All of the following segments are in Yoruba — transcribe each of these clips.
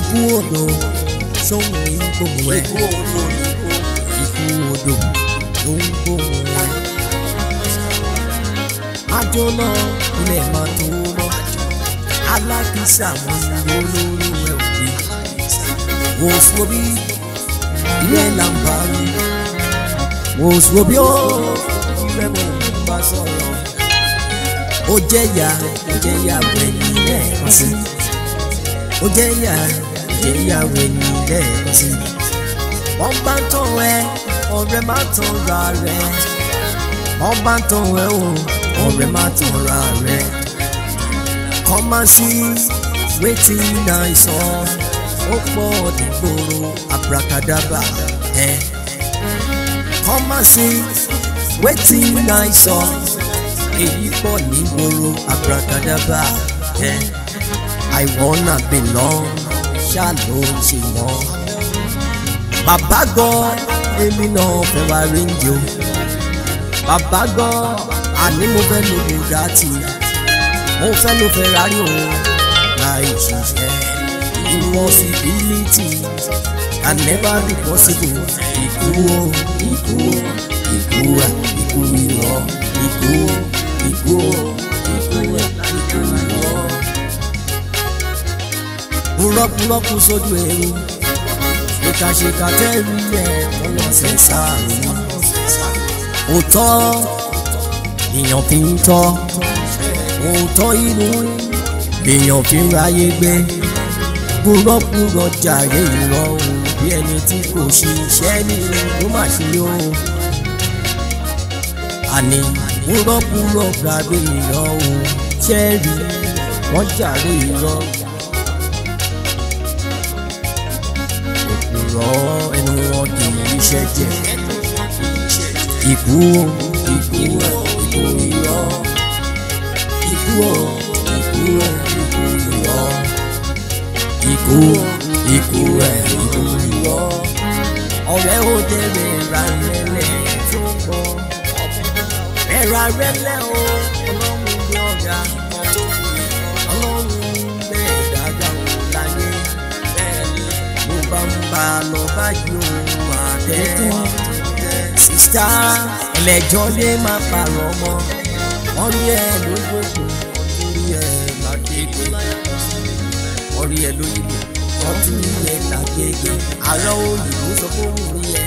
ikú odò sóhun ní gbogbo ẹ ikú odò ló ń gbogbo ẹ. ajo náà ilẹ̀ máa tó lọ alákìsà wọn ló lórí ẹ òbí wòsùwòbí ilé làǹbà rí wòsùwòbí ó rẹ mọ̀ nípa sọ̀rọ̀ ó jẹ́ ya ó jẹ́ ya bẹ́ẹ̀ ni lẹ́ẹ̀kan sí ó jẹ́ ya ìgbéyàwó ẹni lẹ́ẹ̀kan wọ́n bá ń tàn ọ̀rẹ́ má tàn ra rẹ̀. wọ́n bá ń tàn o ọ̀rẹ́ má tàn ra rẹ̀. come and see wetin I saw ó pọ̀ nígboro abracadabra ẹ̀. come and see wetin I saw èyí pọ̀ nígboro abracadabra ẹ̀. I wanna belong ṣàlò ti mọ́. bàbá gan èmi náà fẹ́ wá ríǹdì o. bàbá gan àní mo fẹ́ lo bùgátì. mo fẹ́ lo Ferrari o. láì ṣiṣẹ́ impossibility can never be possible. ikú o ikú o ikú o ikú mi lọ ikú o ikú o ikú o ikú o burọ́kúrọ́kú sójú ẹ̀rù ṣèkàṣèkà tẹ́rù ẹ̀ lọ́wọ́ sẹ́sà òótọ́ èèyàn fi ń tọ́ òótọ́ inú èèyàn fi ń ráyé gbé burọ́kúrọ́ jàre ìrọ̀ òun bí ẹni tí kò ṣiṣẹ́ ní ló má ṣe yó àní burọ́kúrọ́ gbàgbé ìrọ̀ òun ṣẹ́ẹ̀rì wọ́n jàre ìrọ̀ òun. ṣẹ̀jẹ̀ ikú o ikú o ikú irọ́ ikú o ikú o ikú irọ́ ikú o ikú ẹ ikú irọ́ ọ̀rẹ́ ó délé ra rẹ̀lẹ̀ tó pọ̀ ẹ̀ra rẹ̀lẹ̀ o ọlọ́run ní ọ̀gá kan tó fi ọlọ́run bẹ́ẹ̀ dáadáa wò láyé bẹ́ẹ̀ ni mo bá ń bá a lọ báyìí o lẹ́kùn sísá ẹlẹ́jọ́ lè má parọ́ mọ́ wọ́n rí ẹ lójoojú wọ́n rí ẹ lágbègbè wọ́n rí ẹ lóyìnbó wọ́n tún rí ẹ lágbègbè àlọ́ òyìnbó sọ pé òun rí ẹ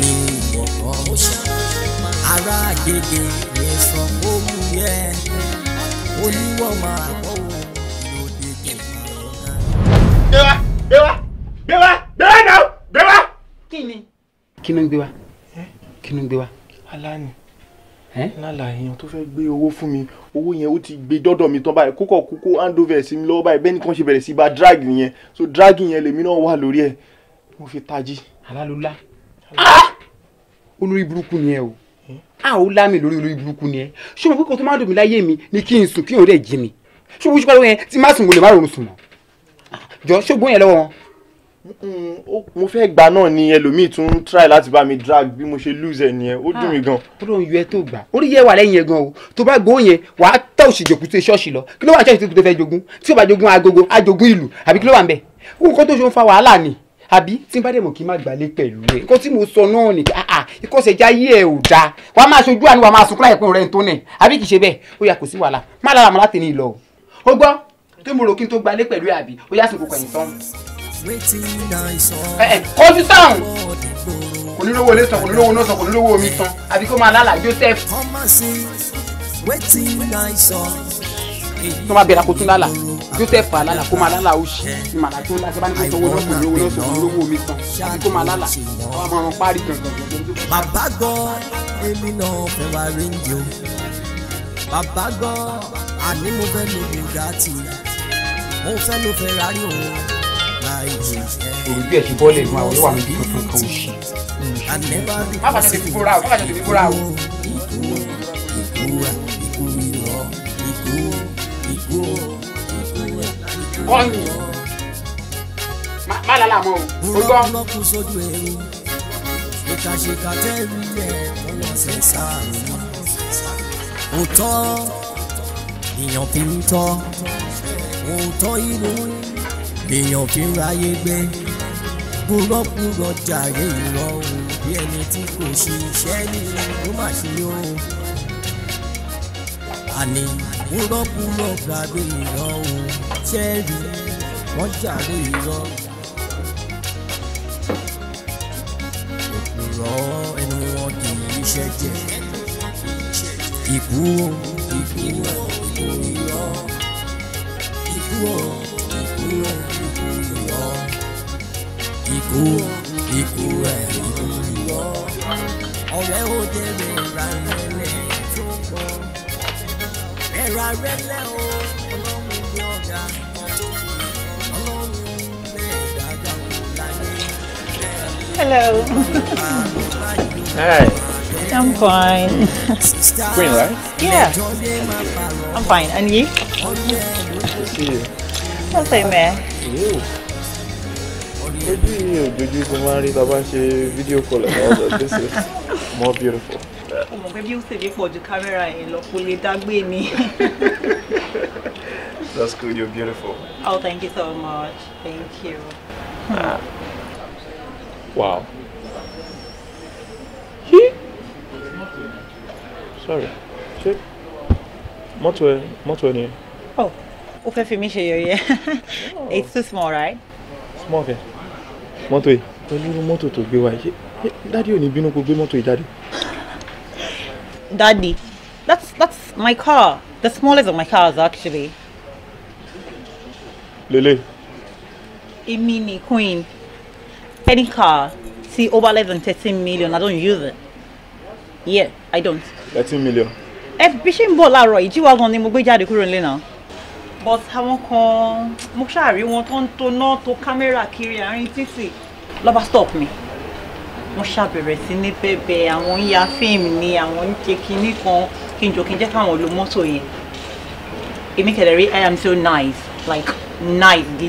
ní ìwọ̀kọ̀ ará àgbègbè yẹn sọ pé òun rí ẹ oníwọ̀ máa wọ́. kí ló ń gbé wa kí ló ń gbé wa. aláàánú lálà èèyàn tó fẹ́ gbé owó fún mi owó yẹn ó ti gbé dọ́dọ̀ mi tán báyìí kókò kókó hand sí mi lọ́wọ́ báyìí bẹ́ẹ̀ nìkan ṣe bẹ̀rẹ̀ sí bá drag yẹn so drag yẹn lèmi náà wà lórí ẹ̀ mo fi tají. alálùlá ah! olórí burúkú ni ẹ o a ah, ò lámì lórí olórí burúkú ni ẹ ṣé o mọ̀ pé kò tó máa dùn mí láyé mi ni kí n sùn kí n ò rẹ̀ jí mi ṣé o mọ̀ pé ṣùgbọ́n yẹn tí má sùn wò lè má rọrùn sùn mọ́ ah, jọ ṣé o gbóyè lọ́wọ́ wọn mo fẹ́ gbà náà ni ẹlòmíì tún ń try láti bá mi drag bí mo ṣe lose ẹ̀ nìyẹn ó dùn mí ah. gan. ó lóun yọ ẹ tó gbà orí yẹ wà lẹ́yìn yẹn gan o tó bá gbowó yẹn wà á tẹ òṣìjòkú tó ṣọ́ọ̀ṣì lọ kí ló wà ṣọ́ọ̀ṣì tó fẹ́ jogún tí ó bá jogún agogo ajogun ìlú àbí kí ló wà ń bẹ̀ nǹkan tó ṣe ń fa wàhálà ni àbí tí n bá dẹ̀ mọ̀ kí n má gbàlé pẹ̀lú ẹ̀ nǹkan tí mo sọ náà ni ah, ah, ìkọsẹ̀já yí ẹ̀ ò dáa wàá máa ṣojú àánú wàá máa sunkún láì pín ọ̀rẹ́ tó nẹ̀ àbí kì í ṣe bẹ́ẹ̀ ó yá kò sí wàhálà má lára mọ́ láti ní ìlọ o. gbọ́ tó mo rò kí n tó gbàlé pẹ̀lú ẹ̀ àbí ó yá sìnkú kẹ̀yìn tán ẹ kọ́ sí táwọn kò ní lówó ilé tán kò ní lówó náà tán kò ní lówó omi tán àbí kó máa lálàá Joseph. tó máa bẹ̀rẹ̀ kó tún lálàá Joseph àlálà kó máa lálàá oṣù ni màlá tó ń lásán bá ní kó sọwọ́ náà kò ní lówó náà tán kò ní lówó omi tán àbí kó máa lálàá wọ́n máa rán párí gangan. bàbá gbọ́ èmi náà fẹ́ wá rédíò bàbá gbọ́ àní mo fẹ́ lo bùgátì mo fẹ́ lo Ferrari òun òbí bí ẹ bọ́ọ̀lù ẹ̀gbọ́n àwọn olówó àmì tuntun kan ṣe. bàbá ṣe ti kóra o bàbá ṣe ti kóra o. bọ́ọ̀nì má lálẹ́ o ó gbọ́ èèyàn fi ń ráyé gbé púrọ́púrọ́ jàre ìrọ̀ òun bí ẹni tí kò ṣe iṣẹ́ ní ló má ṣe ó àní púrọ́púrọ́ gbàgbé ìrọ̀ òun ṣẹ́ẹ̀rì wọ́n jàre ìrọ̀ òpùrọ̀ ẹnu wọn kì í ṣẹ̀jẹ̀ ikú ikú ikú ìrọ̀ ikú ọ̀ ikú ọ̀. ikú ikú ẹ̀ rẹ̀ ra rẹ̀ ra o Hello. Hey. I'm fine. Green, right? Yeah. I'm fine. And you? Good to see you. Nothing, man. You? ojú mi ò dojú rí tá a bá ń ṣe fídíò kọlà náà this is more beautiful. ọmọ pé bí ó ṣèlú pọ̀ ju kámẹ́rà yẹn lọ kò lè dágbé ni. that's good you're beautiful. oh thank you so much thank you. Uh, wow. sorry ṣé mọ́tò ẹ mọ́tò ẹ nìyẹn. oh o fẹ́ fi mí ṣe yẹ̀yẹ́ oh. it's too small right. small kẹ́ mọ́tò yìí pẹ̀lú mọ́tò tó gbé wa yìí dádì ò ní bínú kó gbé mọ́tò yìí jáde. Daddy, that's that's my car. The smallest of my cars, actually. Lele. Èmi ni Queen. Any car, see over less than 13 million, I don't use it. Yeah, I don't. 13 million. Ẹ fi ṣe ń bọ̀ láàárọ̀ yìí, jíwá gan ni mo gbé jáde kúrò nílé náà but àwọn kan mo ṣàrí wọn tó ń toná tó kámẹ́rà kiri àárín títì lọ́ba stop mi mo ṣàbẹ̀rẹ̀ sí ní bẹ̀bẹ̀ àwọn ń ya fíìmù ni àwọn ń ṣe kinní kan kí n jọ kí n jẹ́ káwọn lo mọ́tò yẹn èmi kẹ̀lẹ́ rí i am so nice like nice gidi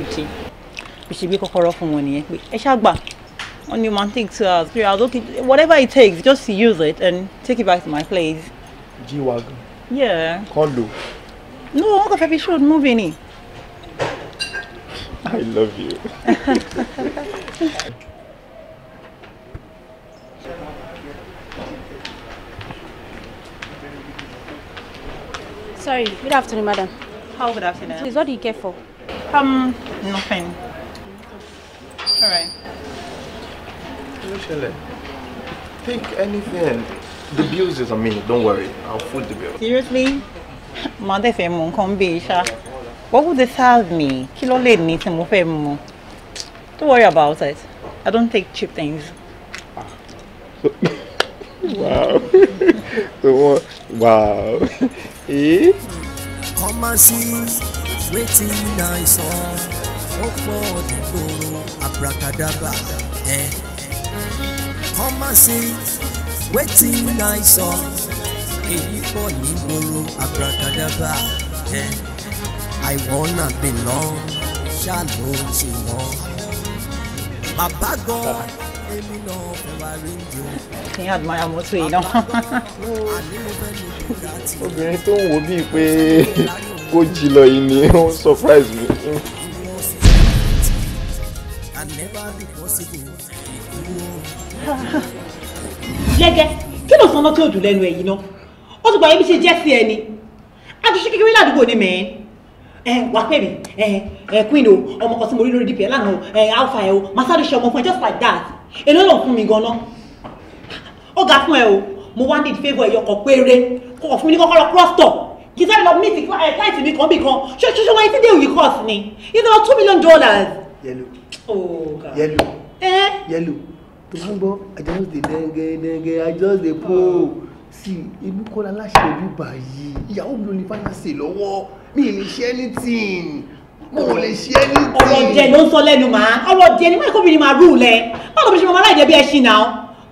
mo ṣe gbé kọ́kọ́rọ́ fún wọn nìyẹn pé ẹ ṣàgbà wọn ni man take two hours three hours okay whatever it takes just use it and take it back to my place. jí wa gan. yeah. kọ́ lò. No, I'm going to be short movie. I love you. Sorry, good afternoon, madam. How good afternoon? Please, what do you care for? Um, nothing. All right. Michelle, take anything. The bills is a minute. don't worry. I'll foot the bill. Seriously? màá dẹ̀ fẹ́ mu nǹkan bíi ṣá what would they serve me kí ló lè ní tí mo fẹ́ mu don't worry about it I don't take cheap things. wow wow eh. come and wetin i saw ó pọ̀ dìgbòrò abracadabra ẹ̀ eh. come and wetin i saw èyí pọ̀ nígboro abrakadabra ẹ I wanna belong ṣàlò ti wọ́n. bàbá gan èmi náà fẹ́ wá rí ní o. kí n admire mọ́tò yìí náà. obìnrin tó ń wo bíi pé kó jí lọ yìí ni ó ń surprise mi. lẹ́gẹ̀ẹ́ kí ló sọ ọ́nà tí ò dùn lẹ́nu ẹ̀yìn náà ó ti gbà yẹn ṣe jẹ́ sí ẹ ni àtúnṣe kékeré ládùúgbò ni mẹ́ẹ́ ẹ wà pẹ́ ẹ queen o ọmọ kan tí mo rí lórí dpl lánàá ẹ alpha ẹ o masari ṣe ọmọ fún ẹ just like that èló lọ fún mi ganan ó ga fún ẹ o mo wá need favour ẹyọkọ péré kọkọ fún mi ní kọ́kọ́rọ́ cross top kì í sáré lọ meet eh, client mi kan bí kan ṣe ṣe ṣe wáyé tí dèwì cost ni it's about two million dollars. yẹlo yẹlo yẹlo tó bá ń gbọ́ i just dey denge denge i just dey pull sí èmi kọ́ la láṣẹ ẹbí báyìí ìyàwó mi ló ní fáyà sè lọ́wọ́ mi ì ní ṣe anything mo ò lè ṣe anything. ọ̀rọ̀ jẹ ló ń sọ lẹ́nu màá ọ̀rọ̀ jẹ ni máa kóbìnrin ni rú lẹ báwo ló fi ṣe máa láì jẹ bí ẹ ṣì náà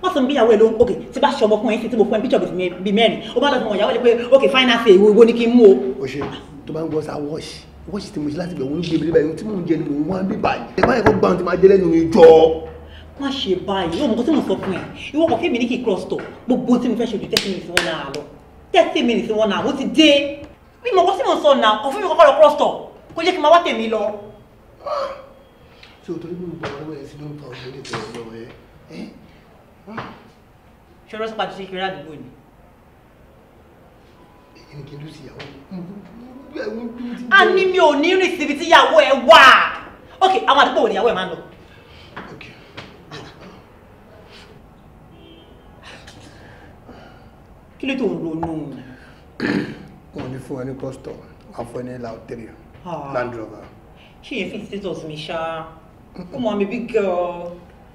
wọ́n sọ ní bíyàwó ẹ̀ ló ń ok tí bá ṣe ọmọkùnrin ẹ̀ sí tí mo fún ẹ picture bíi mẹ́rin ó bá lọ sọ ìyàwó ẹ̀ pé ok fine ṣe ìwo ìwo ni kí n mú o. o ṣe tó bá ń gbọ́ sá wọ́ọ̀ṣì wọ́ọ̀ṣì tí mo ṣe láti bẹ̀ wọ́n ń gbé mi lébàá ẹni tí mò ń jẹ ni mò ń wá bíbá yìí. ẹ̀ má ṣe báyìí ó mọ nǹkan tí mo sọ fún ẹ ìwọ kò fẹ́mi ní kí cross tó gbogbo tí mo fẹ́ ṣe ju thirty minutes one hour lọ thirty minutes one hour ó ti dé bí mo kọ́ sí mo sọ náà kò fún kọ́kọ́ lọ cross tó kò jẹ́ kí n máa wá tèmi lọ. ṣé o torí mímu gbọ́dọ̀ lọ́wọ́ ẹ sí ló ń fa òṣèré ìtẹ̀wé lọ́wọ́ ẹ. ṣé ọlọ́sọ pàtó ṣe kiri àdúgbò ni. èyí ni kí n lù sí ìyàwó mi. a ní mi ò ní rìn síbi tí ìyàwó ẹ wà. ok àwọn àdúgbò wo ni ìyàwó kí ló tó ń ronú. wọn ní fún ẹ ní custom wọn fún ẹ land rover. ṣé yẹn fi status mi ṣá ó mọ mi big girl.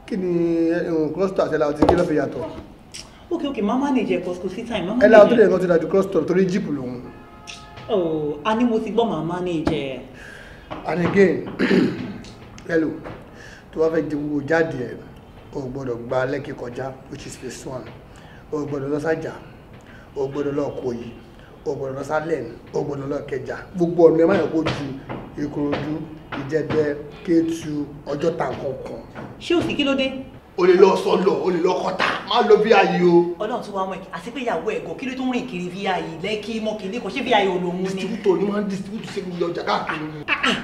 kí ni eh, cluster àti lauteri kí ló fi yàtọ̀. ok ok máa manage ẹ kọsíkò sí time máa manage ẹ. ẹ lauteri yẹn kan ti dájú cluster torí jíìpù lòun. oh a ní mo ti gbọ́ máa manage ẹ. and again hello tó bá fẹ́ jẹ́ jáde ẹ̀ o gbọ́dọ̀ gba lẹ́kì kọjá which is phase one o gbọ́dọ̀ lọ sájà o gbọ́dọ̀ lọ kòyí o gbọ́dọ̀ lọ sálẹ̀m o gbọ́dọ̀ lọ kẹjà gbogbo ọ̀nà ẹ̀ má yẹ kó ju ìkòròdú ìjẹ̀dẹ kéétu ọjọ́ta kankan. ṣé o sì kí ló dé. o lè lọ sọlọ o lè lọ kọta má lọ bí ayé o. ọlọ́run tí wàá mọ̀ ẹ́ àti pé ìyàwó ẹ̀gọ́ kí ló tó ń rìn kiri bí ayé lẹ́kì mọ́kìlì kan ṣé bí ayé olóhùn ni. distributor ni wọ́n ń distribute sí mi ọjà káàkiri ah, ah,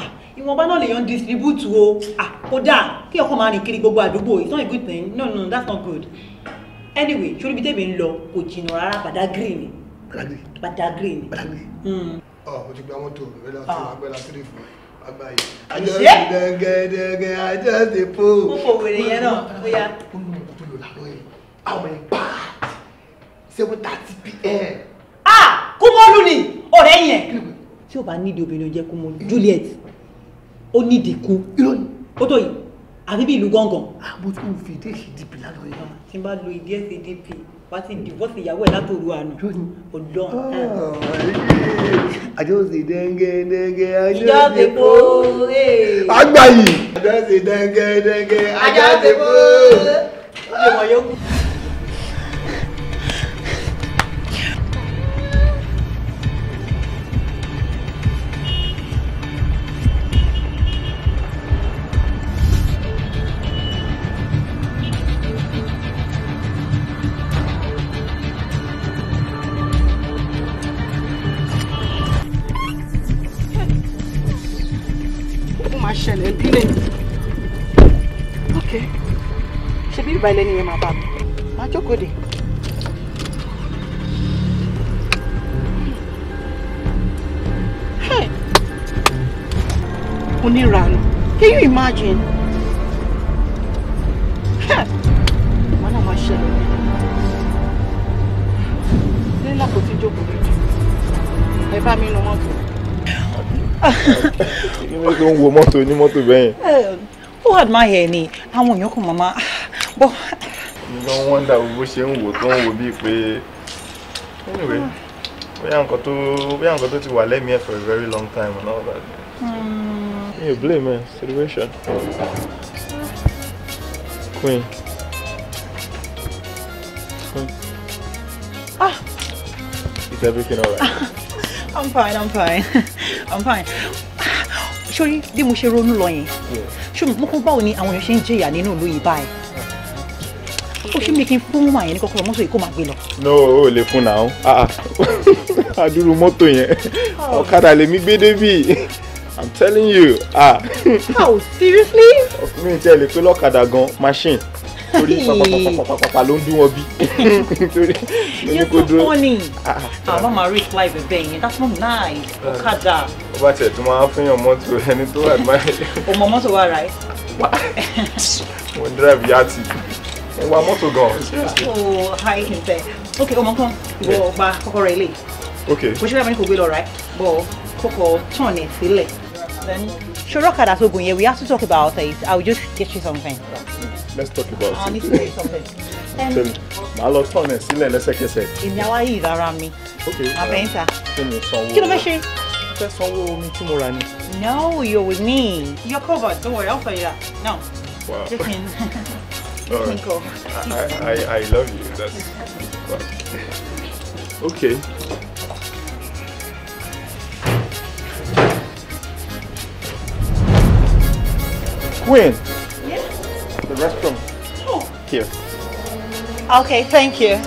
ah, ìwọ̀nba náà lèèyàn distribute o kódà kí ọkọ máa rìn kiri gbogbo àdúgbò it's not a good thing no no that's not good anyway sórí ibi tèmi ń lọ kò jìnnà rárá Badagry ni. Badagry Badagry ni. Badagry. Hmm. ọ mo ti gba mọ́tò rẹ láti ah. agbára three fún mi agbáyé. àjọ ìdẹ́gẹ́dẹ́gẹ́ àjọ ti pò. mo fò wèrè yẹn náà bóyá. ó ní mo kúrò lálọ́ yẹn àwọn ìpá seven thirty pm. ah kúmọ́lù ni ọ̀rẹ́ yẹn. tí o bá nídìí obìnrin o jẹ́ kúmọ́ Juliet ó nídìí kú. ó tó yìí àbí bí ìlú gángan. àbótú ah, fi dé ìdìbò lálọ́ yẹn tí n bá lo ìdí ẹ̀ sí dp wá sí divorce ìyàwó ẹ̀ látòru àná ọ̀dọ́n. Ah, àjọṣe dẹ́ngẹ́dẹ́ngẹ́ àjọṣe po àgbáyé àjọṣe dẹ́ngẹ́dẹ́ngẹ́ àjọṣe po. ìlú báyìí lẹ́nu yẹn máa bá mi máa jókòó dè. onírànù can you imagine? wọn náà máa ṣẹlẹ̀ ní lákòótí jókòó lójú ẹ bá mi nu mọ́tò. kí ni wọ́n ń wo mọ́tò onímọ́tò bẹ́yẹn. ó admire ni àwọn èèyàn kan máa máa bọ́. mi ló ń wọ́ndà bó ṣe ń wò tó ń wò anyway bóyá nǹkan tó bóyá nǹkan tó ti wà lẹ́mìí ẹ̀ for a very long time and all that. Hmm. mi blame me. Situation. queen. queen. Ah. is everything alright. i'm fine i'm fine i'm fine sori bí mo ṣe ronú lọ yẹn ṣùgbọ́n mo kún báwo ni àwọn èèyàn ṣe ń jìyà nínú ìlú yìí báyìí ó ṣe mi kí n fún màá yẹn ní kọ́kọ́rọ́ mọ́tò yìí kó máa gbé lọ. no o lè fún náà àdúrú ah, ah. mọ́tò yẹn ọ̀kadà lèmi gbé débì i'm telling you ah. How seriously. ọkùnrin tẹ́ lè pé lọ́kadà gan machine torí pàpàpàpàpàpà ló ń dún wọn bí. you too funny. àbá máa fly bẹ̀bẹ̀ yẹn that's not nice ọ̀kadà. ó bá tiẹ̀ tún máa ń fẹ́yàn mọ́tò ẹni tó wà ní. o mọ mọ́tò wa rà ẹ́. mo ń drive yàtì ẹ wa mọ́tò gan seriously. o hi him fẹ ok ọmọ kan ìwọ ọgbà kọ́kọ́ rẹ lè. ok bó ṣe dábàá ní kò gbé lọ rà bọ kọ́kọ́ tán ní sílẹ̀. ṣòro kàdà tó gùn yẹn we have to talk about it i will just get you something. let's talk about it. i need to get something. tẹ́lẹ̀ màá lọ tán ní sílẹ̀ lẹ́sẹ̀kẹsẹ̀. èmi àwa yìí rárá mi. ok àbẹ̀yìntà kí ló fẹ́ ṣe. fẹ́ sanwó omi tí mo rà ni. no you're with me. you're covered don't worry i'll pay you that wow. All right. I, I, I love you. That's okay. Queen. Yeah. The restroom. Oh. Here. Okay. Thank you.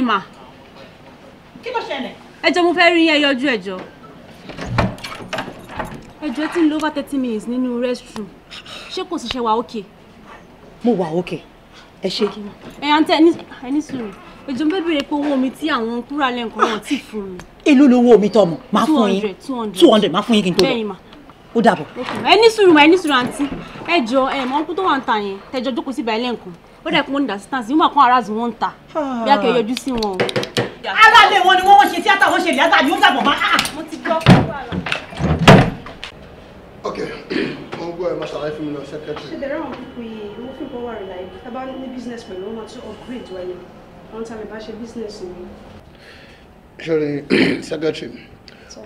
ni mà. kí ló ṣẹlẹ̀. ẹ jọ mo fẹ́ rí yín ẹ yọjú ẹ jọ. ẹ jọ tí ń lo over thirty minutes nínú restroom ṣé kò sì ṣe wà ókè. mo wà ókè ẹ ṣe. ẹ àǹtí ẹ ní sùúrù èjò ń bẹ bèrè pé owó mi tí àwọn kúrà lẹ́ǹkan wọn ti fún mi. èló lowó mi tọmọ máa fún yín two hundred máa fún yín kí n tó lọ ó dàbọ̀. ẹ ní sùúrù mà ẹ ní sùúrù àǹtí ẹ jọ ẹ mọ ọkùn tó wà ń ta yẹn tẹjọ jókòó sí ìbàlẹ̀ nǹkan ó dẹ̀ pé wọ́n ní distance nígbà kan aráàlú wọn ń ta bí akẹ́ yọjú sí wọn o. aráàlú wọn ni wọ́n wọ́n ṣe tíátà wọ́n ṣe tíátà ni ó dàgbọ̀ má. Ah, mo ti gbọ́ ok mo ń gbọ́ ẹ máa ṣàlàyé fún mi lọ sẹ́kẹ́tì. ṣe dẹ̀rẹ́ àwọn pípé owó fún ìbọn wà rẹ̀ láì tá ní business pẹ̀lú wọn máa tún upgrade wáyé wọn tàbí bá ṣe business mi. ṣe rí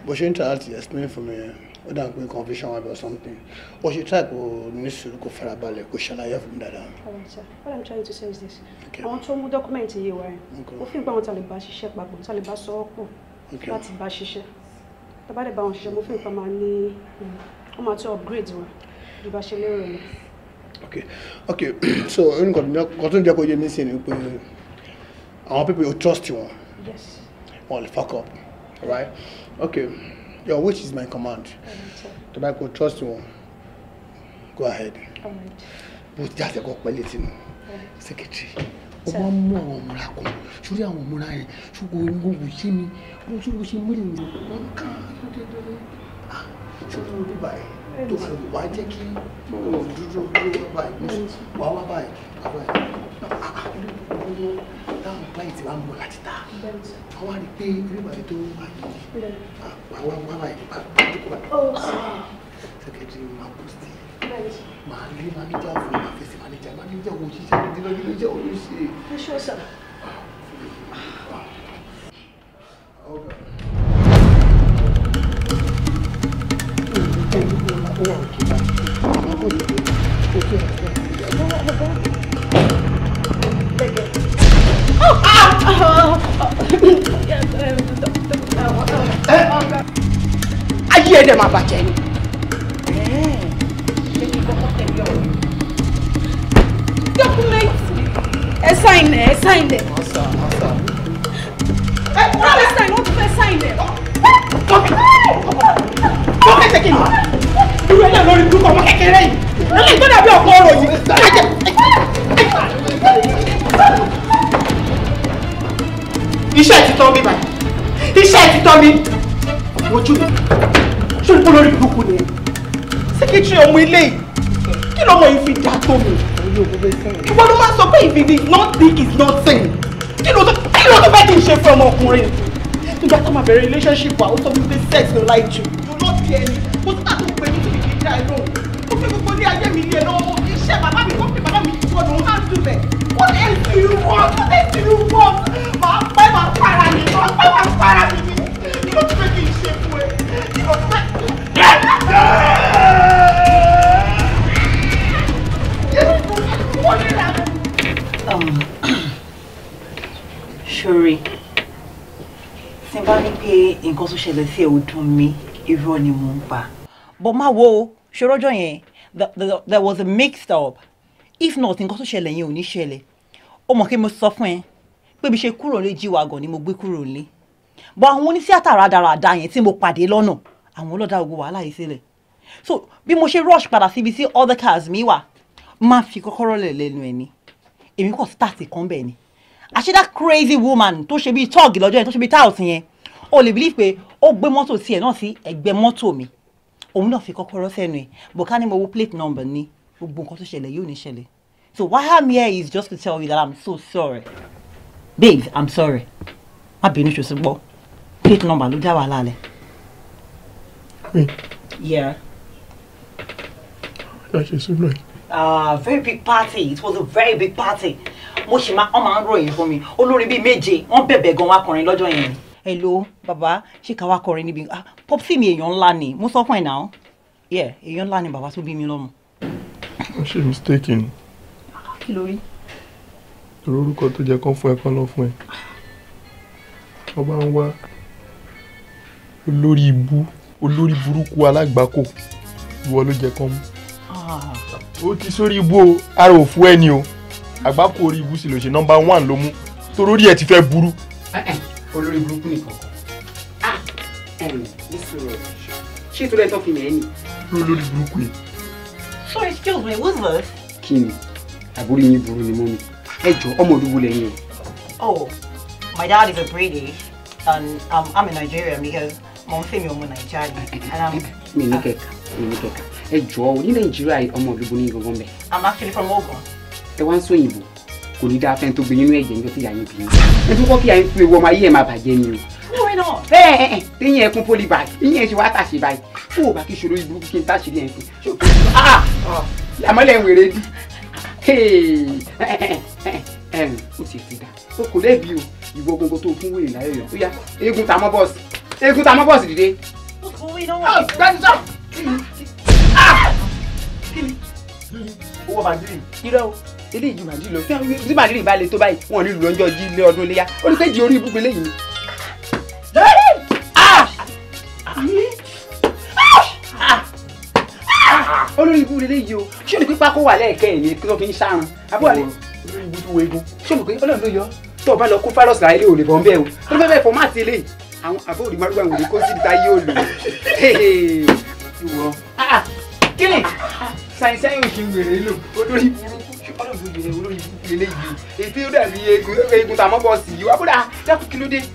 bó ṣe ń tà láti explain fún mi yẹn ó dà ń pé confusion wa or something o ṣe try kò ní sùúrù kò farabalẹ̀ kò ṣàlàyé fún mi dáadáa. alright what i'm trying to say is this àwọn tó mú dọ́kúmẹ̀ntì yìí wá rẹ̀ ó fi gbà wọn tàlẹ̀ bá ṣiṣẹ́ papọ̀ tàlẹ̀ bá sọ ọ́ pọ̀ láti bá ṣiṣẹ́ tàbá lè bá wọn ṣiṣẹ́ mo fi nǹkan máa ní wọ́n máa tún upgrade wa bí bá ṣe lérò ni. so in tó ń jẹ́ kó yé mi sí ni people you trust you? Yes. lè fuck up right okay your which is my command To bá kó trust wọn go ahead bó ti àtẹkọ pẹ̀lẹ́ tinú secretary ó máa ń mú àwọn ọmọra kan sórí àwọn ọmọra yẹn ṣùgbọ́n onígbò wò sí mi bó tí wọ́n ṣe mílíọ̀nù ló wọ́n ń kà á ah, ṣùgbọ́n olú báyìí tó bá wà á jẹ́ kí dúró dúró wá báyìí wá wá báyìí táwọn báyìí ti wá ń bọ̀ láti ta wọ́n wá rí pé irú ìwà tó wà yìí wà wá wà yìí bá sẹkẹtiri máa bùsì máa lé máníjà fún máa fèsì máníjà máníjà wo ṣiṣẹ́ nídìí lọ́jọ́ olóṣèlú. ẹ ṣọ́ sà. Thank you gẹ́gẹ́. ayé ẹ̀dẹ̀ máa bàjẹ́ ni. dọ́kúmẹ́ntì ẹ sáìn ẹ sáìn ẹ. ẹ kúrò lẹ́sìn wọ́n ti fẹ́ sáìn ẹ. tọ́kẹ́ tẹ́kẹ́ nù ẹ náà lórí kúkọ ọmọ kékeré yìí ẹlẹ́yìn tó dàbí ọ̀pọ̀ ọ̀rọ̀ yìí kájẹ. iṣẹ́ ti tán mi báyìí iṣẹ́ ti tán mi ojú mi ṣé olùkọ́ lórí burúkú ni ẹ sẹ́kẹ̀tìrì ọmọ ilé yìí kí lọ́mọ yìí fi dá tó mi ìwọ ló máa sọ pé ìbìbì nothing is nothing kí ló tó fẹ́ kí n ṣe fún ọmọkùnrin nígbà tó máa bẹ̀rẹ̀ relationship wa ó sọ wípé sex no like you you no be any ó sọ àtúntò dá ẹ lóhùn ó fi gbogbo ní ayé mi lé lọ́wọ́ iṣẹ́ bàbá mi kó fi bàbá mi yíwọ́ lòun á dùn lẹ̀ ó lè fi wọ́ ó lè fi wọ́ màá pẹ́ màá para mi màá pẹ́ màá para mi ẹ ò dùn mí, irọ́ ni mò ń pa but má wo o ṣe rọ́jọ́ yẹn there was a mixed up if not nǹkan tó ṣẹlẹ̀ yẹn ò ní ṣẹlẹ̀ ó mọ̀ kí mo sọ fún ẹ pé bí ṣe kúrò lé jíwa gan ni mo gbé kúrò lé bọ àwọn oníṣíàtà rádaràda yẹn tí mo pàdé lọ́nà àwọn ọlọ́dà gbogbo wàhálà yìí sílẹ̀ so bí mo ṣe rush padà síbi tí other cars mi wà máa fi kọ́kọ́rọ́ lẹ̀ lẹ́nu ẹ̀ ni èmi kò start kan bẹ́ẹ̀ ni àṣé that crazy woman tó ṣe bíi tọ́ọ̀gì lọ́jọ́ yẹn tó ṣe bíi táùsì yẹn o lè believe pé ó gbé mọ́tò tiẹ̀ náà sí ẹ̀gbẹ́ mọ́tò mi òun náà fi kọ́kọ́rọ́ sẹ́nu ẹ̀ but ká ní mo wo plate number ní gbogbo nǹkan tó ṣẹlẹ̀ yóò ní ṣẹlẹ̀ so why I'm here is just to tell you that I'm so sorry babe I'm sorry má bínú ṣoṣo gbọ́ plate number ló dá wàhálà lẹ̀. Yeah. That is so nice. Uh, very big party. It was a very big party. Mo ṣì máa ọmọ ń ròyìn fún mi. Olórin bíi méje wọ́n bẹ̀bẹ̀ gan wa kọrin lọ́jọ́ yẹn. Hello bàbá ṣé ká wá kọrin níbi ah, popsi mi èèyàn ńlá ni mo sọ fún ẹ náà yeah èèyàn ńlá ni bàbá tó bí mi lọ́mọ. ó ṣe mistake ni. kí ló rí. èrò orúkọ tó jẹ kán fún ẹ kán lọ fún ẹ ọba ń wá olórí ibú olórí burúkú alágbàkó ìwọ ló jẹ kán mú. Ah. ó ti sórí ibú o ara ò fún ẹ ni o àgbákò orí ibú sì ló ṣe nọ́mbà one ló mú torórí ẹ ti fẹ́ burú. Eh, eh. olórí burúkú nìkan kan. Kẹ́mi ní sùúrù ṣé ìtura ẹ̀ tó fi yẹn ni. lórí burúkú yìí. so excuse me who's this. Kim, I àbúrò you burú ni mọ́mi ẹ jọ ọmọ olúwo lẹ́yìn o. oh my dad is a British and um, I'm a Nigerian because mo family fẹ́mi ọmọ Nàìjíríà ni. mi ní kẹ̀kẹ́ mi ní kẹ̀kẹ́ ẹ jọ ní Nàìjíríà ọmọ olúwo ní gbọ̀ngàn I'm actually from Ogun. ẹ wá ń sọ òyìnbó kò ní dáa fẹ́ni tó gbé nínú ẹ̀jẹ̀ níjọ́ tí yàrá yín bí yín ẹ tún kọ́ kí yàrá yín fún ewu ọmọ ayé ẹ̀ máa bàjẹ́ ni o why not. ẹ ẹ ẹ téyìn ẹkún poli báyìí ìyẹn ṣe wá tàṣe báyìí fún òbá kí ṣòro ìbúrú kí n tàṣírí ẹ̀ fún ah, ah, ah, àmọ́lẹ̀ wèrè bí o ti fi dà o kò lẹ́bi o ìwọ gbogbo tó fún wèrè láyọ̀ yọ̀ bóyá eégún ta mọ́ bọ́ọ̀sì eégún ta mọ́ bọ́ọ̀sì dìde. owó màdìrì. irọ́ o ilé ìjù màdìrì lọ tí màdìrì bá le tó báyìí wọn ò ní lù lọ́jọ́ jí lé ọdún léyà ó ní kéjì orí ibùgbé lẹ́yìn olórí ibu lélẹ́yìí o ṣé olùkí pákó wà lẹ́ẹ̀kẹ́ ẹ̀ ní kí wọ́n fi ń sárun abúlé olórí ibu tó wo egun ṣé olùkí ọlọ́run ló yọ tó o bá lọ kó fáírọ́ọ̀sì láyé lè ò lè bọ́ ń bẹ́ẹ̀ o tó bẹ́ẹ̀ bẹ́ẹ̀ fọ́mátì eléyìí àwọn àbóòrí márùgbà wò lè kó síbi tá yóò lò ó. Ah, ah. kí ni sáyẹn sáyẹn ò ṣe ń wèrè lò olórí burúkú ọlọ́run ló yẹ olórí burúkú lélẹ́yìí èyí tí ó dàbí egun egun tàmọ́bọ̀ọ̀sì yìí wá bó dáa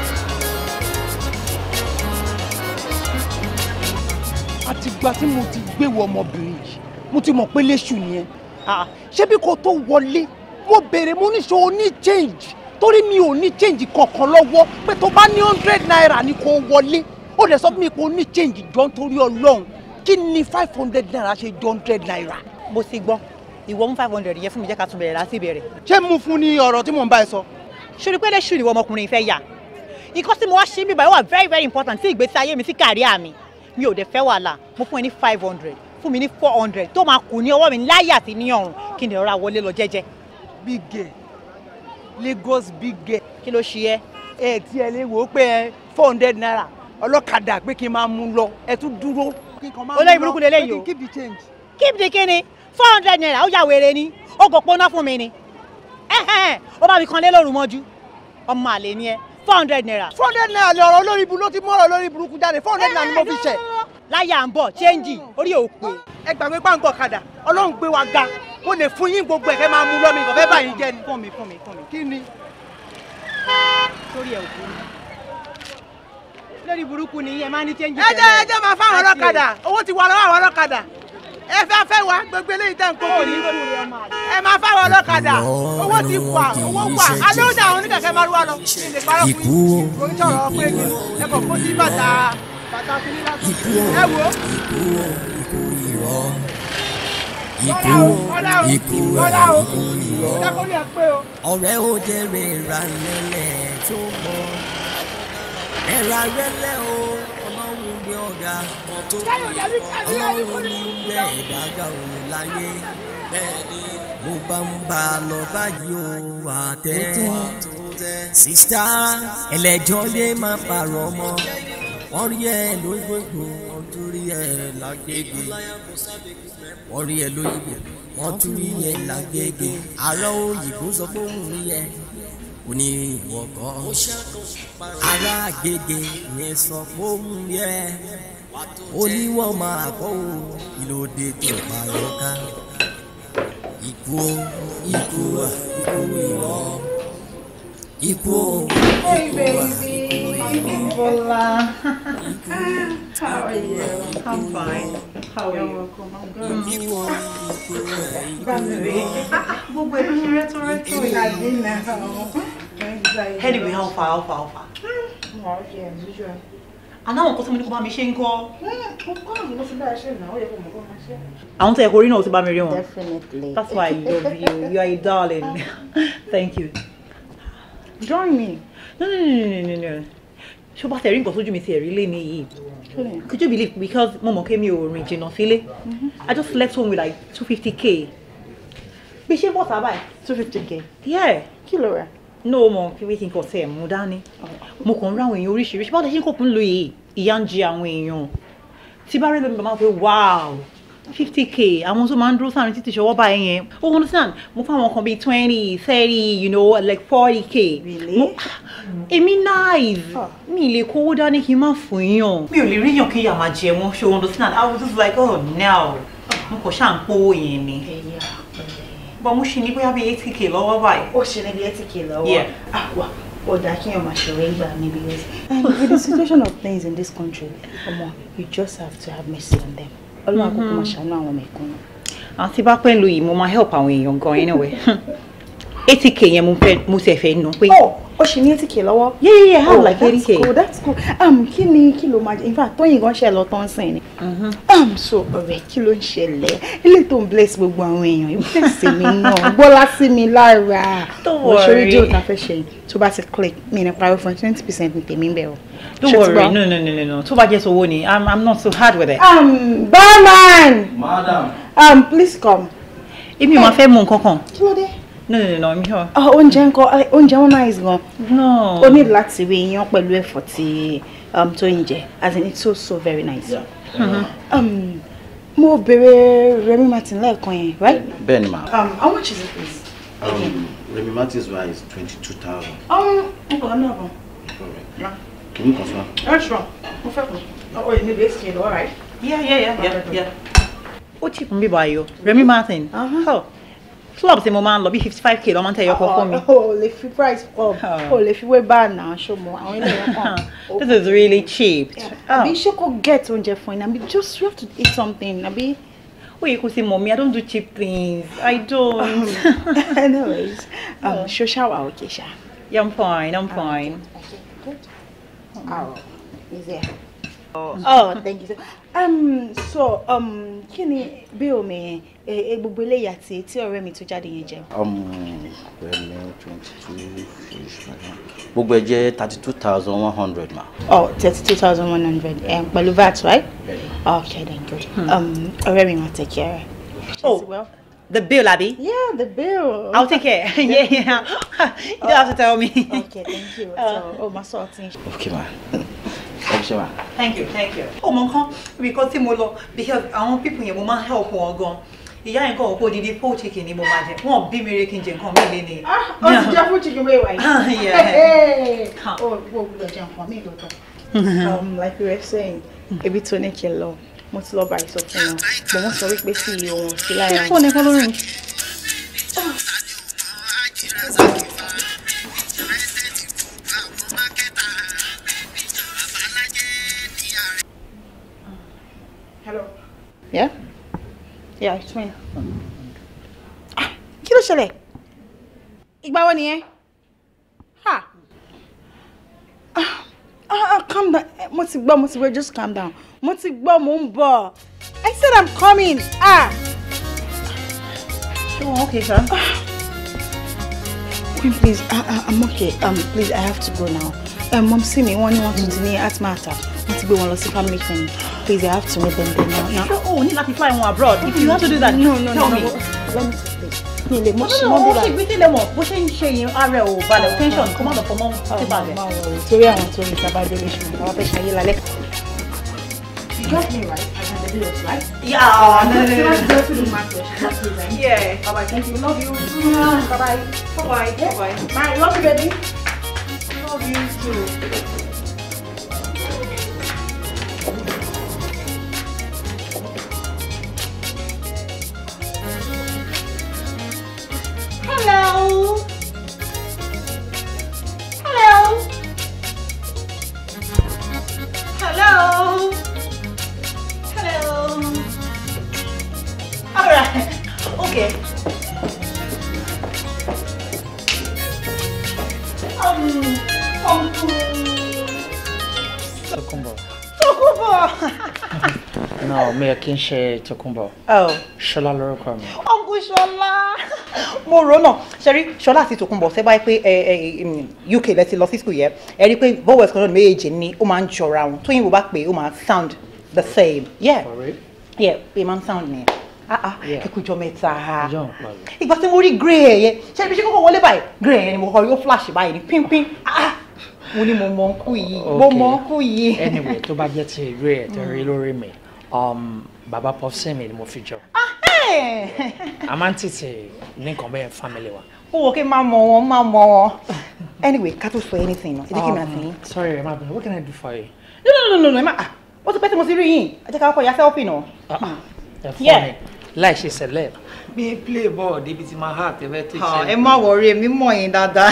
àtìgbà tí mo ti gbé wọ ọmọbìnrin yìí mo ti mọ̀ pé léṣù nìyẹn ṣé kò tó wọlé mo béèrè mo níṣe o change torí mi ò ní change kankan lọ́wọ́ pé tó bá ní hundred naira ni kò wọlé ó lè sọ fún mi pé o change jọ nítorí ọlọ́run kí ni five hundred naira ṣe jọ hundred naira. mo ti gbọ́ ìwọ mú five hundred yẹn fún mi jẹ́ ká tún bẹ̀rẹ̀ láti bẹ̀rẹ̀. ṣé mo fún ni ọ̀rọ̀ tí mò ń bá ẹ sọ. ṣòrí pé lẹ́sùn ìwọ ọmọkùnrin ìfẹ́ yà nǹkan tí mo wá ṣe mí báyìí wà very very important sí ìgbésí ayé mi sí kàríà mi mi ò dẹ̀ fẹ́ wàhálà mo fún ẹ ní five hundred fún mi ní four hundred tó máa kù ní ọwọ́ mi láyé àti ní ọ̀run kí ni ọ̀rá wọlé lọ jẹ́jẹ́. big Lagos big girl. kí ló ṣe ẹ. ẹ tí ẹ lè wò ó pé four hundred naira ọlọ́kadà pé kí n máa mú lọ ẹ tún dúró. olóyè burúkú lè o keep the change. keep the kíni four hundred naira ó yà wèrè ni ó gòpó ná fún mi ni ó bá mi kan lé lóru ọmọ àlè ni ẹ four hundred naira. four hundred naira lè ọ̀rọ̀ lórí ibu ló ti mọ́rọ̀ lórí burúkú jáde four hundred naira ni mo fi ṣẹ̀. láyà ń bọ̀ chẹ́ńjì orí òpè. ẹ gbàgbé pàǹgọ̀ kàdà ọlọ́run gbé wa ga mo lè fún yín gbogbo ẹ̀kẹ́ máa mú lọ́mí kò fẹ́ báyìí jẹ́ ni. fún mi fún mi fún mi kí ni. sórí ẹ̀ òkú lórí burúkú ni ẹ máa ní chẹ́ńjì tẹ̀lé. ẹ jẹ́ máa fáwọn ọlọ́kadà owó ti wà lọ́wọ́ àwọn ọlọ́kadà ẹ fẹ́ fẹ́ wa gbogbo eléyìí tẹ̀ ń kó kiri ẹ máa fáwọn ọlọ́kadà owó ti wà owó wà alẹ́ òde àwọn oníkẹ̀kẹ́ máa wà lọ ilé parọ́ kù oníṣọ̀rọ̀ pé ni ẹ kò kó sí bàtà bàtà kiri láti ẹ wo. ikú ikú ọ̀la o ọ̀rẹ́ òde rẹ̀ ra tó mọ̀ ẹ̀ra rẹ̀ o pé ọ̀gá kan tó kù ọlọ́run ní bẹ́ẹ̀ bá gbà òun láyé mo bá ń bá a lọ báyìí o àtẹ́tẹ́ sista ẹlẹ́jọ́ lè má pààrọ̀ ọmọ wọ́n rí ẹ lóyìnbó wọ́n tún rí ẹ lágbègbè wọ́n rí ẹ lóyìnbó wọ́n tún rí ẹ lágbègbè àárọ̀ òyìnbó sọ pé òun rí ẹ oní ìwọ̀kọ́ ará gbèdé yẹn sọ fóun yẹ oníwọ̀ máa kọ́ o ìlòdè tó bá yọ ká ikú ikú ikú ìwọ̀kọ́ ikú o. hey baby ikú Bola ah, how are you i'm fine how are you. ikú o ikú o. gbogbo ẹ̀rọ ṣe rẹ́tọ̀rẹ́tọ̀ ìlàjì náà. anyway how far how far how far. ànáwọn hmm, kan tí mo ní kó bá mi ṣe ń kọ́. Hmm, àwọn tó yẹ kó rí náà ó ti bá mi rí wọn. definitely that's why i love you you are a darling thank you join me no no no no no no ṣó bá tẹ̀rí nǹkan sójú mi ti ẹ̀rí lé mi could you believe because mo came, pé mi ò mm-hmm. I just left home with like two fifty k Be she bọ́ sábà buy two fifty k. yeah. kí no mọ pé kí n kàn tẹ ẹ mú dání oh. mo kàn ń ra àwọn èèyàn oríṣiríṣi báwo ni ṣé kò kún lóye ìyá ń jẹ àwọn èèyàn tí bá wow fifty k àwọn tó máa ń dúró sáàrin títí ṣọwọ́ bá yẹn ó understand mo fún àwọn kan bíi twenty thirty you know like forty k. èmi nice ah. mi lè kówó dání kí n má fún yàn. mi ò lè rí yàn kí yàn máa jẹ wọn ṣe wọn understand i was just like oh now mo kò ṣáà ń kówó yẹn ni. bọ́n mo ṣì ní bóyá bíi eighty k lọ́wọ́ báyìí. ó ṣe ní eighty k lọ́wọ́ ah, àwa ó dá kí yàn máa ṣòro ìgbà mi because. and with the situation of things in this country omo you just have to have mercy on them ọlọ́run àkókò mm-hmm. máa ṣàánú àwọn ọmọ ẹ̀kọ́ náà àti bá pẹ́ lu yìí mo máa help àwọn èèyàn gan anyway eighty k yẹn mo fẹ́ mo sì fẹ́ nù pé. ọ oh, o ṣì ní eighty k lọ́wọ́. yẹ yẹ yẹ how oh, like eighty k. oh that's cool that's cool um, kí ni kí ló máa jẹ in fact tóyìn gan ṣe lọ tán sìn ni. Uh-huh. Um, so ọ̀rẹ́ kí ló ń ṣẹlẹ̀ ilé tó ń bless gbogbo àwọn èèyàn ìlú tẹsí mi náà gbọ́lá sí mi lára. tó wọ̀ rí òṣèré díò tá a fẹ́ ṣe yìí tó bá ti click mi ní pariwo fún twenty percent ní tèmi ń bẹ̀rù. don't worry no no no no no tó bá jẹ́ sowó ni i'm i'm not so hard with it. Um, barman madam um, please come. èmi ò máa fẹ́ mú nǹkan kan. kí ló dé no no no I'm here. Oh, ah, oúnjẹ ńkọ́ ah, oúnjẹ wọn náà ìsìn gan. no o ní láti rí iyán pẹ̀lú ẹ̀fọ́ tí um, tó ń jẹ as in it's so so very nice. Yeah. Mm-hmm. um, mo bèrè Remi Martin lẹ́ẹ̀kan yẹn right. bẹ́ẹ̀ni ma. Um, how much is it please. Um, Remi Martin's one is twenty two thousand. ọ̀hún n kò ní ọ̀bọ̀n. kì í kàn fún wa. that's wrong mo fẹ́ kàn. ọ̀ ẹ̀ níbi èsì yẹn lọ́wọ́ right. yeah yeah yeah yeah. ó ti kún bíbọ̀ ayọ̀ Remi Martin. Uh-huh. oh. club the mo máa lọ fifty five k lọ́ máa ń your yọkọ me. mi. o oh, oh, lè price club o lè fi way bad now. Show àwọn this is really cheap. I be sure go get on your phone I be just you have to eat something I be. Wait, you could say, mommy, i don't do cheap things i don't. anyways show um, show okay, ṣá. yeah i'm fine i'm fine. Okay. Good. Oh, is it? Oh. oh, thank you um, so um, kí ni bill mi yẹn e, e, gbogbo eléyìí àti tí ọ̀rẹ́ mi tó jáde yẹn jẹ. pẹ̀lẹ́ twenty two gbogbo ẹ̀ jẹ́ thirty two thousand one hundred ma. oh thirty two thousand one hundred um, pẹ̀lú vat right. Oh, okay then good. Hmm. Um, ọ̀rẹ́ mi ma take care oh The bill, Abby? Yeah, the bill. I'll take care. yeah, yeah. you don't have to tell me. Okay, thank you. Uh, so, oh, my sorting. Okay, ma thank you thank you. Oh, mọ nǹkan bíkọ́ tí mo lọ because our people yẹn mo máa ń help wọn gan ìyá yẹn kọ́ òkú poor pole chicken ni mo máa jẹ wọn bí mi rí kí n jẹ nǹkan mi lé ni. Ah, ó ti jẹ pole chicken wéwà yìí. Ah, ó gbọ́dọ̀ jẹ nǹkan um, like you were saying ebi tó ní kí n lọ mo ti lọ bá ìsọfún wọn mo mọ sọ wípé sí iye wọn sí Yeah? Yeah, it's me. Ah, kí ló ṣẹlẹ̀? Ìgbà wo nìyẹn? Ha! Ah, ah, ah eh, calm down. Mo ti gbọ́, mo just calm down. Mo ti gbọ́, I said I'm coming. Ah! Ṣé wọn okay, sir? Ah. Queen, please, I, ah, I, I'm okay. Um, please, I have to go now. Um, Mom, see me. Wọ́n you want to ti ní asthma attack. wọ́n ti gbé wọn lọ family friend please I have to meet them there now. now. sure oh, need ní fly one abroad if you have to do that no, no, tell no, me. No, no me right i can do no no no no no no no Hello. Hello. Hello. Hello. All right. Okay. Um, um, Tokumbo. Um. Tokumbo. no me ò kí n ṣe Tókunbọ̀. ṣọlá lórúkọ mi. ọ̀gùn ṣọlá mo rò náà ṣe rí ṣọlá àti Tókunbọ̀ ṣe eh, eh, eh, mm, UK let's ti lọ sí school yẹn ẹ rí i pé vowels kan náà uman ni ó máa ń jọra wọn tóyìnbó sound the same. yeah yeah uman máa ń sound nìyẹn ah, ah, ẹkùjọ mẹ́ta ìgbà tí mo rí grey ẹ yẹn ṣe ibi ṣe grey ẹ yẹn ni mo kọ flash báyìí ní pínpín ah, mo ní mo mọ nkú yìí mo mọ nkú anyway to bá jẹ́ ti grey To tẹ̀rí lórí um, baba pọfsẹ mi ni mo fi jọ. Ah, a máa ń tètè ní nǹkan bẹ́ẹ̀ family wa. ó wọ kí n máa mọ wọn máa mọ wọn. anyway ká tó sọ anything náà ẹ jẹ́ máa sìn sorry ẹ máa bẹ̀rẹ̀ what can I do for you. no no no no ẹ má ah ó ti pẹ́ tí mo ti rí yín ẹ jẹ́ ká kọ́ ya selfie náà. Ah, ah. ẹ fọ́ mi láì ṣe sẹ́lẹ̀. bí play ball débi tí máa hà tẹ́fẹ́ tó ṣe. ẹ má wọrí èmi mọ̀ yín dáadáa.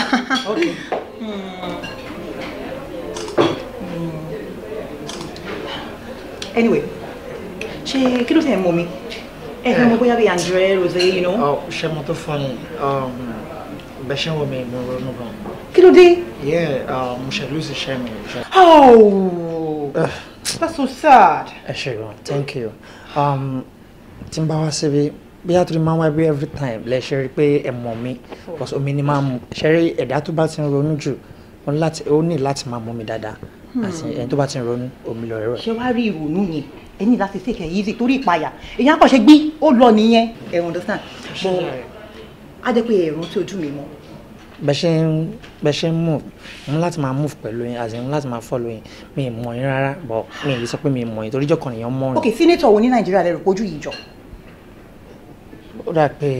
okay. Hmm. Hmm. anyway ṣe kí ló ti ẹ̀ mọ̀ mi ẹ fẹ́ mọ̀ bóyá bíi Andre Rose you know. Oh, ṣe mo tó fọ ni um, bẹ ṣe wọ mi mo ronú gan. kí ló dé. yẹ um, mo ṣe lùsì ṣe mi. oh eh. that's so sad. ẹ thank you Um, n bá wá síbi bóyá tó ní máa every time Let ṣe pay a mommy. mọ̀ mi because omi ni máa mu ṣe rí ẹ̀dá tó bá ti ń ronú jù ó ní láti máa mú mi dáadáa hmm. àti ẹni tó bá ti ń ronú omi lọ rẹ ẹni láti ṣe kẹyìn easy torí ìpayà èyàn akọ̀ṣe gbí ó lọ nìyẹn ẹ understand bọ adẹ́pẹ́ ẹ̀rùn tí ojú mi mọ́. bẹ́ṣẹ́ ń bẹ́ṣẹ́ ń move n láti máa move pẹ̀lú yín àti n láti máa follow yín mi ì mọ̀ yín rárá bọ̀ mi ì lè sọ pé mi ì mọ̀ yín torí jọkàn èèyàn mọ̀ rìn. ok senator wo ní nàìjíríà lẹ́rù kojú yìí jọ. ó dà pé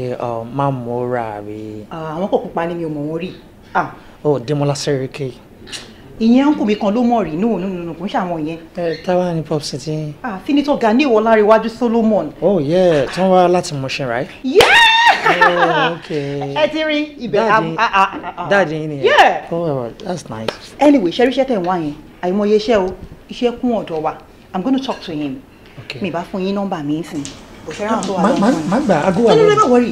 máa mọ̀ ó rà rí. àwọn kò pupa ni mi ò mọ̀ wọ́n rí. ó ah. oh, Demola Seriki ìyẹn ń kù mí kan ló mọ̀ rí nù nù nù kò ń ṣàwọn yẹn. ẹ táwa ni pop city. ah finito gani ọláréwájú solomon. oh yeah tí wọ́n wá láti Mushin right. yeah. Oh, ẹ ti rí ibẹ̀ dáàdi um, yín nìyẹn. Ah, ah, ah, yeah. oh that's nice. anyway ṣe ríṣẹ́ tẹ̀ ń wá yẹn àìmọye iṣẹ́ o iṣẹ́ kún ọ̀dọ̀ wa i'm gonna talk to him. okay mi bá fún yín nọ́mbà mi sìn. má gbà á gbówà lórí. tẹ́lẹ̀ bá wọrí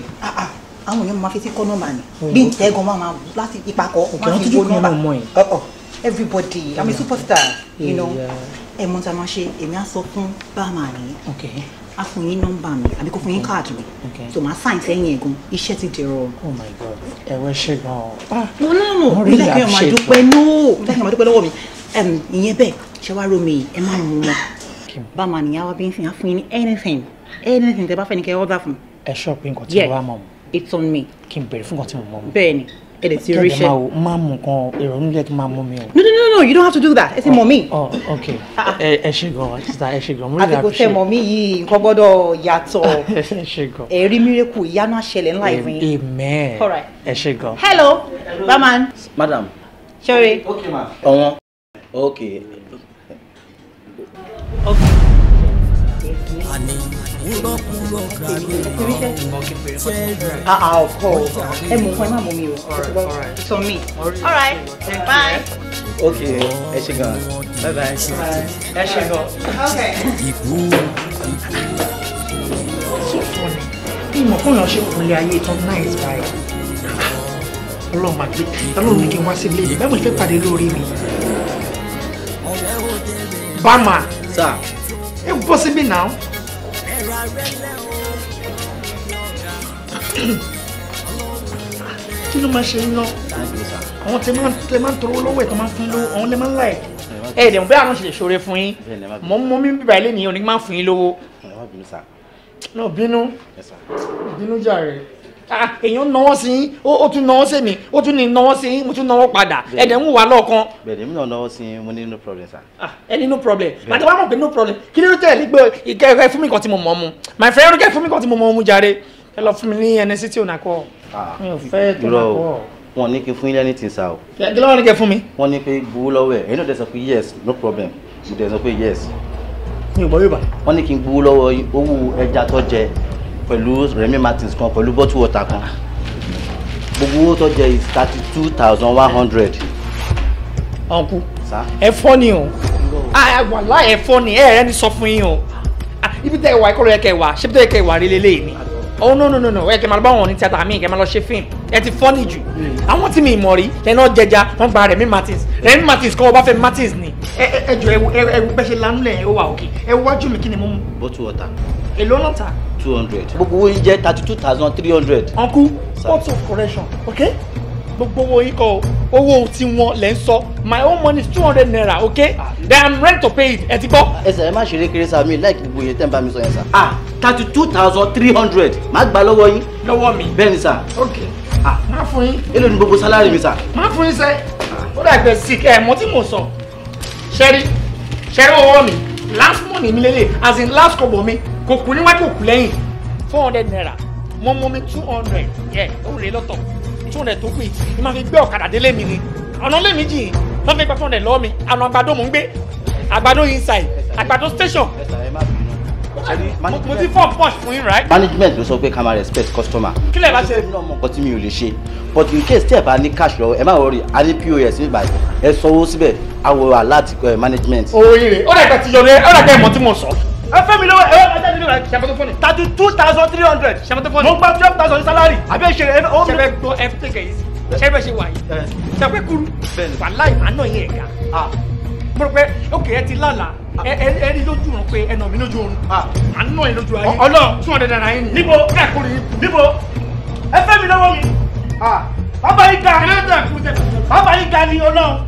àwọn èèyàn máa fi sí kọ́ nọ́mbà ni oh. bí n tẹ́gàn máa máa láti ipa kọ́ máa fi wo nọ́mbà. ọ̀kẹ́ wọ́n tún jù kún yẹn everybody yeah. i'm a superstar you know ẹ̀mọ́ tá a máa ṣe èmi á sọ fún báàmà ni á fún yín nọ́mbà mi àbí kò fún yín káàdì mi tó máa sáìn sẹ́yìn ẹ̀gún iṣẹ́ ti dẹ̀rọ̀. oh my god ẹ̀wẹ̀ ṣe gan-an. Ah, no no no mi lẹ́kẹ̀ẹ́ ọmọ àdúpẹ́ no mi lẹ́kẹ̀ẹ́ ọmọ àdúpẹ́ lọ́wọ́ mi ìyẹn bẹ́ẹ̀ ṣe wá romi ẹ má mú wọn. báàmà nìyá wa bí ń sìn á fún yín ní anything anything tẹ bá fẹ́ ni kẹ́ ọ́dà fún. ẹ ṣọ́ọ̀pù nǹkan tí mo bá mọ̀ mọ́. it's on me. kí n bèrè fún nǹkan tí mo mọ̀ mọ́. bẹ́ẹ̀ ni ẹ lè ti rí iṣẹ́. kẹ́kẹ́ máa mú nǹkan ìrònú jẹ́ kí máa mú mi o. no no no no you don't have to do that ẹ ti mọ̀ mí. oh okay ah, ah. ẹ ṣe gan sista ẹ ṣe gan mo ní àpèṣe. àsìkò tẹ mọ̀ mí yìí nǹkan gbọ́dọ̀ yàtọ̀ ẹ ṣe gan. ẹ̀rí mírèkù ìyanu àṣẹlẹ̀ ńlá ìrìn. amen ẹ ṣe gan. hello barman. madam. ṣọ́re. okay ma. ọ̀wọ́n. okay. okay. okay kúrọ́kúrọ́ gbàgbé ah, ah of course ẹ mọ̀ fún ẹ má mọ̀ mi o sọ mi all right bye. ok ẹ ṣe bye bye ẹ ṣe gan. ikú bí mo kún yàn ṣe kún lé ayé ìtàn náà is by ọlọ́run máa gbé ọlọ́run ní kí n wá sí ilé mi báwo ni fẹ́ pàdé lórí mi rẹra rẹlẹ o. kí ló máa ṣe ń lọ àwọn tẹ máa ń tọrọ lọ́wọ́ ẹ tó máa ń fún lówó àwọn lẹ máa ń láì ẹ ẹ dẹ̀mú bẹ́ẹ̀ àrùn ṣe ṣoore fún yín mọ mọ mi bíbá ilé nìyẹn onígbà fún yín lówó. náà bínú bínú jàre. Ah, èèyàn náwó sí yín ó tún náwó sí mi ó tún ní náwó sí yín mo tún náwó padà ẹ̀dẹ̀ ń wà lọ́ọ̀kan. bẹ́ẹ̀ni mi náà náwó sí yín mo ní no problem sir. Ah, ẹ ní no problem màtí wàá mọ̀ pé no problem kí ló tẹ̀lé gbé ìkẹ́kẹ́ fún mi kan tí mo mọ̀ mu my friend kẹ́ fún mi kan tí mo mọ̀ mu jàre ẹ lọ fún mi ní ẹni sí tí ò nà kọ́ ah, mi ò fẹ́ tó nà kọ́ wọn ní kí fún ilé ní ti sá o. kí ló wọn ní kẹ fún mi. wọn ní pé gbowó lọ́wọ́ ẹ ẹni ò pé yes no problem mo dẹ pé yes. mi ò bọ yóò bá. wọn ní kí n gbowó lọ́wọ́ owó ẹja pẹ̀lú Remy Martins kan pẹ̀lú bottle water kan gbogbo owó tó jẹ is thirty two thousand one hundred. ọ̀nkú ẹ̀fọ́ ni o ah, wàhálà ẹ̀fọ́ ni ẹ̀rẹ́ ni sọ fún yín o ah, ibi tẹ́ ìwà ìkọlù ẹ̀kẹ́ ìwà ṣé bí tẹ́ ìkẹ́ ìwà rí lélẹ́yìn ni oh no no no no ẹ kẹ máa lọ bá wọn ní tíátà míì kẹ máa lọ ṣe fíìm ẹ ti fọ́nì jù hmm. àwọn tí mi mọ̀ rí ẹ náà jẹja wọn gba Rẹ̀mí Martins Rẹ̀mí Martins kọ́ ọba fẹ́ Martins ni. ẹ ẹ jọ ẹ wo ẹ wo bẹ ṣe lanú lẹ́yìn ó wà òkè ẹ wájú mi kí ni mo mú. bó tu èlò náà ta two hundred. gbogbo owó yín thirty two thousand three hundred. uncle point of correction okay gbogbo owó yín kọ́ owó tí wọ́n lè ń sọ my own money is two hundred naira okay ah. then i'm ready to pay it ẹ ti gbọ́. ẹsẹ̀ ẹ má ṣeré kéré sáà mi láìkí gbogbo yẹn tẹ́ ń bá mi sọ yẹn sá. ah thirty two thousand three hundred má gbà lọ́wọ́ yín. lọ́wọ́ mi bẹ́ẹ̀ ni sá. ok ah má fún yín. èló ni gbogbo sálárì mi sá. má fún yín sẹ́ ó dà pé sick ẹ̀ mọ́ tí mo sọ ṣẹ́rí ṣẹ́rí owó mi last money mi lélẹ̀ as in last kọ̀bọ̀ mi kò kù níwájú òkú lẹ́yìn four hundred naira mo mọ mi two hundred yẹ òun rè lọ́tọ̀ two hundred tó pè é máa fi gbé ọ̀kadà délé mi ni ọ̀nà lé mi jì máa fi gba two hundred lọ́wọ́ mi àná àgbàdo mò ń gbé àgbàdo inside àgbàdo station mo ti fọ pọt fún yín right. management ló sọ pé ká máa respect customer. kí lè bá ṣe. mi náà mọ nǹkan tí mi ò lè ṣe but in case tẹ́ ẹ̀ bá ní cash lọ́wọ́ ẹ má wọrí a ní pos nígbà ẹ sanwó síbẹ̀ àwọ̀ alert eh, management. oyin rè ó dàgbà ti yọ ní ẹ ó dàgbà ìmọ̀ tí mo sọ ẹ fẹ́ mi lọ́wọ́ ẹ ẹ jáde nígbà ṣàbẹ̀tò fún mi. thirty two thousand three hundred. ṣàbẹ̀tò fún mi. mo ń gba twelve thousand salary. àbí ẹ ṣe ẹ ó mi. ṣẹbẹ gbọ ẹ tẹkẹ yìí ṣẹbẹ ṣe wà yìí. ṣàpẹ kuru wàláì màá náà yẹn ẹ̀ka. mo rò pé ókè ẹ ti lálàá ẹ ẹ rí lójú rán pé ẹ nà mí lójú oorun. màá nà ẹ lójú ayé. ọlọ tún ọ̀dẹ̀ dara yín ni. níbo káàkiri níbo ẹ fẹ́ mi lọ́wọ́ mi. bàbá yìí ga. bàbá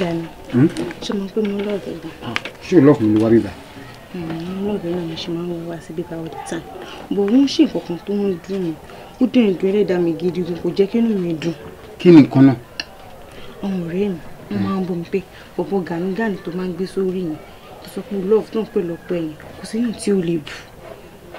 Bẹ́ẹ̀ni. Hmm? Ṣé mo pé ah, hmm, náà mo ṣe máa ń wá sí bíbá all the time. Bò ó ṣe nǹkan tó ń dùn mí. Ó dẹ̀ ń dùn ẹlẹ́dàá mi gidi gan. Kò jẹ́ kí inú mi dùn. Kí ni nǹkan náà? Àwọn ọ̀rẹ́ mi wọ́n máa ń bomi pé bọ̀bọ̀ gànúgànú tó máa ń gbé sórí yẹn. Tó sọ pé lọ́ọ̀bù tó pè lọ́pọ̀ ẹ̀yìn kò sí yàn tí ò lè bù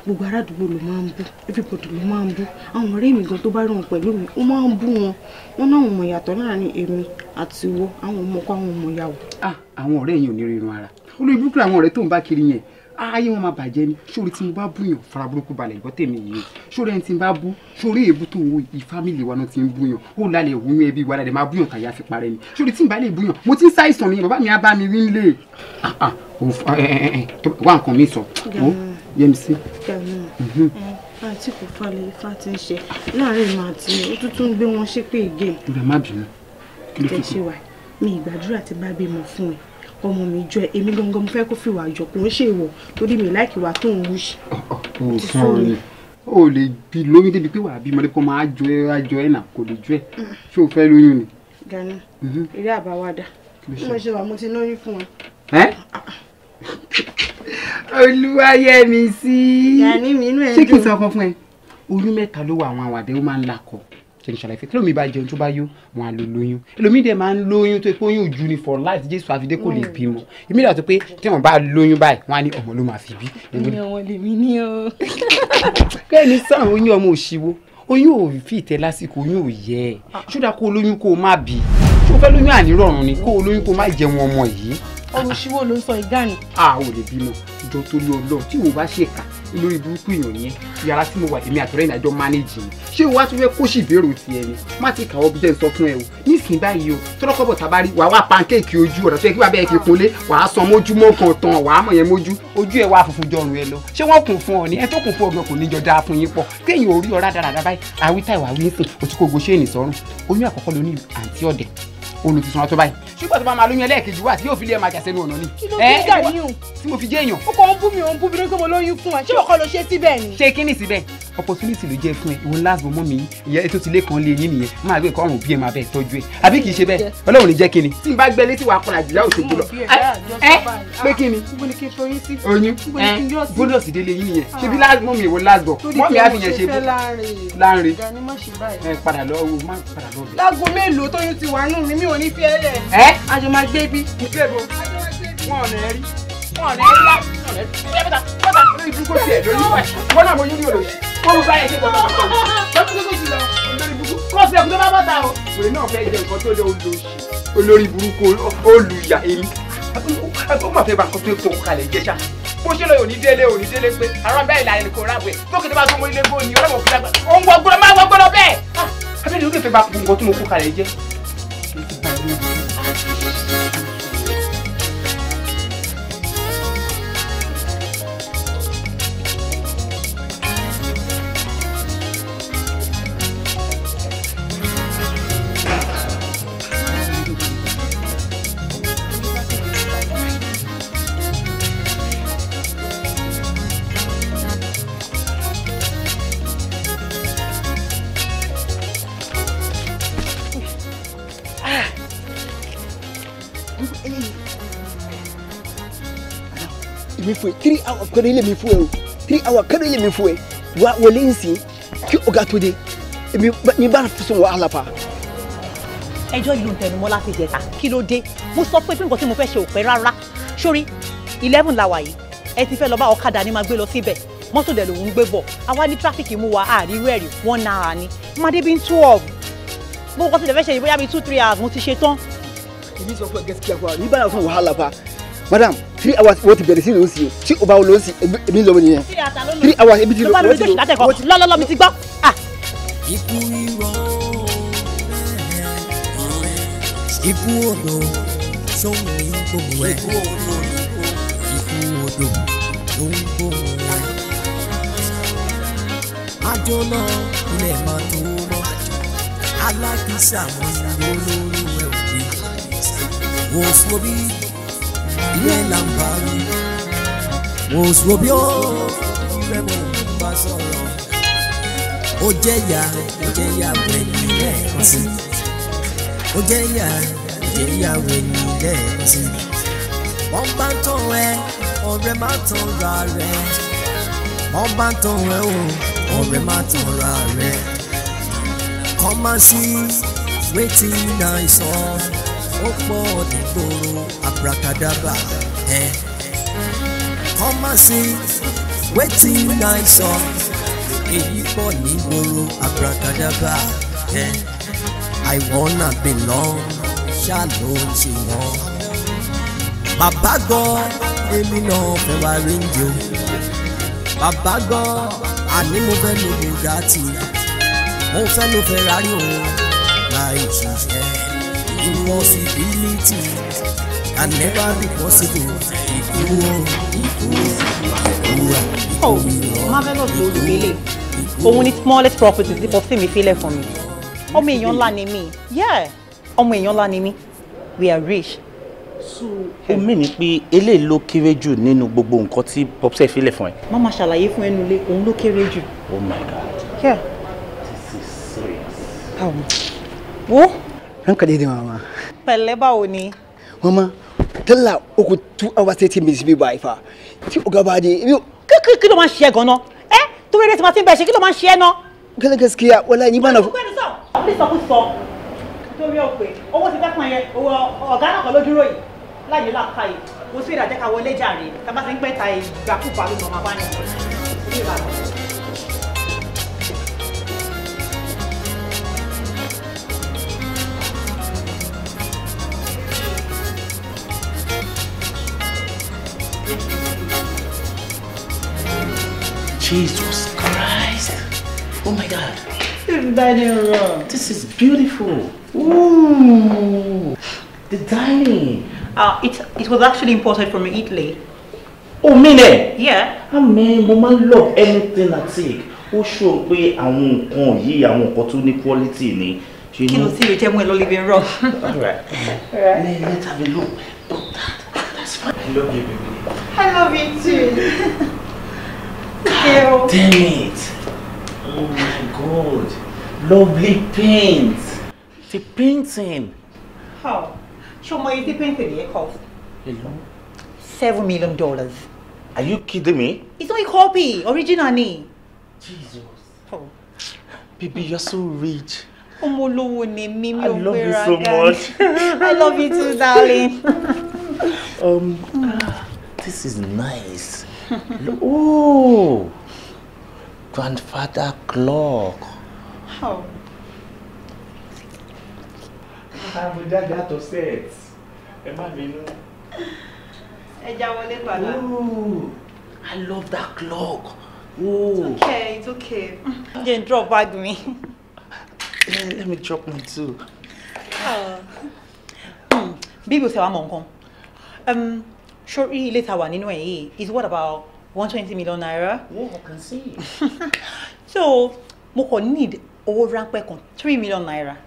gbogbo arádùúgbò ló máa ń bú everybody ló máa ń bú àwọn ọ̀rẹ́ mi gan tó bá rí wọn pẹ̀lú mi ó máa ń bú wọn wọn náà mọ̀ yàtọ̀ láàrin èmi àti wọ àwọn ọmọ kọ àwọn ọmọ ìyàwó. ah àwọn ọ̀rẹ́ yẹn ò ní rírun ara olórí burúkú làwọn ọ̀rẹ́ tó ń bá kiri yẹn ayé wọn máa bàjẹ́ ni sórí tí mo bá bú yàn fara burúkú balẹ̀ ìgbọ́ tèmi yìí sórí ẹni tí mo bá bú sórí èébú tó ń wo ìfámìlì wa náà ti ń bú yàn ó lálẹ́ òun yẹn bí wàlálẹ̀ máa bú yàn tàyà fi parẹ́ ni sórí tí mo bá lè bú yàn mo ti ń ṣàìsàn ni bàbá mi á bá mi rí nílé. Ah, ah, eh, eh, eh, wá nǹkan mi sọ. Yẹmisí. àǹtí kò falẹ̀ ifá ti ń ṣe láàárín ìmọ̀ àti ó tún tún gbé wọn ṣépè ìgé. ìgbà má bínú. ìtẹ̀ ṣe wà mi ìgbàdúrà ti bá bímọ fún ẹ ọmọ mi jọ ẹ èmi gangan mo fẹ́ kó fìwà àjọ kò ń ṣe ìwọ torí mi láìkì wà tó ń wú sí. o sọ̀rọ̀ o lè bi lóyún débi pé wàá bímọ kó máa jọ ẹ àjọ ẹ náà kò lè jọ ẹ ṣé o fẹ́ lóyún ni. gani mhm. eré àbáwádà mo ṣe wà mo ti lóyún fún ẹ olúwayẹmísí ṣé kí n sọ ọkàn fún ẹ oyún mẹ́ta ló wà àwọn àwàdẹ ó máa ń lakọ ṣe n ṣàlàyé tí lómi bá jẹun tó bá yó wọn á lo lóyún ẹlòmíì dẹ máa ń lóyún tó pé oyún ojú ni for life jésù àfidé kò lè mm. bímọ èmi dà tó pé tí wọn bá lóyún báyìí wọn á ní ọmọ ló máa fi bí. oyún ọmọ lèmi ní o. kẹ́ni sàn oyún ọmọ òṣìwò oyún ò fi ìtẹ́ lásìkò oyún ò yẹ ẹ ṣúdà kó lóyún kó o má bí ṣó fẹ́ lóyún ànírọ̀rùn ni kó o lóyún kó o má jẹun ọmọ yìí. ọmọ òṣìwò ló ń sọ ìgbà jọ torí ọlọ́run tí wò bá ṣe kà lórí burúkú èèyàn yẹn yàrá tí mo wà tèmi àtọ̀rẹ́ ìdájọ́ mánéjì ni ṣé wàá tún fẹ́ kó sì bèrò tiẹ̀ ni má ti kà ọ́ bí jẹ́ ń sọ fún ẹ o nísìnyí báyìí o tọ́lọ́kọ́bọ̀ tábà rí wàá wá pankéèkì ojú ọ̀rọ̀ tó yẹ kí wàá bẹ́ẹ̀ fi kunlé wàá san mójúmọ́ kan tán wàá mọ̀ yẹn mójú ojú ẹ wàá funfun jọrùn ẹ lọ ṣé wọ́n kún fún ọ ni ẹ tó kún fún ọgbẹ́ kò ní jọ dáa fún yín pọ̀ kéèyàn orí ọ̀rá dáradára báyìí àwítà ìwà wíńsìn òtíkògbò ṣéènì sọ́run oyún àkọ́kọ́ lóní àǹtí ọ̀dẹ̀ olùtìsàn àtọ́ báyìí ṣùgbọ́n tó bá máa lóyún ẹlẹ́ẹ̀kejì wá tí yóò fi lé ẹ̀ máa jàsẹ́nu ọ̀nà ni. kí ló dé dà ní o. tí mo fi jẹ́ èèyàn. ó kọ́ ń bú mi ò ń bú mi lóṣù mo lóyún fún ẹ ṣé wọ́n kọ́ ló ṣe síbẹ̀ ni. ṣé kí ni síbẹ̀ opportunity ló jẹ́ fún ẹ ìwọ last born mọ́ mi ìyá ètò ìtìlẹ̀ kan lé yín nìyẹn máa gbé nǹkan ọ̀run bí ẹ máa bẹ̀ tọ́jú ẹ àbí kì í ṣe bẹ́ẹ̀ ọlọ́run ní kí ni. tí n bá gbẹ létí wàá kọ́ra jùlọ òṣogbo lọ. ẹ pé kí ni. Ah, oyún bónus délé yín nìyẹn ṣebí mọ́ mi ìwọ last born mọ́ mi àfi yẹn ṣe bó láàrin ẹ padà lọ wo má padà lọ bẹ̀. láago mélòó tóyún ti wà nù mí mi ò ní fi ẹlẹ. ẹ àjọ máa gbé bí. ìgbé bo wọn ò ní rí wọn ò ní rí lá wọn ò ní rí bọ́tà bọ́tà lórí ibùkún tiẹ̀ lórí wẹ̀ wọn náà mo yún ní òòlù wọn mo bá yẹ ṣe bọ́tà bọ́tà lọ́tún tó ti lọ olórí ibùkún kọ́ sí ẹ̀kú tó bá bọ́tà o. òwe náà fẹ́ jẹ nǹkan tó lé olóṣì olórí burúkú olùyà èyí ó mà fẹ́ bá nǹkan tó kọ̀ kalẹ̀ jẹ́ ṣá bó ṣe lọ yóò ní délé òní délé pé àrùn bẹ́ẹ̀ ìlànà kò ráàbù ẹ̀ tó kété bá tó mọ ilé gbóni ọlọ́mọ òkúta gbà ó ń wọgbọ́n máa wọgbọ́n lọ bẹ́ẹ̀. Ah, abẹ́rẹ́ ló lè fẹ́ bá gbogbo nǹkan tó mọ kó kalẹ̀ jẹ́ you. mi fue three hours kọ́ni ilé mi fún ẹ o three hours kọ́ni ilé mi fún ẹ wa wọlé ń sìn kí ọ̀gá tó dé mi bá sùn wàhálà pa. ẹjọ́ yìí ń tẹnu mọ́ láti jẹta kí ló dé mo sọ pé bí tí mo fẹ́ ṣe ò pẹ́ rárá sórí eleven la wà yìí ẹ ti fẹ́ lọ bá ọ̀kadà ni máa gbé lọ síbẹ̀ mọ́tò dẹ̀ lòún gbé bọ̀ àwa ní tráfíkì mú wa àárín rẹ́ẹ̀rì one hour ni mádé bí twelve mo kọ́ sí ìdẹ́fẹ́ ṣe ìbóyá bíi two three hours mo ti ṣe tán. èmi sọ fún ẹ kí a kọ́ àwọn ìbára fún wàhálà pa madam three hours wo ti bẹ̀rẹ̀ sí ló ń si o tí o bá wo ló ń si ebi ń lọ nìyẹn three hours ebi ti lọ wọ́n ti lọ lọ́lọ́ mi ti gbọ́. Ah. ikú odò sóhun ní gbogbo ẹ ikú odò ló ń gbogbo ẹ àjò náà ilẹ̀ máa tó rọ alákìsà wọn ló lórí ẹ òbí òfòbí ìwé làǹbà yìí mo sọ bí ó fẹ́ mo bá sọ̀rọ̀ ó jẹ́ ìyá ó jẹ́ ìyá wẹ̀yìn lẹ́ẹ̀kan sí ó jẹ́ ìyá ó jẹ́ ìyá wẹ̀yìn lẹ́ẹ̀kan wọ́n bá ń tàn ẹ́ ọ̀rẹ́ má tàn ra rẹ̀ wọ́n bá ń tàn ẹ́ o ọ̀rẹ́ má tàn ra rẹ̀ come and see wetin I saw ó pọ̀ dé gbòòrò abracadabra ẹ. kọ́másì wetin i sọ èyí pọ̀ ní gbòòrò abracadabra ẹ. Eh. i wanna belong ṣàlò sí wọn. bàbá gan èmi náà fẹ́ wá rẹ́ńdì o bàbá gan àní mo fẹ́ lo bùgátì mo fẹ́ lo Ferrari o láì ṣiṣẹ́. Impossibility and never be possible. Ikú o, ikú o, ikú o. Oh, marvelous olùgbélé. Òun ni smallest property tí bọ́sí mi fílẹ̀ fún mi. Ọmọ èèyàn ńlá ni mí. Ọmọ èèyàn ńlá ni mí. We are rich. So, ó mì ní pé eléyìí ló kéré jù nínú gbogbo nǹkan tí bọ́sẹ̀ fílẹ̀ fún ẹ. Má máa ṣàlàyé fún ẹnu ilé, òun ló kéré jù. Oh my God. Yeah. This is serious. Um, wo? ranka daidai mama falle bawo ne mama talla uku tu awa sai tin bisibi ba ifa ti uga ba de kí kí ló máa ń ṣe gan-an ẹ tó bẹ̀rẹ̀ tí ma ti ń bẹ̀ ṣe kí ló máa ń ṣe náà. gẹ́gẹ́ gaskiya wala ni bana. ọgbẹ́ ni sọ ọgbẹ́ sọ kó sọ nítorí ọ̀pẹ owó ti dákun yẹn owó ọ̀gá náà kan ló dúró yìí láyé lápá yìí mo sì rà jẹ́ ká wọlé jàre tá a bá ti ń pẹ́ ta ìgbàkúgbà ló mọ̀ máa bá ní ìlú ìbàdàn. Jesus Christ. Oh my God. You've done This is beautiful. Ooh. The dining. Uh, it, it was actually imported from Italy. Oh, mean Yeah. I mean, woman love anything I take. Ó sọ pé àwọn nǹkan yìí àwọn nǹkan tó ní quality ni. Kí ló see lè jẹ́ mú living room? All right. All right. let's have a look. But that, that's fine. I love you, baby. I love you too. Girl. Damn it. Oh my god. Lovely paint. The painting. How? Show me the painting it cost. Hello? Seven million dollars. Are you kidding me? It's not a copy. Original. Jesus. Oh. Baby, you're so rich. Omolowo ni mi mi I love you so much. I love you too, darling. um, ah, this is nice oh, grandfather clock. How? Àbò jáde àtọ̀ set. Ẹ má bínú. Oh, I love that clock. Ooh. It's oh. okay, it's okay. Jane, drop bag mi. Eh, let me drop me too. Ah. Hmm, bí ibi ò ṣe wá mọ̀ nǹkan. Um, Shortly later, one in way it's what about 120 million naira? Yeah, I can see. so, mo kàn need owó ránpẹ́ kan three million naira.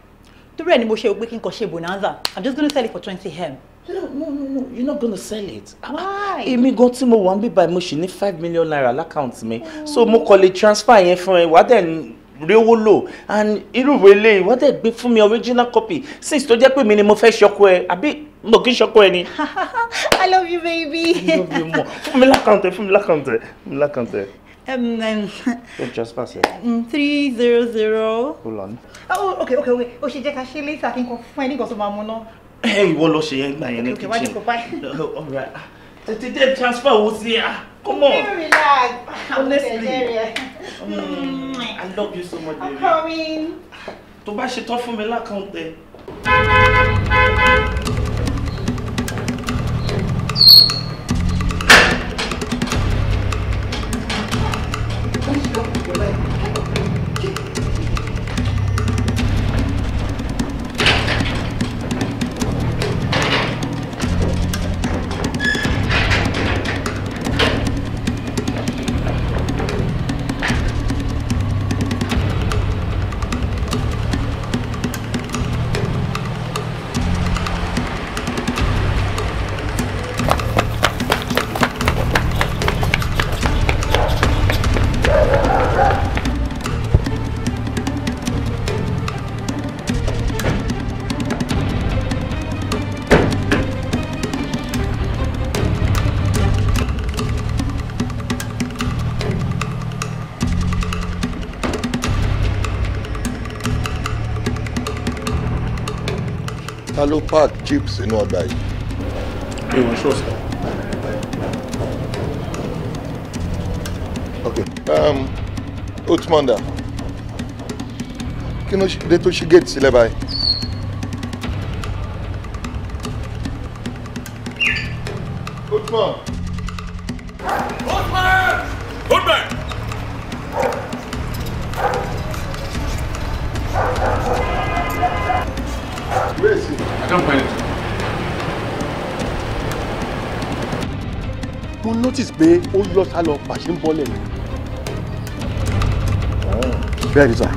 Torí ẹ̀ ni we can o bonanza. I'm just gonna sell it for 20 hem. No, no, no, you're not gonna sell it. Why? If gan tí mo wà ń bí báyìí mo ṣì ní five million naira that l'account mi. Oh. So mo kàn lè transfer yẹn fún ẹ, wàá dẹ̀ rí owó and irú ìwé eléyìí wàá dẹ̀ gbé fún mi original copy since today jẹ́ pé mi ni mo fẹ́ ṣọkọ ẹ mo kì í ṣọkọ ẹni. i love you baby. i love you more fún mi lákàntẹ fún mi lákàntẹ fún mi lákàntẹ. Um, um, so just pass it. Um, three zero zero. Hold on. Oh, oh, okay, okay, okay. O ṣe jẹ́ ká ṣe later kí n kọ fún ẹ ní ìgbọ̀nsọ̀ máa mú ná. Ẹ ìwọ lọ ṣe yẹn yẹn ní kitchen. Okay, okay, wájú kò báyìí. All right. Tètè dé transfer owó sí ẹ. Ah, come on. You relax. Honestly. Mm, I love you so much, baby. I'm coming. Tó bá ṣe tán fún mi lákàntẹ. Thank you. jeep sínú ọgbà yìí. ìwọ̀n ṣó sọ. ok um, otmanda kí ló dé tó ṣí gate sílẹ̀ báyìí. sá lọ pàṣẹ ń bọ́lẹ̀ ni. bẹ́ẹ̀ ni sà.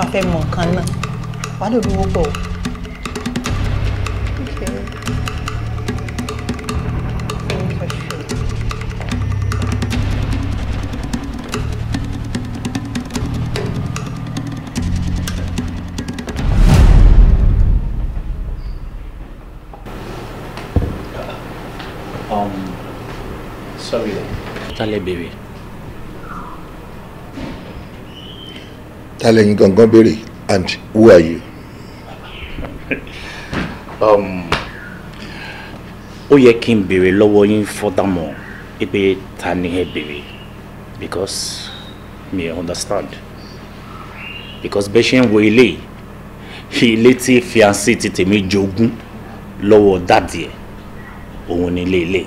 pa fẹ́ mọ̀ nǹkan náà wàá lè lówó pọ̀ o. Um, sorry. Tale tálẹ́yìn gangan béèrè and who are you. Um, ó yẹ kí n béèrè lọ́wọ́ yín furthermore pé ta ni ẹ béèrè because mi understand because bẹ́ẹ̀ ṣe ń wo ilé ilé tí fiancé ti tèmi jogún lọ́wọ́ dáàdì ẹ̀ òun ni ilé ilé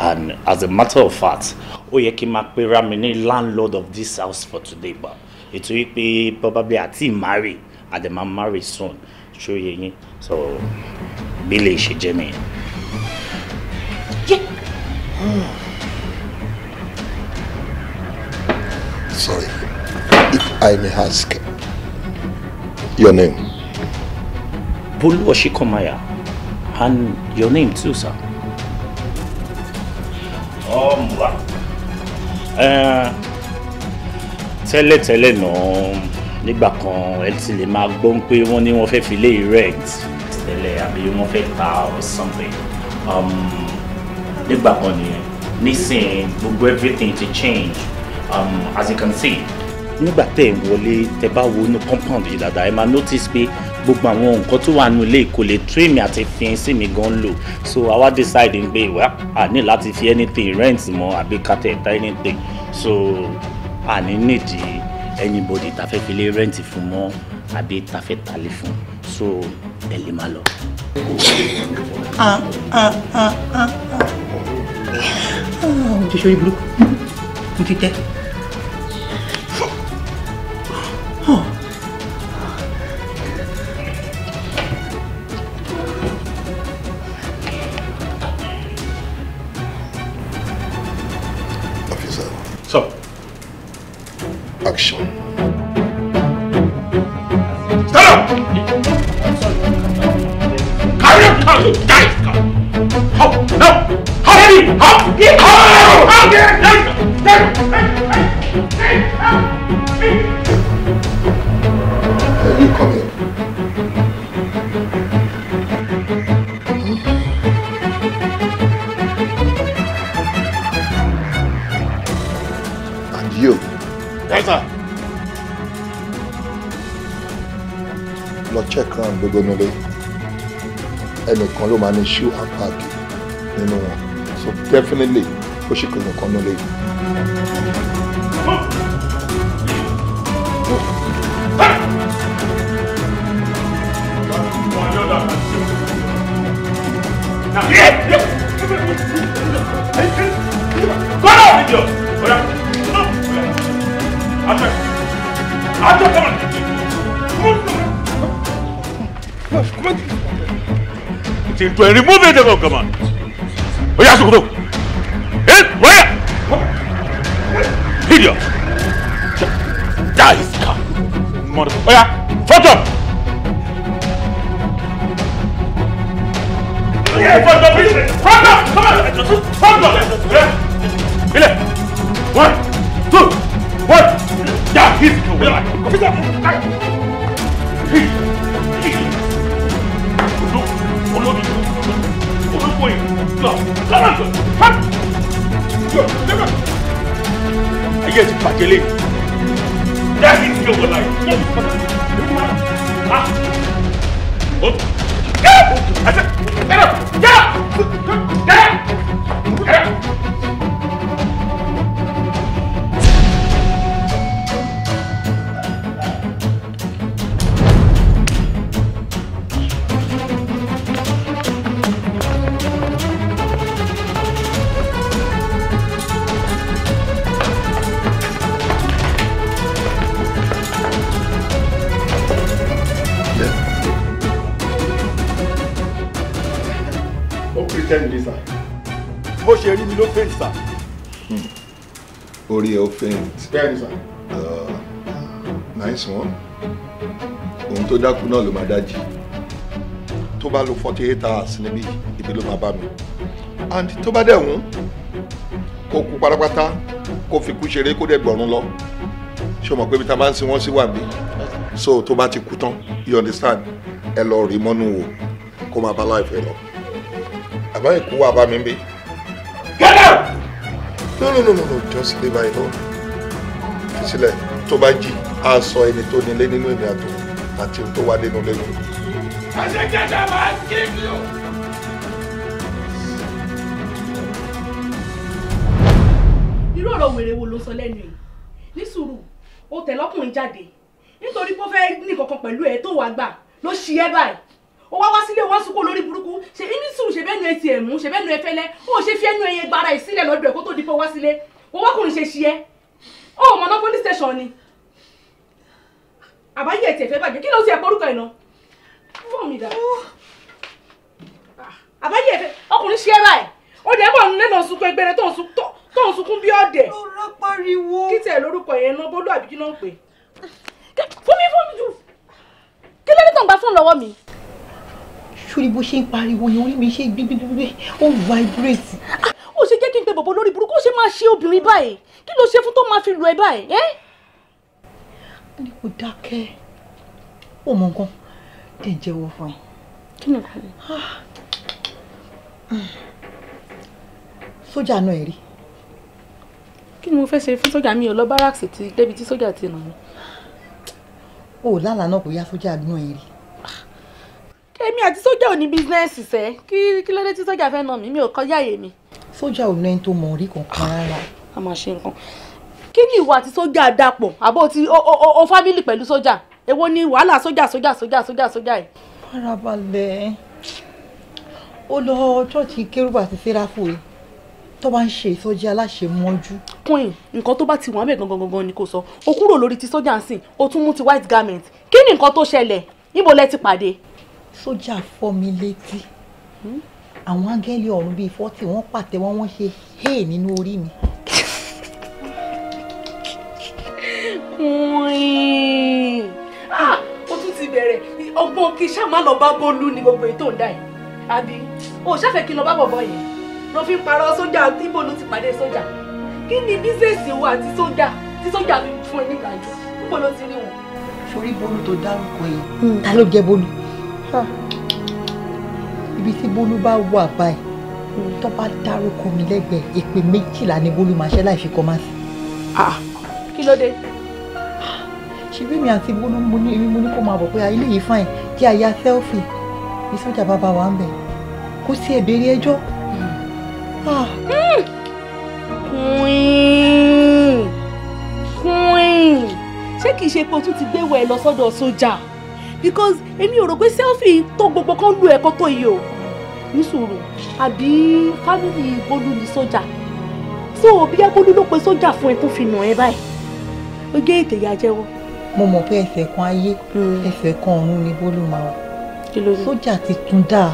and as a matter of fact ó yẹ kí n máa pe ra landlord of this house for today but ètò yìí pé probably àti marry and then ma marry soon ṣó yẹ yín so bí lè ṣe jẹ́ mi. Sorry, if I may ask your name. Bolu Oshikomaya, and your name too, sir. Um, uh, tẹ́lẹ̀tẹ́lẹ̀ náà nígbà kan ẹ ti lè máa gbọ́ pé wọ́n ní wọ́n fẹ́ fi lé erect tẹ́lẹ̀ àbí wọ́n fẹ́ ta or something um, nígbà kan nìyẹn nísìnyí gbogbo everything ti change um, as you can see nígbà tẹ́ ẹ̀ wọlé tẹ́ bá wo inú compound yìí dáadáa ẹ máa notice pé gbogbo àwọn nǹkan tó wà nínú ilé kò lè tú èmi àti fiẹ́nsì mi gan lò so àwa decide pé wá a ní láti fi anything rent mọ́ àbí kátẹ́ ẹ̀ta anything so àní nídìí anybody tá fẹ́ fi lé rẹ́ǹtì fún mọ́ àbí tá fẹ́ talé fún so tẹ̀lé máa lọ. Ah, ah, ah, mo ti ṣe orí burúkú mo ti tẹ́. kan ló máa ní shoe and nínú wọn so definitely ó ṣì kìlọ̀ kan ló lè yìí. Remove it, oh, command. náà ló máa dájì tó bá lo forty eight hours níbí ibi ló máa bá mi and tó bá dẹ̀ wọ́n kó kú pátápátá kó fi kú ṣeré kó dẹ̀ gbọ̀rún lọ ṣé o mọ̀ pé ibi tá a máa ń sin wọ́n sí wà mí so tó bá ti kú tán you understand ẹ lọ rí mọ́nú wò kó máa bá láìpẹ́ lọ àbá ìkú wà bá mi bí. Get out! no no no no no just leave her alone fi sílẹ̀ I saw jí a sọ ẹni tó nílé nínú ìrìn àtò àti tó wá dénú lẹ́nu. I said get up and give you. irú ọ̀rọ̀ wèrè wo ló sọ lẹ́nu yìí ní sùúrù o tẹ̀ lọ́kùnrin jáde nítorí pé ó fẹ́ ní kankan pẹ̀lú ẹ̀ tó wàá gbà ló ṣí ẹ báyìí ó wá wá sílé wọn sunkún lórí burúkú ṣe ní sùúrù ṣe bẹ́ẹ̀ nu etí ẹ̀ mú ṣe bẹ́ẹ̀ nu ẹfẹ́lẹ́ ó ṣe fi ẹnu ẹyẹ gbara ẹ̀ sílẹ̀ lọ́dọ̀ ẹ̀ kó tó di pé ó wá sílé wọ́n wákùnrin ṣe ṣí ẹ ó mọ̀ ná police station ni àbáyé ẹ̀ tẹ̀fẹ́ bàjẹ́ kí ló ti ẹ̀ porúkọ ẹ̀ náà fún mi dà oh. ah, àbáyé ẹ̀ ọkùnrin ṣe é báyìí ó dẹ̀ bọ̀ nílé náà sunkún ẹgbẹ́rẹ́ tó ń sunkún bí ọ̀dẹ̀. ó rọ pariwo. kí tẹ̀ lórúkọ yẹn náà bọ́lú àbíkí náà pè. fún mi fún mi jù kí ló ní tó ń gba fóònù lọ́wọ́ mi. sórí bó ṣe ń pariwo yẹn orí mi ṣe gbígbígbí ó vibrate. Ah, ó ṣe jẹ́ kí n pe bọ̀bọ̀ lórí burúkú ó ṣe máa ṣe obìnrin báyìí kí ló ṣe fún tó máa fi lù ẹ́ báyìí ó ní kò dákẹ́ ó mọ nǹkan tẹ̀ jẹ́wọ́ fún ẹ. kí ni kò ní. Ah. sójà náà ẹ rí. kí ni mo fẹ́ ṣe fún sójà mi ò lọ barracks ti débi tí sójà ti nà mí. o lálàá náà kò yá sójà náà ẹ rí. èmi àti sójà ò ní bísínẹ́sì sẹ́ kí kí ló dé tí sójà fẹ́ nà mí mi ò kọjá àyè mi. sójà ò lẹ́ni tó mọ̀ orí kankan ah. rárá. a máa ṣe nǹkan kí ni ìwà àti sójà dàpọ̀ àbó ti o fámìlì pẹ̀lú sójà èwo ni wàhálà sójà sójà sójà sójà sójà yìí. farabalẹ̀ ó lọ ṣọ́ọ̀ṣì kérúbà àti sẹ́ráfù yìí tó bá ń ṣe ìsọjí aláṣemọ́jú. queen nǹkan tó bá ti wọ́n bẹ̀ gangan gangan ni kò sọ o kúrò lórí ti sójà ń sìn o tún mú ti white garment kí ni nǹkan tó ṣẹlẹ̀ níbo lẹ ti pàdé. sójà fọ́ mi létí hmm? àwọn áńgẹ́lì ọ̀run bíi fọ́tì wọ́n pàtẹ́wọ́ wọ́n ṣe hey nínú orí mi. Ah, ó tún ti bẹ̀rẹ̀ ọgbọ́n kí ṣá má lọ bá bọ́ọ̀lù ní gbogbo ètò ìdá yìí àbí o ṣàfẹ́ kí n lọ bá bọ̀bọ̀ yẹn lọ fi ń parọ́ sójà ibo ló ti pàdé sójà kí ni bísẹ̀sì wo àti sójà tí sójà fi fún ẹ nígbà jù ibo ló ti rí wọn. sori bolu tó dárúkọ yìí. Hmm. ta ló jẹ bolu ibi tí bolu bá wà báyìí hmm. tó bá dárúkọ mi lẹ́gbẹ̀ẹ́ èpè méjìlá ni bolu máa ṣe láì fi kọ́ máa sí. Ah. kí ló dé ṣebí mi àti bólú mo ní mo ní kó máa bọ̀ pé ilé yìí fine kí a ya selfie ní sójà bàbá wa ń bẹ̀ kó sí ẹ̀bẹ̀rẹ̀ ẹjọ́. Ah. Hmm. queen queen ṣé kìí ṣe pé o tún ti gbé wẹ̀ lọ sọ́dọ̀ sójà because èmi ò rò pé selfie tó gbogbo kan lu ẹ̀kọ́ tó yìí o ní sùúrù àbí fámìlì bólú ní sójà so òbí abólú ló pe sójà fún ẹ tó fi nà ẹ báyìí ó gé ètè ìyá jẹ́wọ́ mo mọ̀ pé ẹsẹ̀ kan ayé hmm. ẹsẹ̀ kan ọ̀run ni bólú máa wà sójà ti tún dáa.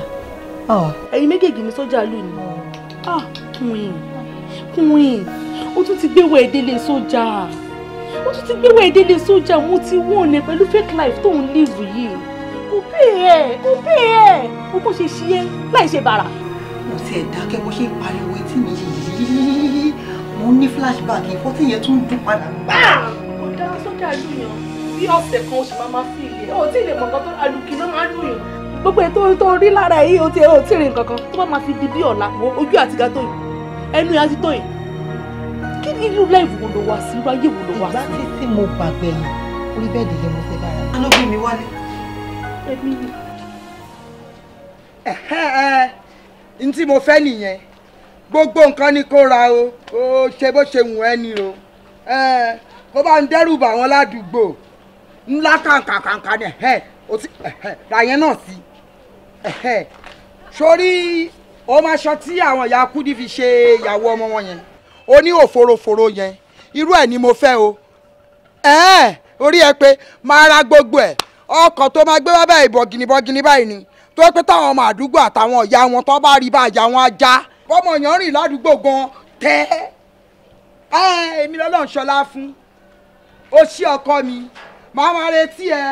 Ah. ẹ̀yin méjèèjì ni sójà lù ní kùnrin ah, kùnrin ó tún ti gbéwò ìdílé sójà ó tún ti gbéwò ìdílé sójà mo ti wọ́n ní pẹ̀lú fake life tó ń live yìí kò pè é kò pè é o bó ṣe ṣe é láì ṣe bàrà. mo ti ẹ̀ dákẹ́ bó ṣe ń pariwo etí mi yìí mo ní flashback ìfọ́tí yẹn tún dún padà. ọ̀daràn ah, sójà lù yàn bí ọ̀sẹ̀ kan oṣù máa máa fi ilé ó tí lè mọ̀ nǹkan alùpùpù náà máa ń lùyàn gbogbo ètò tó rí lára yìí ó ti ó ti rìn kankan tó bá máa fi di bí ọ̀la wo ojú àtìgá tó yìí ẹnu yà ti tó kí ni irú láìfù wo ló wá sí irú ayé wo ló wá sí. ìgbà tí mo gbàgbẹ́ yìí orí bẹ́ẹ̀dì yẹn mo fẹ́ bára. ló bí mi wálé. ẹbí mi. n tí mo fẹ́ nìyẹn gbogbo nǹkan ni kó ra o ó ṣe bó ṣe wù ẹ́ ni o bó bá ń dẹ́rù bà wọ́n ládùúgbò ńlá kàǹkàǹkà ni ẹ̀hẹ́ o ti ẹ̀hẹ́ làyẹn náà sí ẹ̀hẹ́ sórí o máa ṣọ tí àwọn ìyá kúdí fi ṣe ìyàwó ọmọ wọn yẹn o ní òforoforo yẹn irú ẹ̀ ni mo fẹ́ o ẹ̀ẹ́ orí ẹ pé máa ra gbogbo ẹ̀ ọkọ̀ tó máa gbé wá báyìí bọ̀gìnì bọ̀gìnì báyìí ni tó pé táwọn ọmọ àdúgbò àtàwọn ìyá wọn tó bá rí báyìí àwọn ajá ọmọ yẹn rìn ládùúgbò gan tẹ́ ẹ́ èmi lọ́lọ́ ń ṣọlá fún ó ṣí ọkọ mi màá máa retí ẹ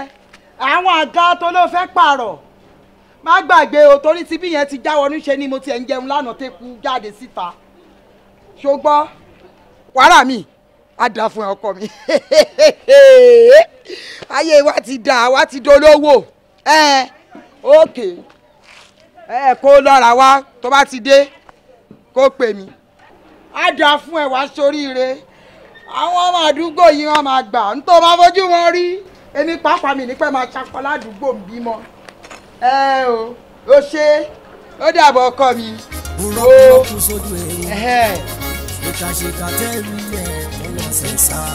àwọn àga tó ló fẹ́ pààrọ̀ má gbàgbé o torí tí bí yẹn ti já wọnú ṣe ni mo tiẹ̀ ń jẹun lánàá tó kú jáde síta ṣùgbọ́n wàrà mi á dà fún ọkọ mi ayé wa ti dà wa ti dolówó ẹ òkè ẹ kó lọ́ra wa tó bá ti dé kó pè mí á dà fún ẹ wá sóríire àwọn ọmọ àdúgbò yìí wọn máa gbà nítorí wọn máa fojú wọn rí èmi pàápàá mi nípẹ́ máa ṣakọ ládùúgbò ń bímọ ẹ o ó ṣe ó dàbọ̀ ọkọ mi ó ẹ̀hẹ́. ìkàṣìkà tẹ́lú ẹ̀ mo lọ sí sáà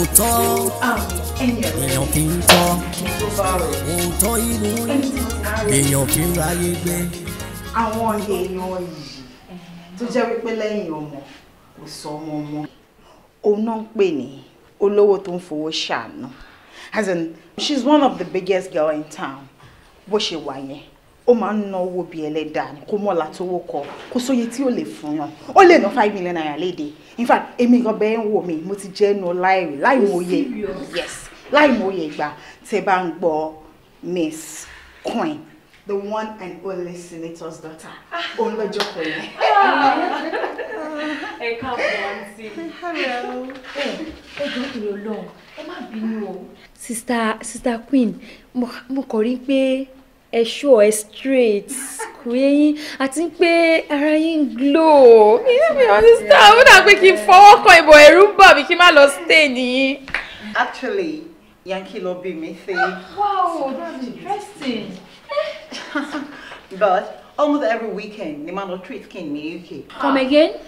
òótọ́ èèyàn kì í tọ́ òótọ́ inú èèyàn kì í ráyé gbé. àwọn èèyàn yìí tó jẹ́ wípé lẹ́yìn ọmọ kò sọ ọmọ ọmọ. òun náà ń pè ní olówó tó ń fowó ṣàánú as in she's one of the biggest girl in town bó ṣe wà yẹn ó máa ń ná owó bíi ẹlẹ́dàá ni kó mọ́la tó wó kọ kó sóye tí ó lè fún yàn ó lè ná five million naira léde in fact èmi gan bẹ́ẹ̀ ń wò mí mo ti jẹ́ nu láìrí láìmọye yes láìmọye ìgbà tẹ́ bá ń gbọ́ miss coin the one and only senator's daughter ọlọ́jọ́ ah. pẹ̀lú. ẹ káàbọ̀ àǹtí. hello. ẹ ẹ jọ ìrè Ọlọ́run ẹ má bínú o. queen mo kàn pe. A ẹ a straight kò yé yín àti pé glow mi ò ní star ó dà pé kí n fọwọ́ kan ìbò ẹ̀rù ń bà mí actually yankee ló bí mi ah, wow that's interesting. but almost every weekend, the man of treats came in the UK. Come again?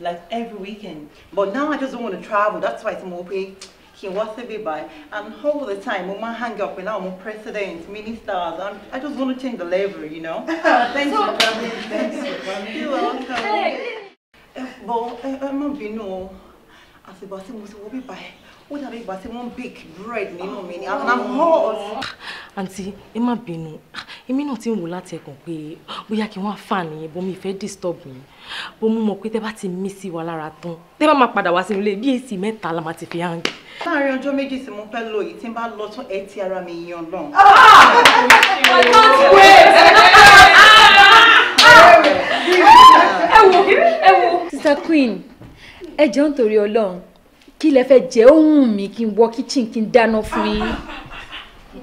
Like every weekend. But now I just don't want to travel. That's why it's more pay. He wants to be by. And all the time, when I hang up with our presidents, ministers, and I just want to change the level, you know? Thank so, you, Bobby. Thank you, You're welcome. Hey. Eh, but, uh, I'm not being no. I said, but I said, we'll be by. ó dàbí ìgbà tí wọ́n bake bread nínú mi ni ah. and i'm hot. àǹtí ẹ má bínú èmi náà ti ń wò láti ẹ̀kàn pé bóyá kí wọ́n á fà nìyẹn bó mi ìfẹ́ disturb mi bó mú mọ̀ pé tẹ́ bá ti mí sí wa lára tán tẹ́ bá máa padà wá sínú ilé bí èsì mẹ́ta la máa ti fi hàn. láàárín ọjọ́ méjì tí mo fẹ́ lò yìí tí n bá lọ tún ẹ ti ara mi yan lọ. Ah! ẹ wò ẹ wò. sister queen ẹ jọ ń torí Ọlọ́run kí lẹ fẹ́ jẹ ohun mi kí n wọ kitchen kí n dáná fún yín.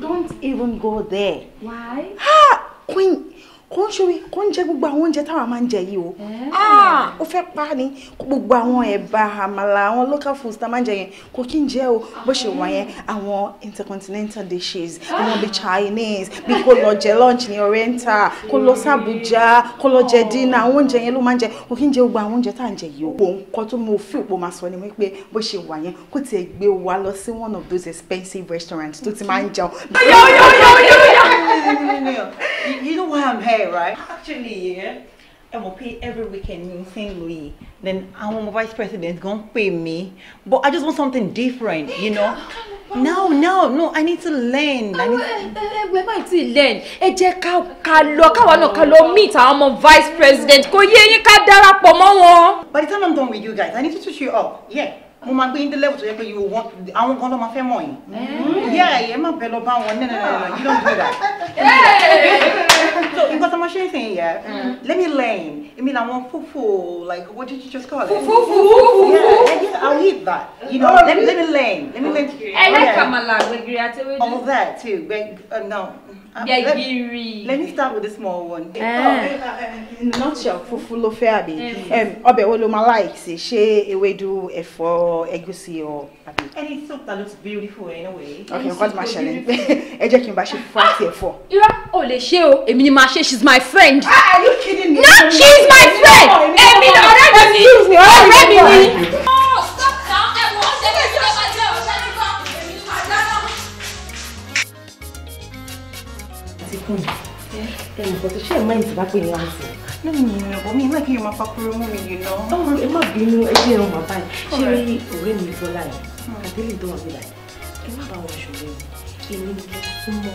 don't even go there. why. Ah, queen kò ń ṣòwe kò ń jẹ gbogbo àwọn oúnjẹ táwa máa ń jẹ yìí o ah, ó fẹ́ pa ni gbogbo àwọn ẹ̀bà àmàlà àwọn local foods tá a máa ń jẹ yẹn kò kí ń jẹ o bó ṣe wà yẹn àwọn intercontinental dishes àwọn ah. bíi Chinese bíi kò lọ jẹ lunch ní Oriental kò lọ sàbújá kò lọ jẹ dinner àwọn oúnjẹ yẹn ló máa ń jẹ kò kí ń jẹ gbogbo àwọn oúnjẹ tá à jẹ yìí o kò nǹkan tó mo fi òpó máa sọ ni wípé bó ṣe wà yẹn kò tiẹ̀ gbé wa lọ sí one of those expensive restaurants tó ti máa ń jẹun. yóò yóò yóò yóò no, no, no, no. You, you know why I'm here, right? Actually, yeah. I'm gonna pay every weekend in St. Louis. Then I'm a vice president gonna pay me. But I just want something different, you know. No, no, no, I need to learn. I need to... Where might you learn? Ẹ jẹ́ ká ká lọ ká wá náà ká meet àwọn ọmọ vice president kó yé yín ká darapọ̀ mọ́ wọn. By the time I'm done with you guys, I need to touch you up. Yeah mo máa gbé yín dé level tó yẹ pé you want àwọn gan ló máa fẹ́ mọ̀ yín mm. yẹ ẹ̀yẹ má bẹ lọ bá wọn nẹ́nẹ́ nẹ́nẹ́ you don't do that so nǹkan tó máa ṣe é sìn yẹ mm. let me learn èmi làwọn fúfú like what did you just call it fúfú fúfú yeah I'll eat that you know let me let me learn let me learn ẹ lẹ́ka màlà gbẹ̀gìrì àti ewédú all that too gbẹ uh, no. Uh, gbẹ̀gìrì. Let me start with the small one. Eh. Eh, oh. Not your fúfú ló fẹ́ àbí. Mm. Ọbẹ̀ wo ló máa láìsí? Ṣé ewédú, ẹ̀fọ́, or egusi or abi. any soup that looks beautiful anyway. Okay, nǹkan tí ma ṣẹlẹ̀ ẹ jẹ́ kí n bá ṣe fún àti ẹ̀fọ́. irọ́ o lè ṣe o èmi ni màá ṣe she is my friend. ah are you kidding me. no she is my friend èmi ni ọ̀rẹ́ mi ni ọ̀rẹ́ mi oh, ni. ẹ ǹkan tó ṣe é mọ́ ìtura pé ní àǹtí. No, no, no, but me, like you, my papa, you know. Oh, it might be you, I know, my papa. She really ran me for life. I really don't want to be like, I'm not going to show you. You need to get some more.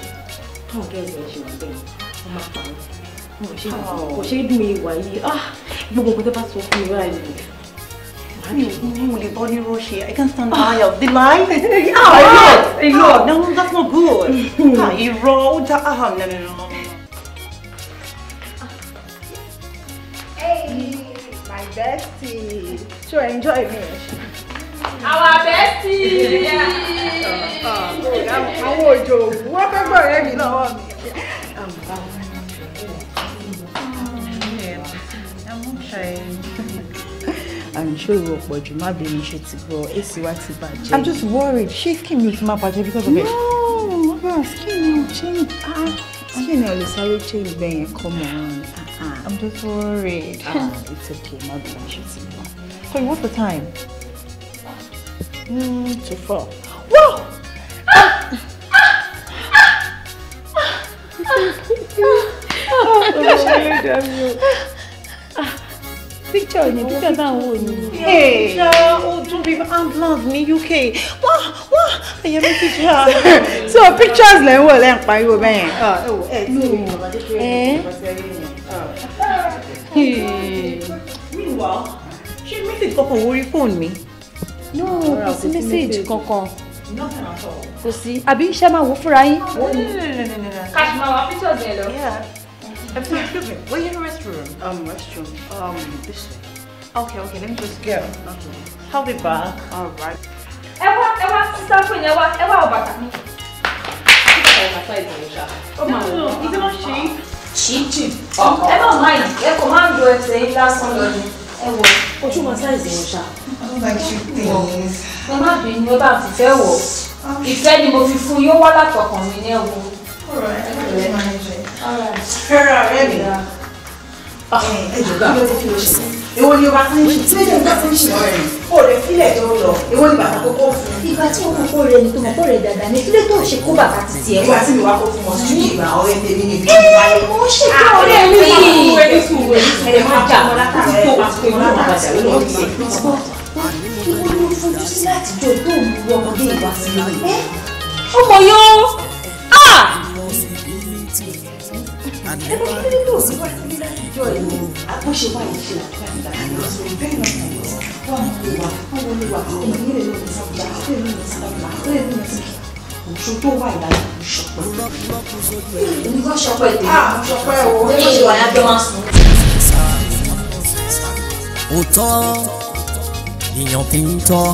Don't get where she was going. I'm not going to. Kò ṣe dùn mí ìwà yìí, ah! Gbogbo nǹkan tó bá sọ fún mi rà yìí. Mo lè bọ́ ní Rọ́ṣẹ́, I can't stand the eye of the lie. Ah, a lot, a ah! lot. No, that's not good. Hmm. Ah, irọ́, ó dá, ah, no, no, no. bestie. Sure, enjoy me. Our bestie. Oh, òjò òwú wọ́n fẹ́ gbọ́ ọ̀rẹ́ mi lọ́wọ́ mi. I'm sure you will you might be initiative or ACY to budget. I'm just worried. She's came with my budget because of it. No, skin will change. Ah, skin will change Then, come on. Uh-huh. I'm just worried. Uh, it's okay, not an issue. Sorry, what's the time? Mm, to four. Whoa! Picture ni picture náà wò Hey. Oh, o tún bí ambulance ní UK? What? What? I am ti jà. So pictures lẹ́ what wọ̀ lẹ́ ń man? Ah, oh, ẹ tí mi ò bá dé pé ẹ bá ti rí Hmm. meanwhile ṣé message kankan wo orí fóònù mi. no kò sí message kankan kò sí no, no, no, no. fúnra yín. cash máa wà pictures yẹn lọ. Excuse me, where you in the restroom? Um, restroom. Um, this way. Okay, okay, let me just go. Okay. I'll be back. All right. Ewa, Ewa, sister Queen, Ewa, Ewa, Obaka. Oh, my God. Is it not she? chichi ọkọ ẹ má má yìí ẹ kò má lo ẹsẹ̀ yín lásán lọ ni ẹ wọ ojú mọ sáìsì wọn ṣá. ẹ má bínú ẹ bá fìfẹ́ wọ ìfẹ́ ni mo fi fún yóò wá látọkàn mi ní ẹ̀wọ̀. fẹ́ràn ọ̀rẹ́ mi ẹ jọ̀ọ́ kí ló ti fi lọ ṣe èwo ni o bá fi ń ṣe tí èdè ń bá fi ń ṣe ọ̀rẹ́ kó rẹ fílẹ̀ tó lọ èwo ni bàtà kókó fún un. ìgbà tí òkú kó rẹ nìkan kó rẹ dáadáa ní kílé tó ṣe kó bàtà ti tiẹ̀ wá. ìgbà tí mi wá kó fún wọn sí ìgbà ọ̀rẹ́ tèmi ni bí mo bá yẹ. mo ń ṣe kí ọ̀rẹ́ mi yìí. ẹ̀rẹ̀ máa jà wọ́n látàrí tó wà pé wọ́n máa bàjẹ́ lọ́wọ́ kí wọ́n ló fojú sí láti jọ tó ń wọ ọmọdé ìwà sí ọmọ yóò and èèyàn fi ń tọ́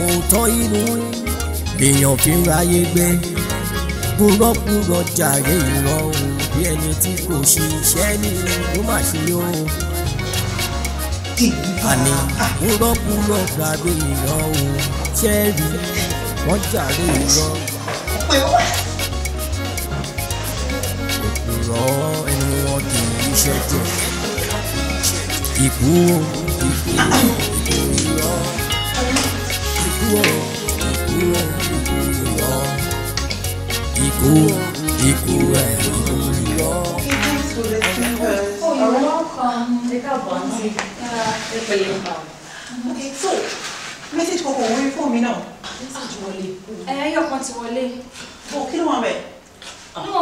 òótọ́ inú èèyàn fi ń ráyé gbé purọ́purọ́ jàre ìrọ̀ bí ẹni tí kò ṣiṣẹ́ ní ló má ṣe yó. àní mo rọ́pù lọ́ọ̀dù abẹ́mi lọ o ṣẹ́ẹ̀rì wọ́n jàre lọ. òpùrọ̀ ẹni wọn kì í ṣẹ́jọ́ ìkú o ìkú o ìkú o ìkú o ìkú o ìkú o ìkú ẹ̀rọ lọ. You're welcome. Take a bun. Okay, so, message kọ́kọ́ wọ́n fún mi náà. Message wọlé. Ẹ yọ kan ti wọlé. Bọ̀ kí ló wà bẹ̀? No,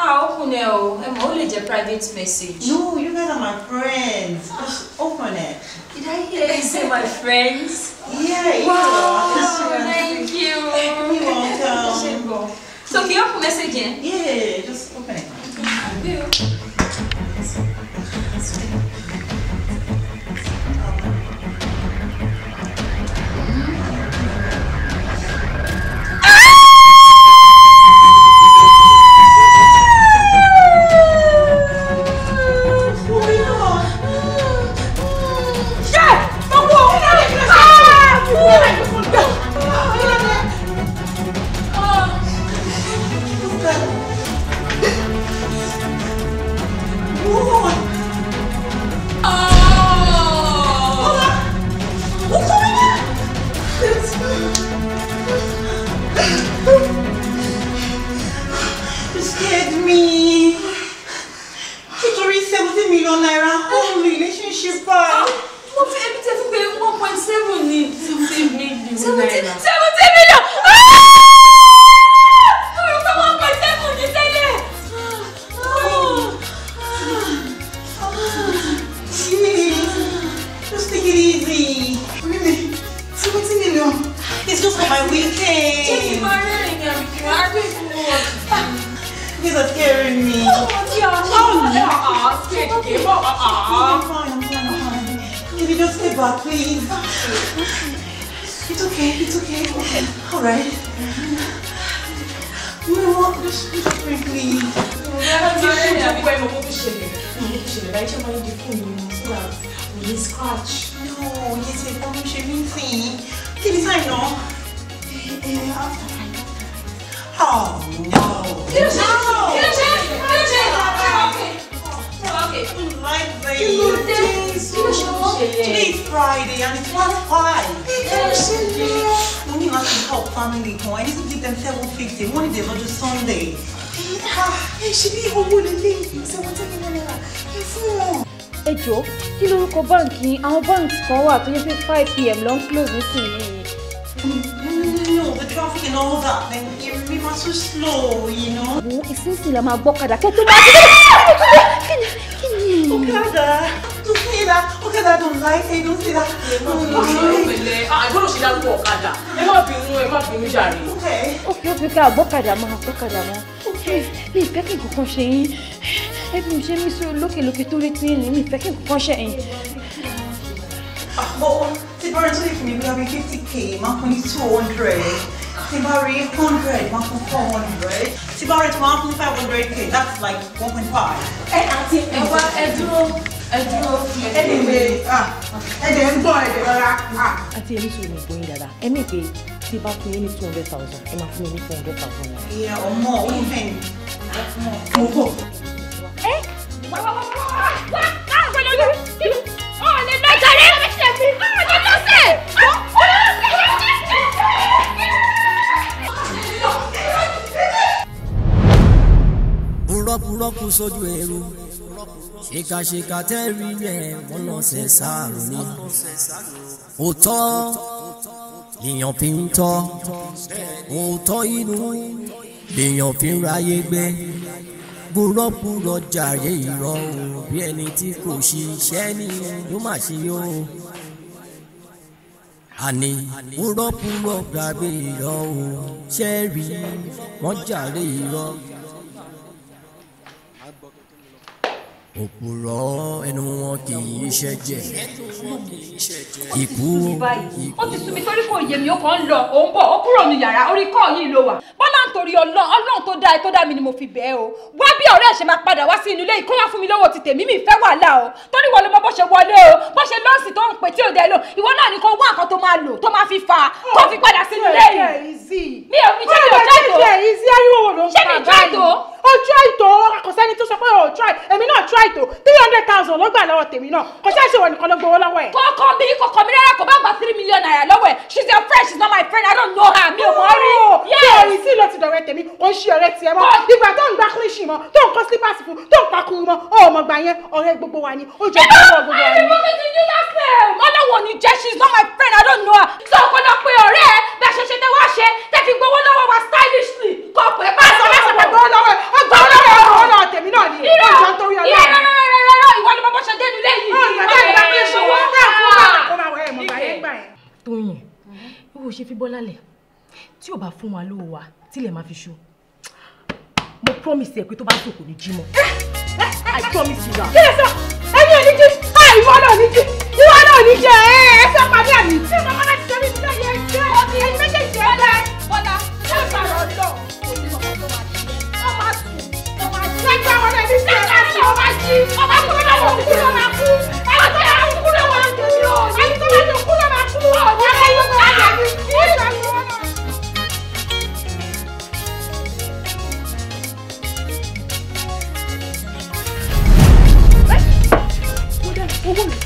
ah, open it o. Ẹ mọ̀, private message. No, you guys are my friends. Just ah. open it. Did I hear you say my friends? Yeah, wow, thank you. You're welcome. So, can you open message in? Yeah, just open it. do. 5 p.m. Long close this evening. No, the traffic and all that. Then we were so slow, you know. Wo ìsinsìnyí la máa gbọ́kadà kẹ́ tó máa ti. Kí ni? Ọ̀kadà. Don't say that. Ọ̀kadà don't like it. Don't say that. Àgbọ̀dọ̀ ṣe dárúkọ ọ̀kadà. Ẹ má bínú ẹ má bínú jàre. Ókè ókè ká gbọ́kadà máa gbọ́kadà máa. Mi ìfẹ́ kí nǹkan kan ṣe yín. Ẹ bí mo ṣe mí sí olókèlókè tó létí yín ni mi ìfẹ́ kí nǹkan kan ṣe yín. fifty máa fún ní two hundred tí bá rí hundred máa fún four hundred tí bá rí tí máa fún five hundred k that's like one point five. ẹ àti ẹ wá ẹ dúró ẹ dúró ẹ lè lè ẹ lè ń bọ̀ ẹ lè rárá. àti èmi sọ èmi ìgbóyin dada ẹ mi pé tí bá fún mi ní two hundred thousand ẹ máa fún mi ní four hundred thousand. ìyá ọmọ òun fẹ́ mi. mo bọ̀. sójú ẹrú ṣèkàṣèkà tẹ́rí rẹ̀ wọ́n lọ sẹ̀ sáàrù ni òótọ́ lèèyàn fi ń tọ́ òótọ́ inú lèèyàn fi ń ráyé gbé gbúrọ́gbúrọ́ jàre irọ́ o bí ẹni tí kò ṣiṣẹ́ ní ló mà ṣe yó àní gbúrọ́gbúrọ́ gbàgbé irọ́ o ṣẹ́ẹ̀rì wọ́n jàre irọ́ o. òpùrọ̀ ẹnu wọn kì í ṣẹ̀jẹ̀ ikú ó ti sunmi torí kò yé mi ó kàn ń lọ òun bọ̀ ó kúrò ní yàrá orí kọ́ yìí ló wà bọ́lá ń torí ọlọ́run ọlọ́run tó dáa tó dáa mi ni mo fi bẹ́ẹ̀ o wá bí ọ̀rẹ́ ẹ̀ ṣe máa padà wá sí inú ilé yìí kó wá fún mi lọ́wọ́ ti tèmi mi fẹ́ wàhálà o torí wọlé mo bó ṣe wọlé o bó ṣe lọ́ọ̀sì tó ń pè tí ò dé lò ìwọ náà ni kò wá nǹkan tó máa lò tó máa fi fa kó fi padà sínú ilé yìí mi ò mi o mi jáde Oh, try to! kò sẹ́ni tó sọ pé Oh, try èmi náà try to. three hundred thousand ló gbà lọ́wọ́ tèmi náà kò ṣáà ṣe wọ̀ nìkan ló gbowó lọ́wọ́ ẹ̀. kọ́kọ́ mi kọ́kọ́ mi rárá kò bá gba three million naira lọ́wọ́ ẹ̀ she's your friend she's not my friend I don't know her mi ò mọ̀ rí. tí oh, ọ̀rìn sí ló ti dọ̀rẹ́ tèmi kò ń ṣe ọ̀rẹ́ tiẹ̀ mọ́ ìgbà tó ń gbá kílíṣì mọ́ tó ń kọ́ slippers fún tó ń pakuru mọ́ ó mọ̀ gbà yẹn ọ̀rẹ́ gbogbo wa ni ó jọ gbogbo gbogbo wa ni. ọlọ́wọ̀n ni jẹ́ she's not my friend I don't know her. sọ ọkọ náà pé ọ̀rẹ́ bẹ́ẹ̀ ṣe ṣe tẹ́ wá ṣe tẹ́ fi gbowó lọ́wọ́ wa stylishly kọ́ pé bá a sọ bá a sọ pé gbowó lọ́wọ́ ó gbà ọ́ lọ́wọ́ ọ̀rọ̀ ọ̀rọ̀ tèmi náà ni ó jọ torí ọ̀rọ̀ rẹ̀. irọ́ irọ́ irọ́ ìwọ ni mo bọ́ ṣe dé ìgbà tí a fi ṣòwò ọ̀rọ̀ fún wa ah. kó máa wọ ẹ̀mọ̀ gbà yẹn gbà yẹn. Tóyìn ìwọ ṣe fi bọ́ lálẹ̀ tí ò bá fún wa lówó wa tílẹ̀ máa fi ṣú mo promise ẹ pé tó bá sòkò ní jí mọ́ I promise you that. kí lè sọ ẹni ò ní jí ah, ìwọ náà ní jí ìwọ náà ní jí ẹ ẹ fẹ́ pa mí àmì. ṣé màmá láti tẹ́lẹ̀ sí náà yẹ ẹ jẹ́ ẹni méjèèjì ẹ lẹ́ bọ́lá ṣé ìgbà rọ̀ ń lọ ti ṣe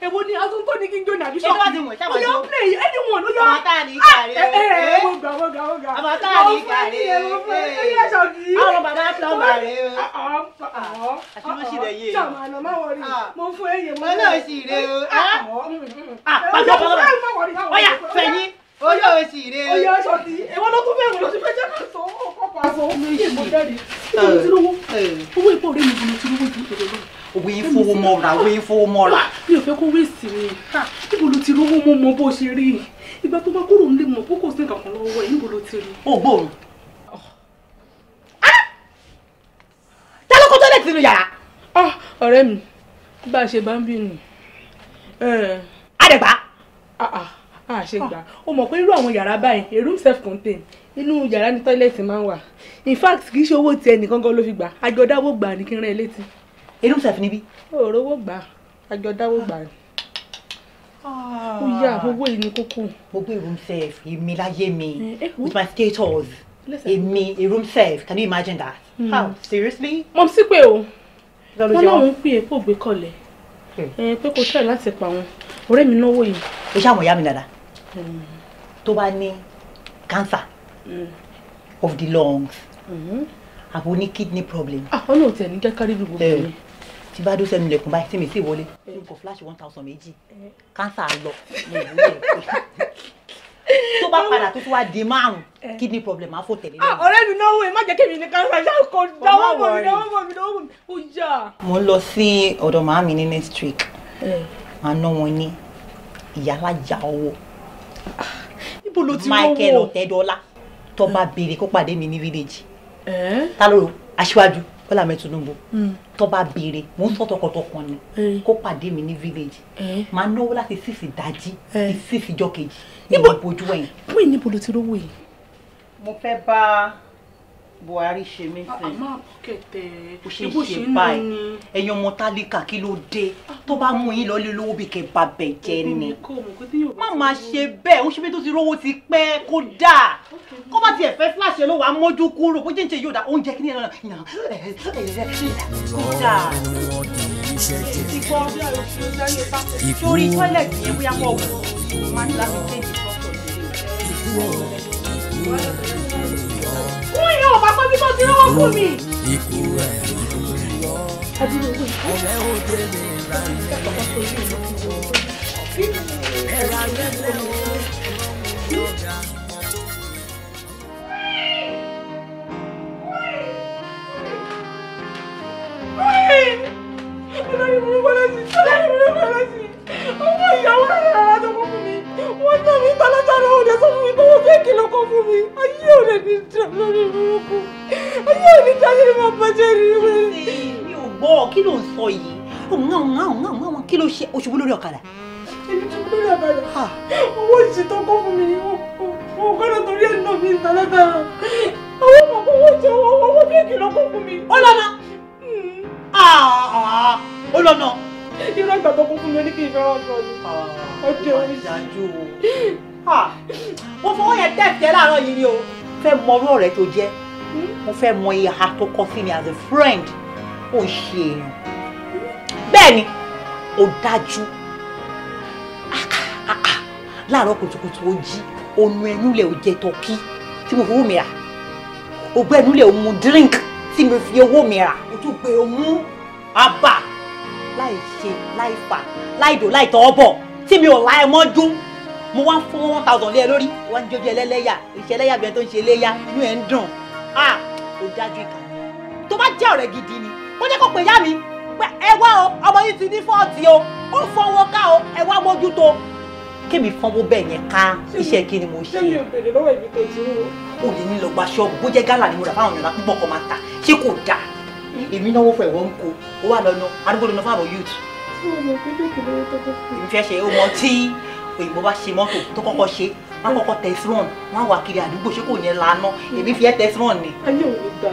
èwo ni asun tó ní kí n jó ní àdúṣọ o yọ play anyone o yọ ọmọ tá ní kàrí ẹ ẹ mo gbà mo gbà mo gbà ọmọ tá ní kàrí ẹ ẹ àwọn bàbá plọmba rẹ o ah, ah, ah, àti mo sì rẹ yé o sàmàlà má wọrí mo fún ẹyẹ mo náà sì rẹ o pàṣẹ pàṣẹ ọyà fẹyìn oyè òsì rẹ o oyè ọṣọdì èwo ló tún fẹ́ wò ló tún fẹ́ jẹ́ ká sọ ọkọ̀ pàṣẹ omi yìí mo jẹ́rìí kí ló ti rówó eh. owó ìpò rẹ̀ mi kò ló ti rówó ju ìṣòro náà owó yín fowó mọ́ra owó yín fowó mọ́ra. mi ò fẹ́ kó wíìsì mi níbo ló ti rówó mo mọ bó ṣe rí i ìgbà tó bá kúrò nílé mọ̀ kó kò sí nǹkan kan lọ́wọ́ ẹ̀ níbo ló ti rí i. o gbóòórùn. ta ló kó tọ́lẹ̀ sínú yàrá. Ah, ọ̀rẹ́ mi bá a ṣe bá ń bí nù. àdẹ̀gbá. àṣegbà o mọ̀ pé irú àwọn yàrá báyìí a room self contained inú yàrá ni tọ́lẹ̀tì máa ń wà in fact kì í ṣe owó tiẹ̀ nìkan gan ló fi gbà àjọ dáwọ́ gbà ní kí n rán ẹ létí eré òsàfin níbí. òrówó gbà àjọ dáwó gbà ni ah. ó yá owó yìí ni kókó. gbogbo room serve èmi láyé mi eh, eh, with my status èmi a room serve can you imagine that. Hmm. how seriously. mọ̀ sí pé o wọn náà ń pè é kó gbé kọlẹ̀ hmm. eh, pé kò tẹ̀ láti pa wọn ọ̀rẹ́ mi náwó yìí. o ṣe àwọn ìyá mi dada hmm. tó bá ní cancer of the lungs àbò ní kidney problem. àwọn ah, náà ò tẹ̀ ní jẹ́ kárí gbogbo yẹn tí bá dó sẹ́nu lẹ̀kùn báyìí tí sì wọlé n eh. kò flash one thousand méjì kánsà lọ ní ìwúlẹ̀ tó bá padà tó tún wá di márùn eh. kidney problem á fò tẹ̀lé lẹ́yìn. Ah, ọ̀rẹ́ mi náwó ẹ má jẹ́ kémi ní kánsà ṣáà kò oh, dáwọ́ bọ̀ mí dáwọ́ bọ̀ mí dáwọ́ bọ̀ mí ó jà. mo ń lọ sí ọ̀dọ̀ màámi ní next week eh. màá ná wọn ní ìyálàjà owó Michael Ọ̀tẹ́dọ́lá tó bá béèrè kó pàdé mi ní village ta ló aṣíwájú Bọ́lá mi Tinubu hmm. tó bá béèrè mò ń sọ tọkàntọkàn ni eh. kó pàdé mi ní village eh. máa náwó láti sísì dájí sísì eh. jọkejì níbo ìbojú ẹ̀yìn. wíì níbo ló ti rówó yìí. mo fẹ́ bá buhari ṣe mí ah, fẹ́ o ṣe ń ṣe báyìí ẹ̀yin ọmọ tálíkà kí ló dé ah, tó bá mú yín lọ lélówó bí kẹ́ bá bẹ̀ jẹ́ ni má má ṣe bẹ́ẹ̀ o ṣe bí tó ti rówó ti pẹ́ kó dà kó má tiẹ̀ fẹ́ fúláṣẹ ló wàá mọ́jú kúrò bó jẹ́ǹjẹ́ yóò dá oúnjẹ kí ni ẹ̀rọ náà kó dà ti gbọ́ lórí tọ́lẹ̀tì yẹn bóyá kọ́ wò ó máa ń láti kéde kọ́ fún ìyá ọba pé bí mo ti rówó fún mi. ikú ẹ àdúrà owó ìkú ọ̀rẹ́ òde lè ra ilé ẹ̀rọ alẹ́lẹ́ o yọ̀dà mọ́tò. Olórí burúkú lọ sí, olórí burúkú lọ sí ọmọ ìyàwó rárá rárá tó kún fún mi wọ́n tán mi tọ́lájára òde sọ fún mi pé wọ́n fẹ́ kìlọ̀ kan fún mi ayé òde ní ìjà lórí burúkú ayé òde ní ìjà yẹn máa bàjẹ́ rí rẹ. mi ò gbọ́ kí ló ń sọ yìí òun àwọn àwọn àwọn àwọn kí ló ṣe òṣùwò lórí ọ̀kadà. èmi ti mú lórí ọ̀kadà owó ìṣètò kún fún mi ni wọ́n kọ́nà torí ẹ̀ náà mi tọ́lájára owó mọ̀ kó wọ́n jẹ owó owó irú àgbàgbọ́ kúkú ló ní kí n fẹ́ rán sọ ni. ọjọ́ ah, ìṣáájú o. Ah, mo fọwọ́ yẹn tẹ̀sẹ̀ láàárọ̀ yìí ni o. fẹ́ mọ orú ọ̀rẹ́ tó jẹ́ hmm? mo fẹ́ mọ ìhà tó kọ sí mi as a friend ó ń ṣe èèyàn. bẹ́ẹ̀ ni ó dájú láàárọ̀ kùtùkùtù ó jí onu ẹnu lẹ̀ ó jẹ tọ́kí tí mo fowó mi rà ògbẹ́nu lẹ̀ ó mu drink tí mo fi owó mi rà ó tún gbé ó e mú abà láì ṣe láì fà láì dò láì tọ́ bọ̀ tí mi ò la ẹ mọ́jú mo wá fún one thousand lé ẹ lórí wọ́n ń jójú ẹlẹ́lẹ́yà iṣẹ́ ẹlẹ́yà bẹ́ẹ̀ tó ń ṣe léyà inú ẹ̀ ń dùn á ò dájú ìkà tó bá jẹ́ ọ̀rẹ́ gidi ni ó jẹ́ kó pè yá mi pé ẹ wá o ọmọ yìí ti ní fọ́ọ̀tì o ó fọwọ́ ká o ẹ wá mójútó kémi fọwọ́ bẹ́ẹ̀ yẹn ká iṣẹ́ kí ni mo ṣe. ṣé o bèrè lọ́wọ́ ibi tó ti rú o. o lè ní lọ gba ṣọ́ọ̀bù bó jẹ́ gálà ni mo rà fáwọn èèyàn lápúpọ̀ kọ́ máa ta ṣé kò dáa èmi náwó fún ẹ̀wọ̀n ń kó ó wà lọ́nà arúgbó lọ́nà fáwọn youth. tí wọn mọ pé jókòó lórí tó kọ́ fún mi. ìfẹ́ ṣe ọmọ tí òyìnbó bá ṣe mọ́tò tó kọ́kọ́ ṣe wọn kọ́kọ́ tẹsíwọn wọn wà kiri àdúgbò ṣé kò yẹn lànà èmi fi ẹ tẹsíwọn ni. ayé òní da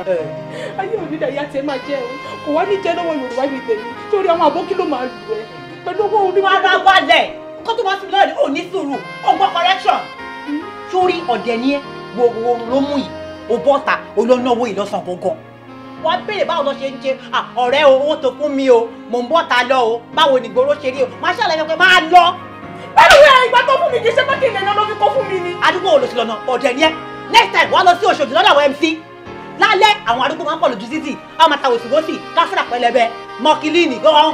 ayé òní da ìyá tẹ máa jẹ o kò wá ní jẹ lọ́wọ́ yorùbá yìí tèmi torí àwọn àbókí ló máa lù ẹ pẹ̀lú owó orí. wọn bá wálẹ̀ kó tó bá sí lọ́ọ̀ ní òní sùúrù ọgbọ́n correction hmm? sórí ọ̀dẹ̀ ni ẹ gbogbo ló mú yìí o bọ́ta olóńgbò ìlọsàn gangan wàá béèrè báwo lọ ṣe ń jẹ ọ̀rẹ́ o owó tó fún mi o mò ń bọ̀ ta lọ o báwo ni gbòòrò ṣe rí o máa ṣàlàyé fún pé máa lọ. báwo ẹ ìgbà tó fún mi kì í ṣe pé kí ilẹ̀ náà ló fi kó fún mi ni. àdúgbò olùsìlọ́nà ọ̀dẹ̀ ni ẹ next time wàá lọ sí Òṣòdì lọ́dọ̀ àwọn MC lálẹ́ àwọn arúgbó máa ń pọ̀ lójú títì àwọn máa ta wòsíwòsì káfíńà pẹlẹbẹ mọkìlínì gbogbo àwọn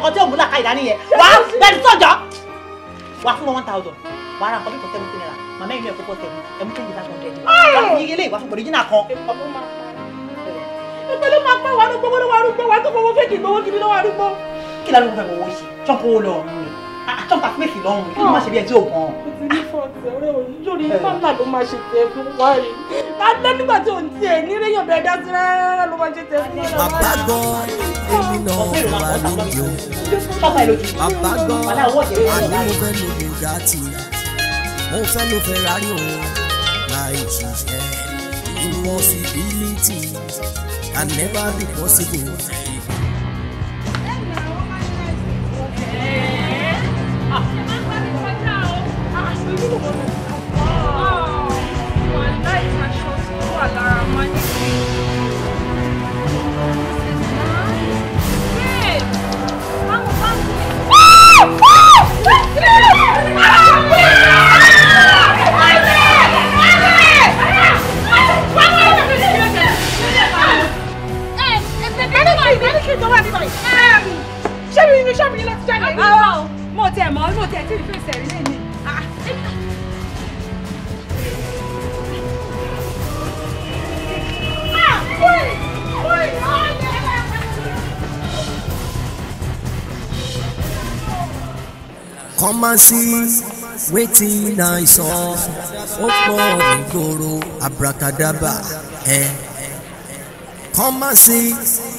nǹkan tí gbogbo ló máa pa wà arúgbó gbogbo wà arúgbó wà tó fowó fèkì gbowó kiri lọ́wọ́ arúgbó. kí ló ń fẹ́ fowó ṣe tọ́kọ lọ ọ̀run ni àtọ́ta ah, ah, pèsè lọ́run kí ló máa ṣe bí ẹ tí ò gan. mo ti ní fọ́ọ̀tì ọ̀rẹ́ òní lórí fáńtà eh. ló máa ṣe tẹ̀ fún wa rí. alẹ́ nígbà tí òun tiẹ̀ nírèyàn bẹ̀rẹ̀ dá sí rárá ló máa ṣe tẹ̀ fún wa. àbágọ́ èmi náà wà lórí o. àbágọ́ àní mo fẹ́ Impossibility can never be possible. Wow, my life has shot so alarming. kí n tó wà níbàyí. ṣé mi inú ṣọ́ọ̀bù yín lọ Come and see wetin i sọ ó pọ̀ abracadabra ẹ eh, kọ́másì eh, eh,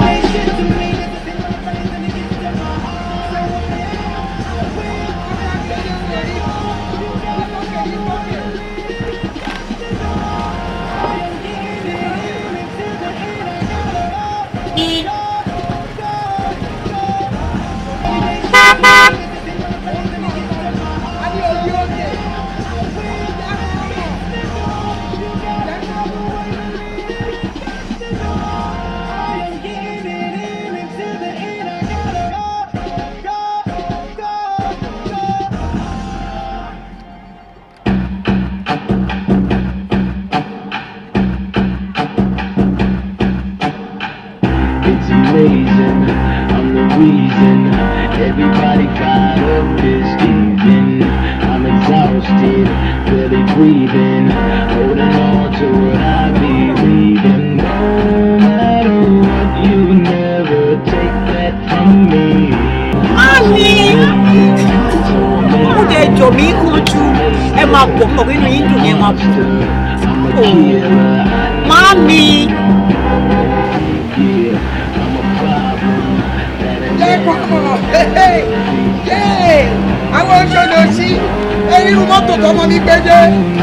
after I'm a killer. Mommy! Yeah, come on. Hey, hey. Yeah. I want you to see. Hey, you want to come on baby?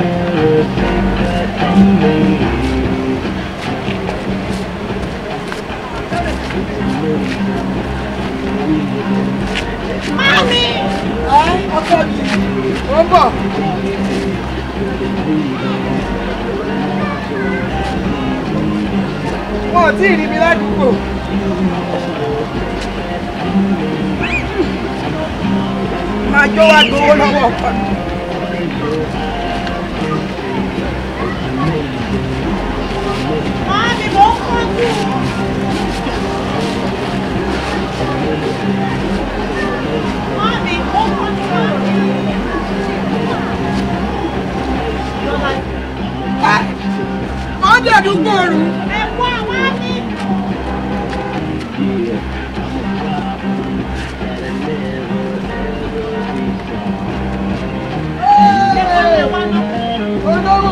Mami! Ah, ọkọ mi, wọ́n bọ̀. wọn ò tí ì rí mi ládùúgbò. máa jó wá gbowó lọ́wọ́ ọkọ mi. Mami, mo ń kọjú. Mami, mo Ọ̀dọ̀ àdúgbò ọ̀run.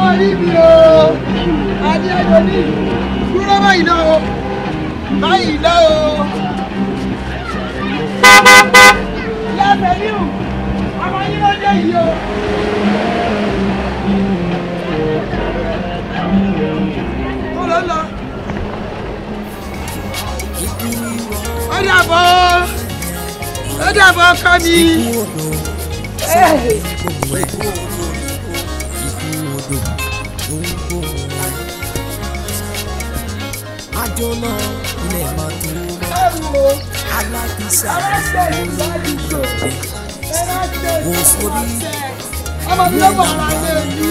mọ́ rí mi o adéyọ ní dúró báyìí lọ o báyìí lọ o. lẹ́sẹ̀ yìí ọmọ yín ló dé yìí o. mo lọ lọ. ó dàbọ̀ ó dàbọ̀ jóná ilẹ̀ máa tó mọ́. alákìsà olóògbé òṣòbí ilé nàmbá yìí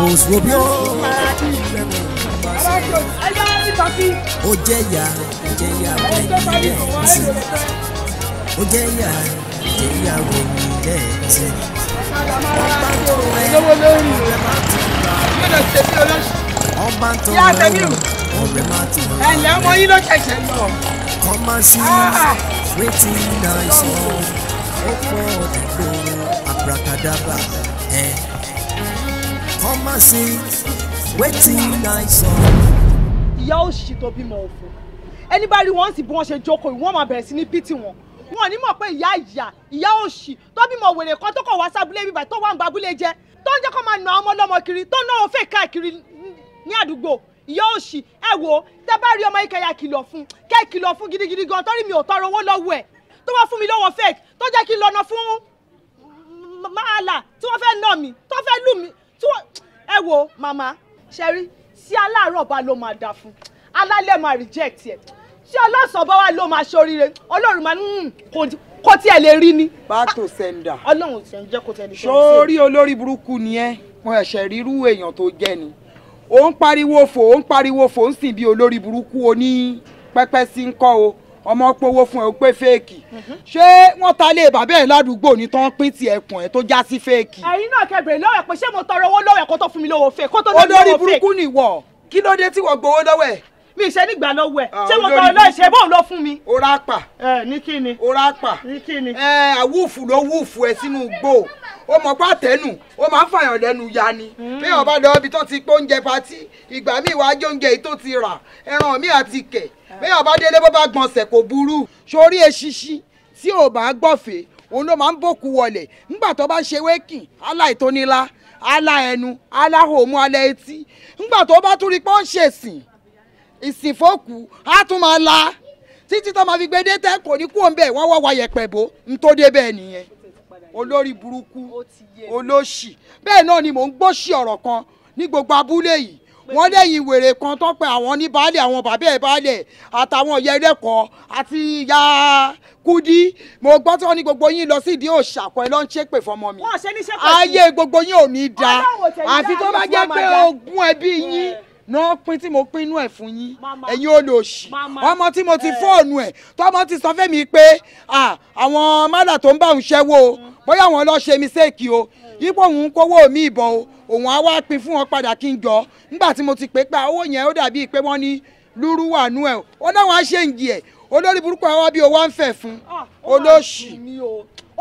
òṣòbí ó jẹ́yà jẹ́yà ẹ̀yìn ẹ̀sìn ó jẹ́yà jẹ́yà ẹ̀yìn ẹ̀sìn ọba tó ẹ̀ ọba tó ẹ̀ ẹ̀lẹ́ ọmọ yín ló ṣẹ̀ṣẹ̀ lọ. ọmọ ah. sí wetin na ìsọ ó pọ̀ ọ̀dẹ̀gbọ̀ abrakadabra ẹ̀. ọmọ sí wetin na ìsọ. ìyá ò ṣì tó bímọ òfò ẹni bá rí wọn sì bí wọn ṣe jókòó ìwọ́n máa bẹ̀rẹ̀ sí ní pítì wọn wọn ò ní mọ̀ pé ìyá ìyá ìyá òṣì tó bímọ wèrè kan tó kọ̀ wá sábúlé bíbá tó wà ń gbábúlé jẹ tó ń jẹ́ kó máa nà ọmọ lọ́mọ kiri tó ń náwó fẹ́ káàkiri ní àdúgbò ìyá òṣì ẹ wo tẹ bá rí ọmọ ìkẹyà kìlọ̀ fún kẹ́ kìlọ̀ fún gidigidi gan torí mi ò tọrọ owó lọ́wọ́ ẹ̀ tó wá fún mi lọ́wọ́ fake tó jẹ́ kí n lọ́nà fún màálà tí wọ́n fẹ́ nà mí tó fẹ́ lù mí tí wọ́n ẹ wo màmá ṣẹ́rí sí aláàárọ̀ bá ló máa dà fún alálẹ̀ máa reject ẹ̀ tí ọlọ́sàn bá wà ló máa ṣoríire ọlọ́run máa ń hmm, kó tiẹ̀ lè rí ni. back to sender. ọlọ́run ti ń jẹ́ kó tẹ̀lé. sórí olórí burúkú ni ẹ mo ẹ̀ṣẹ̀ rírú èèyàn tó jẹ́ ni ó ń pariwo fò ó ń pariwo fò ń sìn bí olórí burúkú oní pẹ́pẹ́ sí ń kọ́ o ọmọ pọ́wọ́ fún ẹ ó pé fẹ́ẹ̀kì mhm. ṣé wọ́n ta lé bàbá ẹ̀ ládùúgbò ní tán pín ti ẹ̀kùn ẹ̀ tó já sí fẹ́ẹ̀kì. ẹ̀yin náà kẹbìrì lọ́wọ́ ẹ̀ pé ṣé mo tọrọ owó lọ́wọ́ ẹ̀ kó tó fún mi lówó fẹ́ẹ̀ kó tó lọ́wọ́ fẹ́ẹ̀. olórí burúkú nìwọ kí ló dé tí wọ́n gbowó lọ́wọ́ ẹ̀. mi ìṣe nígbà ah, lọ́wọ́ ẹ̀ ṣé mo tọrọ lọ́wọ́ ìṣe bóun ló fún mi. ó rápà. ẹ ní kíni. ni. rápà. ní kíni. ẹ àwùfù ló wùfù ẹ sínú gbòò ó mọ̀ pa tẹ́nu ó máa ń fàyàn lẹ́nu ya ni hmm. bí ọba lọ ibi tó ti pé oúnjẹ patí ìgbà míì wàá jẹ oúnjẹ yìí tó ti rà ẹran mi àti kẹ̀ bí ọba délé bó bá gbọ̀nsẹ̀ kò burú sórí eṣiṣi tí ò bá gbọ̀fẹ̀ òun ló máa ń bòkú wọlẹ̀ nígbà tó bá ń ṣe wékìn aláìtónílá alá ẹnu aláhòmú alẹ́ etí nígbà tó bá tún rí pé ó ń ṣèsìn ìsìnfòkù á tún máa la títí tó máa fi gbé dé tẹ́ kò ní kú òun bẹ́ẹ̀ wọ́n wọ́ wa yẹ̀pẹ̀ bò ń tó dé bẹ́ẹ̀ nìyẹn olórí burúkú olóṣì bẹ́ẹ̀ náà ni mò ń gbóṣì ọ̀rọ̀ kan ní gbogbo abúlé yìí wọ́n lẹ́yìn wèrè kan tó pé àwọn ní àwọn bàbá ẹ̀ baálé àtàwọn ìyá ẹlẹ́kọ̀ọ́ àti ìyá kudi mo gbọ́ tí wọ́n ní gbogbo yín lọ sí ìdí òòṣà kan ẹ lọ ń ṣépè fọmọ mi ayé gbogbo yín ò ní da àfi tó bá jẹ́ pé ogún ẹbí yín náà pín tí mo pín inú ẹ̀ fún yín ẹ̀yin olóòṣì ọmọ tí mo ti fóònù ẹ̀ tọ́mọ ti sọ fẹ́mi pé àwọn mádà tó ń bá òun ṣẹ́wó o mm. bóyá àwọn lọ́ọ́ ṣe mistake o yípo mm. òun kówó mi ìbọn o òun á wá pín fún wọn padà kí n jọ nígbà tí mo ti pè pé owó yẹn ó dàbíi pé wọ́n ní lúrú wà nú ẹ̀ ó náà wọ́n á ṣe ń jì ẹ̀ olórí burúkú àwọn bí owó à ń fẹ̀ fún ah, olóòṣì.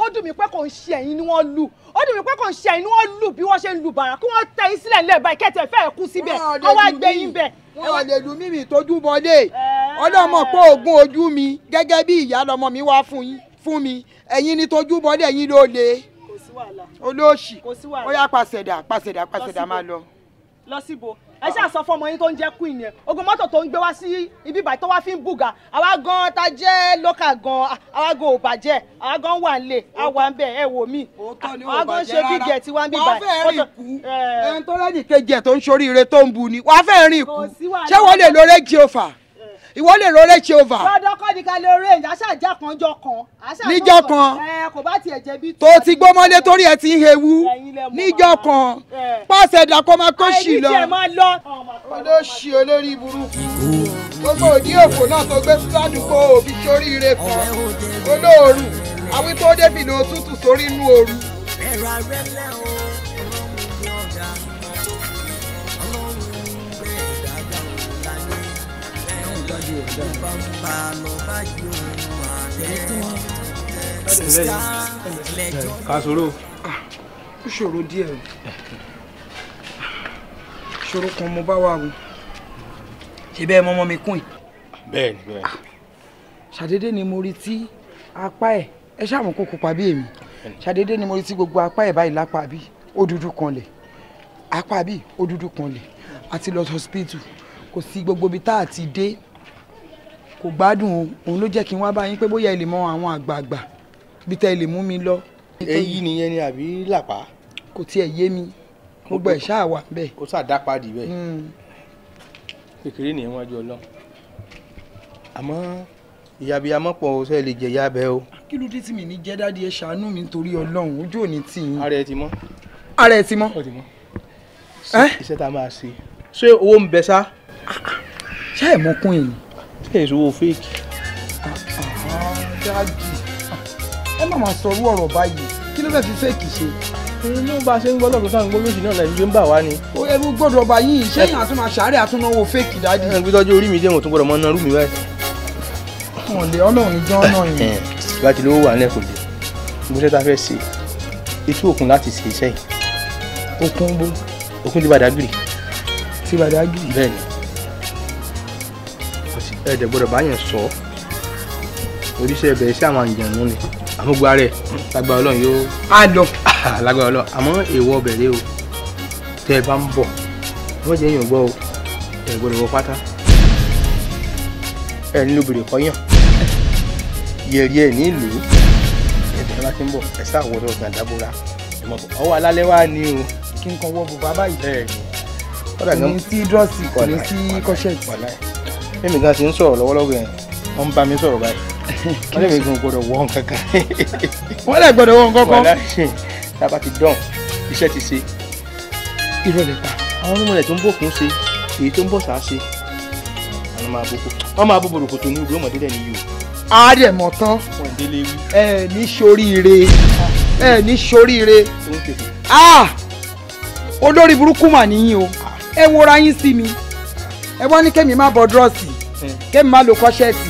ó dùn mí pé kò ń ṣe ẹ̀yin ni wọ́n lù ó dì mí pé kò ń ṣe inú wọn lù bí wọ́n ṣe ń lu bàrà kí wọ́n tẹ yín sílẹ̀ ńlẹ̀ báyìí kẹ́tẹ̀ fẹ́ kú síbẹ̀ wọ́n wá gbé yín bẹ̀. wọn ò lè lu mímì tójú bọlé ọlọ́mọ pé oògùn ojú mi gẹ́gẹ́ bí ìyá lọmọ mi wá fún mi ẹ̀yin ni tójú bọlé ẹ̀yin ló le olóòṣì ó yá pàṣẹdà pàṣẹdà pàṣẹdà máa lọ. lọ síbo ẹ ṣáà sọ fún ọmọ yín tó ń jẹ́ queen yẹn ogun mọ́tò tó ń gbé wá sí ibi ìbàdí tó wá fi ń bùgà àwa gan ta jẹ́ local gan àwa gan ò bàjẹ́ àwa gan wà nílé àwa ń bẹ̀ ẹ wò mí àwa gan ṣe bí gẹ̀ tí wá ń bí bàjẹ́. wàá fẹ́ rìn kú ẹni tó rẹ́nì kejì ẹ̀ tó ń ṣoríire tó ń bu ni wàá fẹ́ rìn kú ṣé wọ́n lè lo rédíò fà ìwọ lè rọrẹ ṣe over. lọ́dọ̀ kọ́ ni ká lè range aṣáájá kan jọ kan. níjọ kan kò bá tiẹ̀ jẹ̀bi tó. tó ti gbọ́mọdé torí ẹ ti ń hewu níjọ kan pàṣẹ dàkọ́ máa kó sì lọ. olóṣì olórí burúkú gbogbo òdí òfò náà tó gbé sádùúgbò òbí sórí ire kan olóòrù àwító débìnrin òtútù sórí inú ooru. yí o ṣe. kásòrò. ó ṣòro díẹ̀ o ṣòro kan mo bá wà o ṣe bẹ́ẹ̀ mọ́mọ́ mi kún ì. bẹ́ẹ̀ni bẹ́ẹ̀ni. Ah, ṣàdédé ni mo rí tí apá ẹ̀ ẹ ṣàmù kó kópa bí èmi ṣàdédé ni mo rí tí gbogbo apá ẹ̀ báyìí lápá bí ó dúdú kan lẹ̀ apá bí ó dúdú kan lẹ̀ àti lọ hospital kò sí gbogbo ibi tá a ti dé kò gbádùn o òun ló jẹ́ kí n wá bá yín pé bóyá ẹ lè mọ àwọn àgbààgbà bí tẹ́ ẹ lè mú mi lọ. èyí nìyẹn ni àbí làpá. kò tiẹ̀ yé mi mo gbọ́ ẹ̀ ṣáà wà bẹ́ẹ̀. ó ṣàdápadì bẹ́ẹ̀ kékeré nìyẹn wájú ọlọ́run àmọ́ ìyàbíyàmọ́ pọ̀ ó sẹ́ẹ̀ lè jẹ ìyá abẹ́ o. kí ló dé tí mi ní jẹ́ dáàdi ẹ ṣàánú mi nítorí ọlọ́run ojú òní tì yín. ara ẹ ti mọ́. ara ẹ ti mọ́. ọ ti mọ́. iṣẹ́ tá a máa ṣe ṣé owó ń bẹ sá. ṣáà ẹ̀ mọ́kún yìí ẹ ìṣòwò fake. dájú ẹ má máa sọ orú ọ̀rọ̀ báyìí kí ló fẹ́ fi fake ṣe. inú bá a ṣe ń gbọ́ lọ́dún sáà ń gbọ́ lóṣù náà lẹ́yìn ló ń bà wá ni. ẹrú gbọ́dọ̀ ọba yìí ṣé èèyàn àtúnmọ̀ àṣàárẹ̀ àtúnáwó fake dájú. ẹ gbé tọ́jú orí mi dé wọn tún gbọ́dọ̀ mọ náà rú mi báyìí. ọ̀lẹ́ ọlọ́run ní jọ́ náà yìí. ìgbà tí lówó wà nílẹ̀ kò ẹ̀ẹ́dẹ̀ gbọ́dọ̀ bá yẹn sọ oríṣẹ́ ẹbẹ̀ iṣẹ́ àwọn àjẹ̀nú ni àmúgbá rẹ̀ lágbára ọlọ́run yóò á lọ ah, lágbára ọlọ́run àmọ́ èèwọ̀ ọbẹ̀ rẹ o tẹ́ ẹ bá ń bọ̀ wọ́n jẹ́ èèyàn gbọ́ o ẹ̀ gbọ́dọ̀ wọ pátá ẹ̀ nílò bèrè kọ́yàn yẹ̀rì ẹ̀ nílùú ẹ̀bẹ̀ bá ti ń bọ̀ ẹ̀ sáwọ́dọ̀ gàdábóra ọwọ́ alálẹ́ wa ni o kí n kan wọ bùbá báyìí kò ní ní sí kọ́ṣẹ́ẹ̀tì èmi gan ṣe ń sọ̀rọ̀ lọ́wọ́lọ́wọ́ yẹn wọ́n ń bá mi sọ̀rọ̀ báyìí wọ́n lè gbọ́dọ̀ wọ́ nǹkan wọ́n lè gbọ́dọ̀ wọ́ nǹkan kan. wàhálà ṣe tábà ti dán iṣẹ́ ti ṣe ìrọ̀lẹ́ pa àwọn onímọ̀lẹ̀ tó ń bọ̀ kún ṣe èyí tó ń bọ̀ sáà ṣe wọ́n máa bó boròkò tó ní ìlú ọmọdé dẹ̀ níyì o. àdèmọ̀ tán ẹ ní ẹ ẹ wora ní kẹ́mi má bọ dúrọ́ọ̀sì kémi má lo kọ́ṣẹ́ẹ̀tì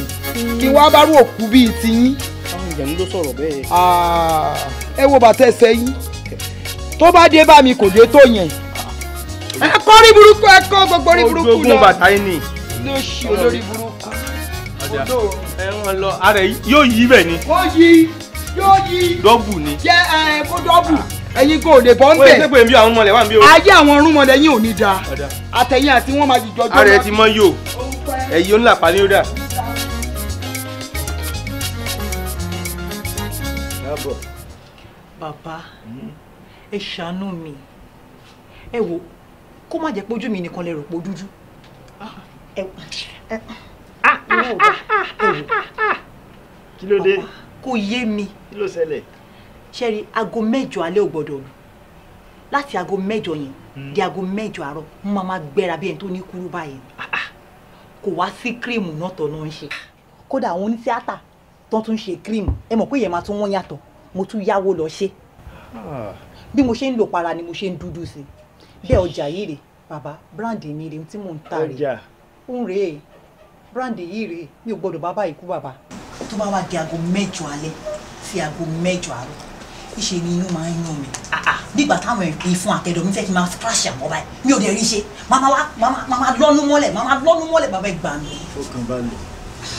kí wọ́n á bá rú òkú bíi tiyín. àwọn ìjànú ló sọ̀rọ̀ bẹ́ẹ̀. Ah, ẹ wo bàtà ẹsẹ̀ yín tó bá dé bá mi kò dé tó yẹn. ẹ kọ́ rí burúkú ẹ kọ́ gbogbo rí burúkú lọ. ojoogun bàtà yín ni. lóṣù olórí burúkú. ẹ wọn lọ ara yóò yí bẹ́ẹ̀ ni. ó yí yóò yí. dọ́bù ni. jẹ́ ẹ kó dọ́bù ẹ̀yin kò lè bọ́ ń bẹ̀. wọ́n ṣe pé mi àwọn ọmọlẹ̀ wà ń bí o. ayé àwọn ọ̀rúnmọlẹ̀ yín ò ní da àtẹ̀yìn àti wọ́n máa jìjọ jọ. ààrẹ ti mọ yóò ẹ̀yìn ó ń là pa ní rírà. bàbá hmm. ẹ ṣàánú mi ẹ wo kó má jẹ́ pé ojú mi nìkan lè rò pé ó dúdú. kí ló dé. kò yé mi. kí ló ṣẹlẹ̀ ṣẹ́rí aago mẹ́jọ alẹ́ ò gbọ́dọ̀ lù láti aago mẹ́jọ yẹn hmm. di aago mẹ́jọ àárọ̀ mo máa máa gbẹ́ra bí ẹni tó ní kúrú báyìí ah, ah. kò wá sí kírìmù náà tọ̀nà ń ṣe. kódà àwọn onítíátà tó tún ṣe kírìmù ẹ mọ̀ pé ìyẹn máa tún wọ́n yàtọ̀ mo tún yáwó lọ ṣe. Ah. bí mo ṣe ń lò para ni mo ṣe ń dúdú sí i bẹ́ẹ̀ ọjà yìí rèé bàbá bíráǹdì mi rèé tí mò ń ta rèé ń rèé bíráǹdì yìí rèé mi ò gbọ́dọ̀ bàbá ikú bàbá. tó bá wá di aago mẹ́jọ alẹ́ sí aago mẹ́jọ àárọ̀ ìṣe ni inú máa ń yún mi nígbà táwọn èèyàn fún àtẹ̀dọ̀ mi fẹ́ kí n máa fúráṣì àmọ́ báyìí mi ò dẹ̀ rí ṣe màmá lọ́nú mọ́lẹ̀ màmá lọ́nú mọ́lẹ̀ bàbá ìgbà mi. fọkàn balẹ̀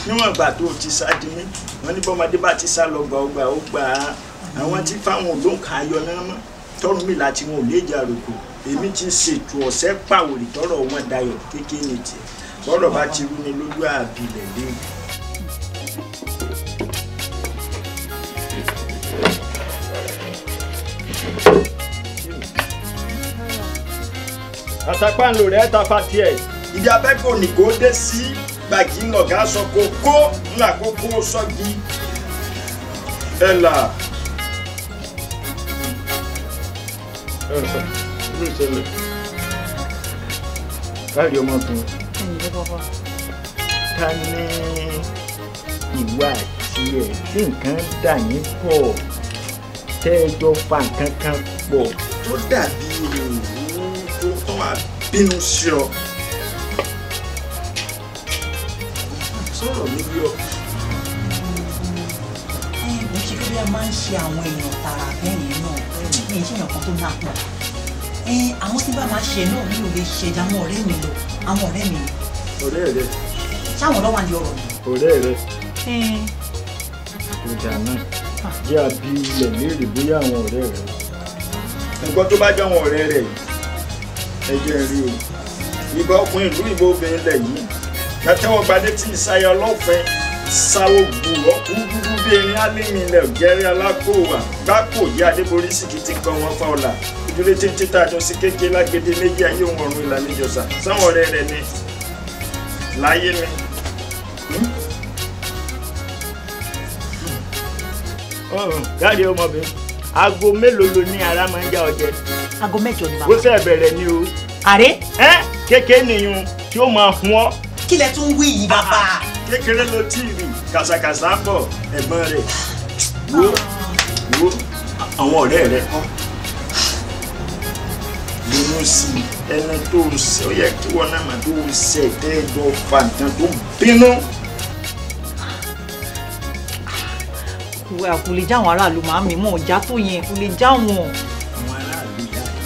níwọ̀n ìgbà tó o ti sá di mí wọ́n ní bọ́mọdé bá ti sá lọ gbà ó gbà ó gbà á àwọn tí fáwọn olóǹkà ayọ náà mọ́ tọrùn mi láti wọn ò lè jà rògbò èmi ti ṣètò ọ̀sẹ̀ pàwòrì tọrọ wọn dayọ̀ kékeré tiẹ̀ bọ́lọ̀ àtàpáǹlò rẹ̀ ta fa tiẹ̀. ibi abẹ́kọ̀ nìkó dé sí gbàgì lọ̀gá sọ kó kó làkókò sọ́gi ẹ̀là. káàrí ọmọkùnrin. ta ni ìwà àti tí nǹkan dà yín pọ̀ tẹ́ fa nǹkan kan pọ̀. tó dàbí òòrùn máa bínú sí ọ. sọ̀rọ̀ mi bí ọ. ẹ̀ẹ́dì kí ló yẹ máa ń ṣe àwọn èèyàn tààrà bẹ́ẹ̀ yẹn náà ní ìṣẹ̀yàn kan tó náà pọ̀ àwọn tí bá máa ṣe náà mi ò lè ṣẹ̀dá àwọn ọ̀rẹ́ mi lọ àwọn ọ̀rẹ́ mi. ọ̀rẹ́ rẹ. sáwọn ọlọ́wà ni ọ̀rọ̀ mi. ọ̀rẹ́ rẹ. ìjà náà jẹ́ àbí ilẹ̀ léèrè bóyá àwọn ọ̀rẹ́ rẹ. nǹkan tó bá jẹ́ àwọn ọ̀rẹ́ rẹ yìí ẹ rí o ìbá ọkùnrin ìlú ìbò obìnrin lẹ̀ yìí látẹ́wọ́ gbadé tí ìsáyà ọlọ́fẹ́ sáwó gbùrọ̀ kú dúdú bí erin álẹ́mì ilẹ̀ ògẹ́rẹ́ alákòwà gbáko yí adébórí sì kan wọn fa ọ̀la ìdúró títí tá a jọ sí kékeré lágede méjì ayé òun ọ̀run ìlànà sáwọn ọ̀rẹ́ rẹ ni láyé mi. gáàrí hmm? hmm. hmm. ọmọbìnrin aago mélòó ló ní ara máa ń já ọjẹ aago mẹ́jọ ni bàbá. ó ṣe bẹ̀rẹ̀ ni o. àrẹ. ẹ kékeré nìyẹn tí ó máa hun ọ. kílẹ̀ tún wí yìí bàbá. Ah, ah, kékeré ló tí ì rì kàṣàkàṣà bọ̀ ẹ̀gbọ́n rẹ̀ wo wo àwọn ọ̀rẹ́ rẹ̀ kọ́ lóyún sí ẹni tó ń ṣe ó yẹ kí wọn náà máa tó ń ṣe tẹ́ẹ̀dọ̀ fàǹtàn tó bínú. kò àkùlé jáwọn aráàlú màmí mọ̀ ọ̀já tó yẹn kò jáwọn.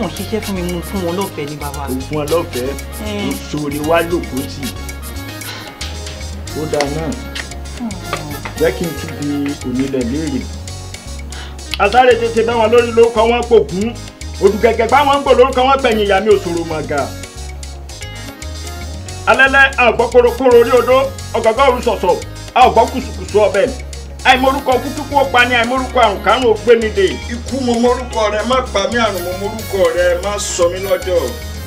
wọn ṣiṣẹ́ fún mi mo fún wọn lọ́fẹ̀ẹ́ ní bàbá mi. fún wọn lọ́fẹ̀ẹ́ sórí eh. wá lòkó tì ó dáa náà hmm. jẹ́ kí n tún di onílẹ̀ léèrè. asáré tètè bá wọn lórí lórúkọ wọn pòkún òdùgẹ̀gẹ̀ bá wọn ń gbò lórúkọ wọn pẹ̀yìn ìyá mi òṣòro màgà. alẹ́lẹ́ àgbọ̀ orí odó ọ̀gọ̀gọ̀ òrùsọ̀sọ̀ àgbọ̀ ọbẹ̀ àìmọ̀rúkọ kúkúkú ó pa ni àìmọ̀rúkọ àrùn kárùn ó gbé mi dè. ikú mo mọ̀rúkọ rẹ má pa mí àrùn mo mọ̀rúkọ rẹ má sọ mí lọ́jọ́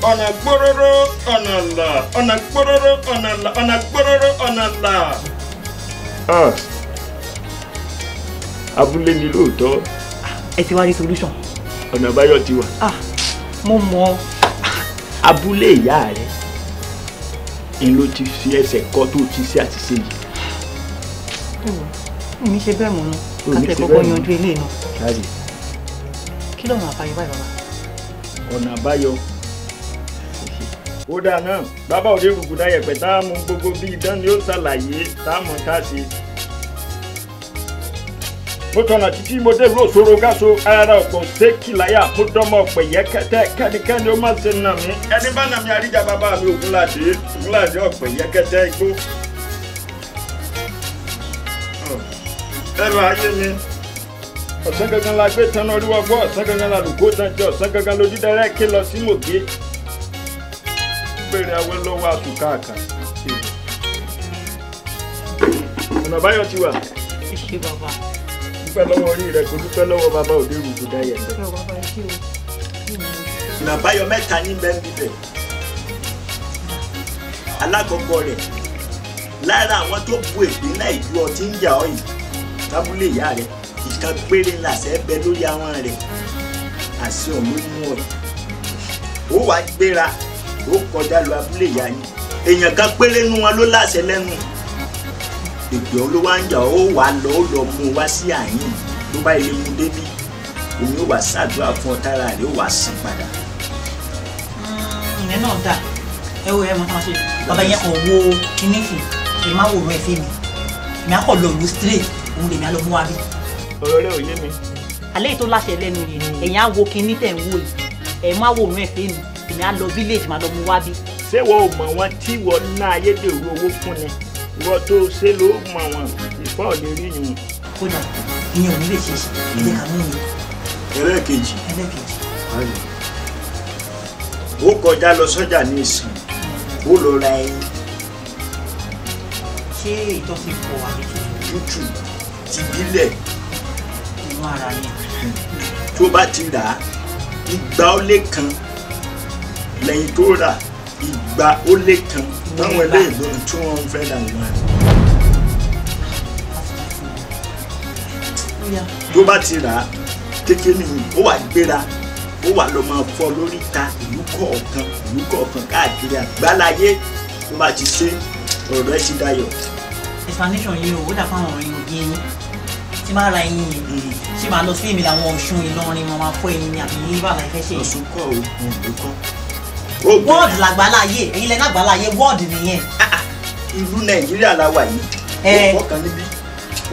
ọ̀nà gbóróró ọ̀nà là ọ̀nà gbóróró ọ̀nà là ọ̀nà gbóróró ọ̀nà là. abúlé ni lóòótọ́. ẹ ti wá rí solution. ọ̀nà àbáyọ ti wà. Ah, mo mọ abúlé ìyá rẹ n ló ti fi ẹsẹ̀ kọ́ tó ti ṣe àṣìṣe yìí. Ah mi ṣe bẹ́ẹ̀ mọ́ náà káṣẹ̀ kọ́kọ́ yanjú ilé náà kí lọ́nà àbáyọ báyìí bàbá. ọ̀nà àbáyọ kódà náà bàbá òde rògbòdà yẹ̀pẹ̀ tá a mú gbogbo bíi idán ni ó ṣàlàyé tá a mọ̀ ká ṣe mo tọ̀nà títí mo dé ló soro gáso ara ọ̀pọ̀ ṣéèkì láyà mo dánmọ̀ ọ̀pẹ̀ yẹ kẹtẹ kẹ́nikẹ́ni ó má ṣe nà mí ẹni bá nà mí àríjà bàbá mi ògúnládé ògúnládé ọ̀pẹ̀ yẹ kẹtẹ igbó. ẹrù ayé mi ọ̀sán gangan la gbé tán lórí wọ́gbọ́ ọ̀sán gangan la lùkó tán jẹ ọ̀sán gangan lójú dẹrẹ́ ké lọ sí mògé bèrè awẹ́ lọ́wọ́ àtúkà kan ọ̀nà báyọ̀ ti wà. ìṣe bàbá. dúpẹ́ lọ́wọ́ orí rẹ̀ kò dúpẹ́ lọ́wọ́ bàbá òde rùdù dáyẹ̀ rẹ̀. ọ̀nà báyọ̀ mẹ́ta ní bẹ́ẹ̀ alákọ̀ọ́kọ́ rẹ̀ lára àwọn tó bu ègbé náà ìlú ọtí ń jà ọ́ yìí lábúlé ìyá rẹ ìkan péré làṣẹ bẹ lórí àwọn rẹ àṣẹ òun ló mú ọ ó wàá gbéra ó kọjá lọ abúlé ìyá yín èèyàn kan péré nu wọn ló láṣẹ lẹ́nu ìgbẹ olówó ń jà ó wàá lọ ó lọ mú wá sí àyín ló bá ilé mu débí omi ó wàá ṣàdúrà fún ọ tára rẹ ó wàá sàn padà. Hmm, ìyẹn náà dà ẹ wo ẹ mọ tán ṣe bàbá yẹn kò wo kíní fún ẹ ẹ fẹ mi ìyẹn á lu straight òun lèmi àlọ́ mú wa bí. ọ̀rọ̀ rẹ ò yé mi. alẹ́ yìí tó láṣẹ lẹ́nu yìí ẹ̀yin á wo kinní tẹ̀ ń wò yìí ẹ̀ má wo òun ẹ̀ fẹ́ mi èmi á lọ village má lọ mú wa bí. ṣé wo mọ̀ wọn tí wọ́n ná ayédèrú owó fún ni wọ́n tó ṣe ló mọ̀ wọn ìfọ́ ò rí yìí. kódà ìyẹn ò ní lè ṣe é ṣe ẹ jẹ́ ká mú ẹlẹ́ẹ̀kejì ṣé ìtọ́sí pọ̀ àbí tútù ti bílẹ̀ tó bá ti rà á igba ó lé kan lẹ́yìn tó rà igba ó lé kan táwọn eléyìí tí wọ́n fẹ́ dà wọ́n tó bá ti rà á kékeré ni ó wà gbéra ó wà lọ máa fọ lórí ta ìlú kọ̀ọ̀kan ìlú kọ̀ọ̀kan káàkiri àgbáláyé tó bá ti ṣe ọ̀rọ̀ ẹ ti dayọ̀. explanation yìí o ó dà fáwọn ọ̀rẹ́ yìí ẹ̀gẹ́ ni tí máa ra ẹyin yẹn mm. ṣé máa lọ sí èmi làwọn ọ̀ṣun ìlọrin wọn máa fọ́ ẹyin ni àbí yíbà láì fẹ́ ṣe yẹn. ọ̀ṣun kọ́ oògùn ìkọ́. wọ́ọ̀dù làgbàláyé ẹ̀yin lẹ́nu àgbàláyé wọ́ọ̀dù nìyẹn. ìlú nàìjíríà la wà yìí ó fọkàn níbí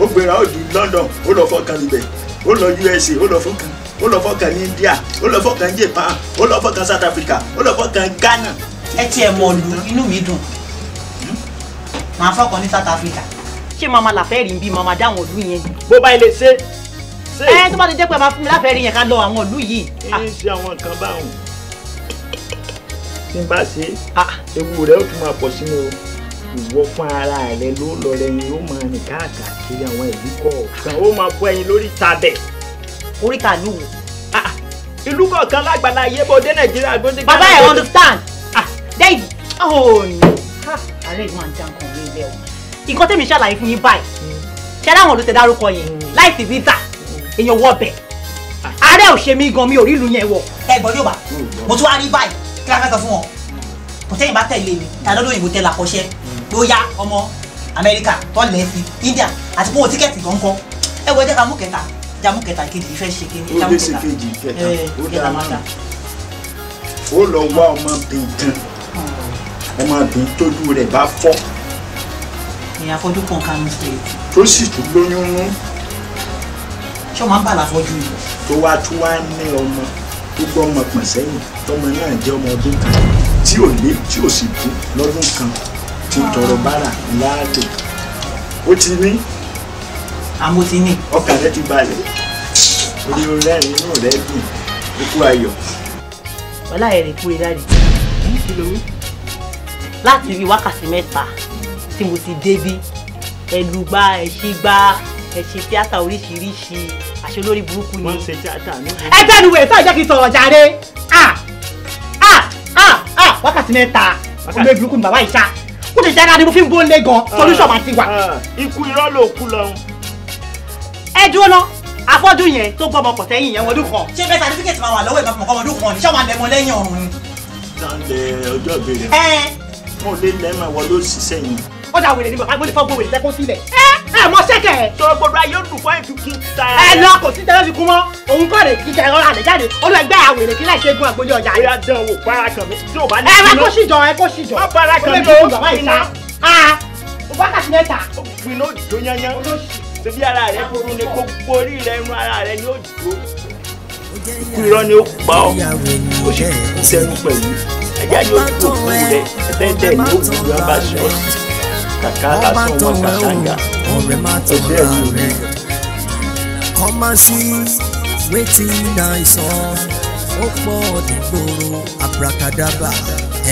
ó gbéra ó di London ó lọ fọkàn ibẹ̀ ó lọ USA ó lọ fọkàn ó lọ fọkàn ní India ó lọ fọkàn Japan ó lọ fọkàn South Africa ó lọ fọkàn Ghana. ẹ tiẹ̀ mọ̀ọ́lù inú mi dùn máa hmm? fọkàn ní South Africa ṣé màmá làfẹ́ rí bí màmá dáwọn ìlú yẹn. bó bá ilé ṣe. ẹ tó bá ti jẹ́ pé màá fún mi láfẹ́ rí yẹn ká lọ àwọn ìlú yìí. kí ah. n ṣe àwọn nǹkan báwọn tí n bá ṣe ah. ewu rẹ ó tún máa pọ̀ sínú ìwọ fún ara rẹ ló lọ rẹyin ló máa rìn káàkiri àwọn ìlú kọ̀ọ̀kan ó máa fọ ẹyin lórí tabẹ̀. oríta ìlú wo. Ah, ìlú kọ̀ọ̀kan lágbàlá ayé bó dé nàìjíríà bó dé. bàbá ẹ̀ understand. dẹ́yì. ọ̀hún. Oh, ààrẹ yìí máa ń dá ní ilé ọ̀hún nǹkan tèmi ṣàlàyé fún yín báyìí ṣẹlẹ àwọn olùtẹ dárúkọ yẹn láì sí visa èèyàn wọ ọbẹ ààrẹ ò ṣe mí gan mi ò rí ìlú yẹn wọ. ẹ gbọ́dọ̀ bá mo tún wá rí báyìí kí la fẹ́ sọ fún wọn kò sẹ́yìn bá tẹ̀lé mi tàbí lọ́dún òyìnbó tẹ̀lé àkọ́ṣẹ́ ló yá ọmọ amẹ́ríkà tó lẹ̀ sí india àti kó o tíkẹ́ẹ̀tì kọ̀ọ̀kan ẹ wọ ẹ jẹ́ ká mú kẹta já mú kẹta kejì ìfẹ́ ṣe kejì já mú kẹta eh, ó dá mú ó lọ wá ọmọbìnrin kan ọmọbìnrin tójú rẹ̀ bá fọ́ èèyàn afọ́jú kan ká mi ṣe. tó sì tún lóyún nú. ṣé o máa ń bà láfọ́jú yìí. tó wá tún wá ní ọmọ tó gbọ́ ọmọ pọ̀ sẹ́yìn tọmọ náà jẹ́ ọmọ ọdún kan tí ò lé tí ò sì dún lọ́dún kan tí ń tọrọ bára láàlè ó ti ní. àmọ́ ti ní. ọkàn rẹ ti balẹ̀ orí rẹ́rìn inú rẹ dùn ikú ayọ̀. ọlá ẹ̀rín kú ẹ dáre láti fi wákàtí mẹ́ta tí mo ti débí ẹlùgbà ẹṣígbà ẹṣin tíátà oríṣiríṣi àṣẹ burúkú ni. wọ́n ṣe tíátà ní. ẹ tẹnu wẹ̀ sọ kí n sọ̀rọ̀ jàre wákàtí mẹ́ta olórí burúkú ni bàbá ìṣá kó lè jára ni mo fi ń bó lé gan ah, solution máa ti wà. Ah, ikú irọ́ ló kú lọ. ẹ dúró lọ afọ́dún yẹn tó gbọ́ ọmọkọ̀ sẹ́yìn yẹn ọdún kan. ṣé bẹ́ẹ̀ sàtífíkẹ̀tì máa wà lọ́wọ́ ìbá fún ọdún kan ní sọ́wọ́n àlẹ́mọ lẹ́yìn ọ̀run ni. sàlẹ̀ ọjọ́ ìbéèrè. ẹ. mo lè lẹ́mọ̀ wọ ló yìí ó dà wèrè ni màmá mo lè fọ́ gbọ́ wèrè tẹ́kún sílẹ̀. ẹ ẹ mọ sẹ́kẹ̀. sọ gbogbo ayé òdùn fún ìfikún ta. ẹ lọ kò sí tẹ́lẹ̀ fi kún mọ́ òun kọ́ rẹ̀ kíkẹ́ ọ̀rọ̀ àlẹ́ jáde olùgbé àwèrè kí láì ṣe gun àgbójú ọjà. ó yà dán wò para kan mi tí o bá ní. ẹ wá kó síjọ ẹ kó síjọ. má para kan mi o ìná. a wákàtí mẹ́ta. ó pinnu ó jó yányán. ṣebí ara rẹ kúrú ni gbogbo orí rẹ inú ara rẹ ni ó jó. ikú irọ́ ni ó pa ọ́ ó sì sẹ́nu pẹ̀lú ajá yóò tó òkú rẹ ẹ̀ẹ́dẹ́gbẹ̀ẹ́ ló kù lọ́ba ṣọ́ọ̀ṣì kàkà àtúnwọ̀n kàkàǹgà ọjọ́ ẹ̀yìn rẹ̀. come and see wetin i saw ó pọ̀ nígboro abracadabra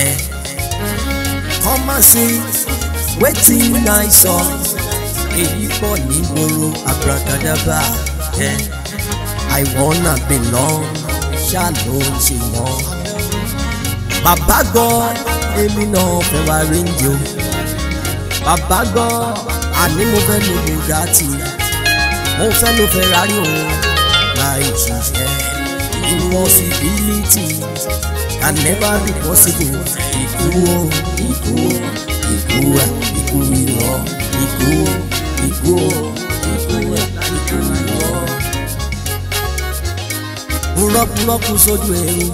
ẹ̀. come and see wetin i saw èyí pọ̀ nígboro abracadabra ẹ̀. i wanna belong ṣáà ló ń ṣe wọ́n. bàbá gan-an èmi náà fẹ́ wá ríǹdì bàbá gbọ́ àní mo fẹ́ lo bùgátì mo fẹ́ lo Ferrari òun láì ṣiṣẹ́ impossibility I never be possible ikú o ikú o ikú ẹ ikú ìwọ ikú o ikú o ikú ẹ ikú ìwọ. kúrọ́kúrọ́kú sójú ẹ̀rù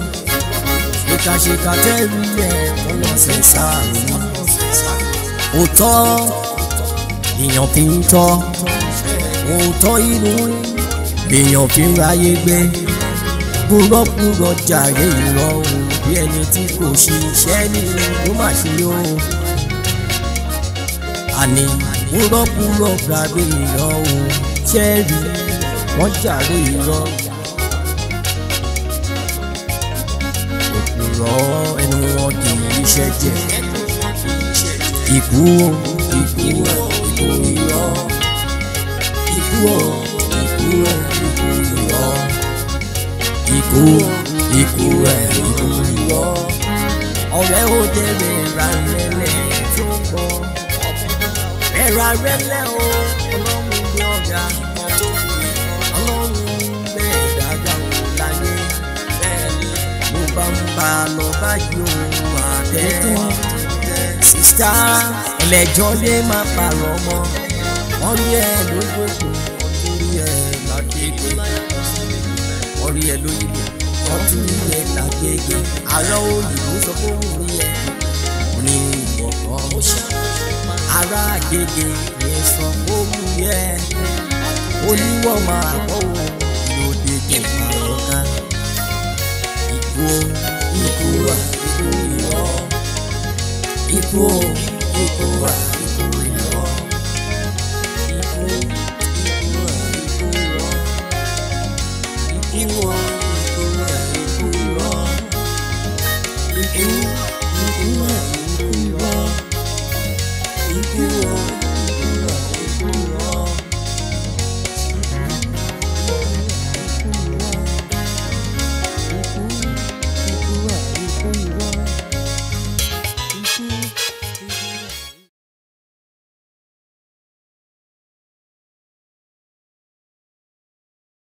ṣèkàṣèkà tẹ́rù ilẹ̀ kọ́lọ́sẹ̀ sáà lọ́wọ́ òótọ́ èèyàn fi ń tọ́ òótọ́ inú èèyàn fi ń ráyé gbé kúrọ́kúrọ́ jàre ìrọ̀ bí ẹni tí kò ṣiṣẹ́ ní ló má ṣe o àní kúrọ́kúrọ́ gbàgbé ìrọ̀ ṣẹ́ẹ̀rì wọ́n jàre ìrọ̀ òkúrọ̀ ẹnu wọn kì í ṣẹ́jẹ̀ ikú o ikú o ikú irọ́ ikú o ikú rẹ̀ ikú irọ́ ikú o ikú rẹ̀ ikú irọ́ ọ̀rẹ́ ó dẹ̀rẹ̀ ra rẹ̀lẹ̀ tó ń bọ̀ ẹ̀ra rẹ̀lẹ̀ o ọlọ́run ní ọ̀gá ọlọ́run bẹ́ẹ̀ dáadáa wò láyé bẹ́ẹ̀ mo bá ń bá a lọ báyìí òun àtẹ́ sísá ẹlẹ́jọ́ lè má parọ́ mọ́ wọ́n rí ẹ lójoojú wọ́n rí ẹ ládégé wọ́n rí ẹ lóyìnbó wọ́n tún rí ẹ ládégé àárọ̀ òyìnbó sọ pé òun rí ẹ ní ìbọ̀kọ́ ará àgègè yẹn sọ pé òun rí ẹ oníwọ̀ máa bọ̀wọ̀ lóde kẹ̀kẹ́ ọ̀gá ìkú ìkú àti ìkú ìwọ̀. E Ipua, Ipua.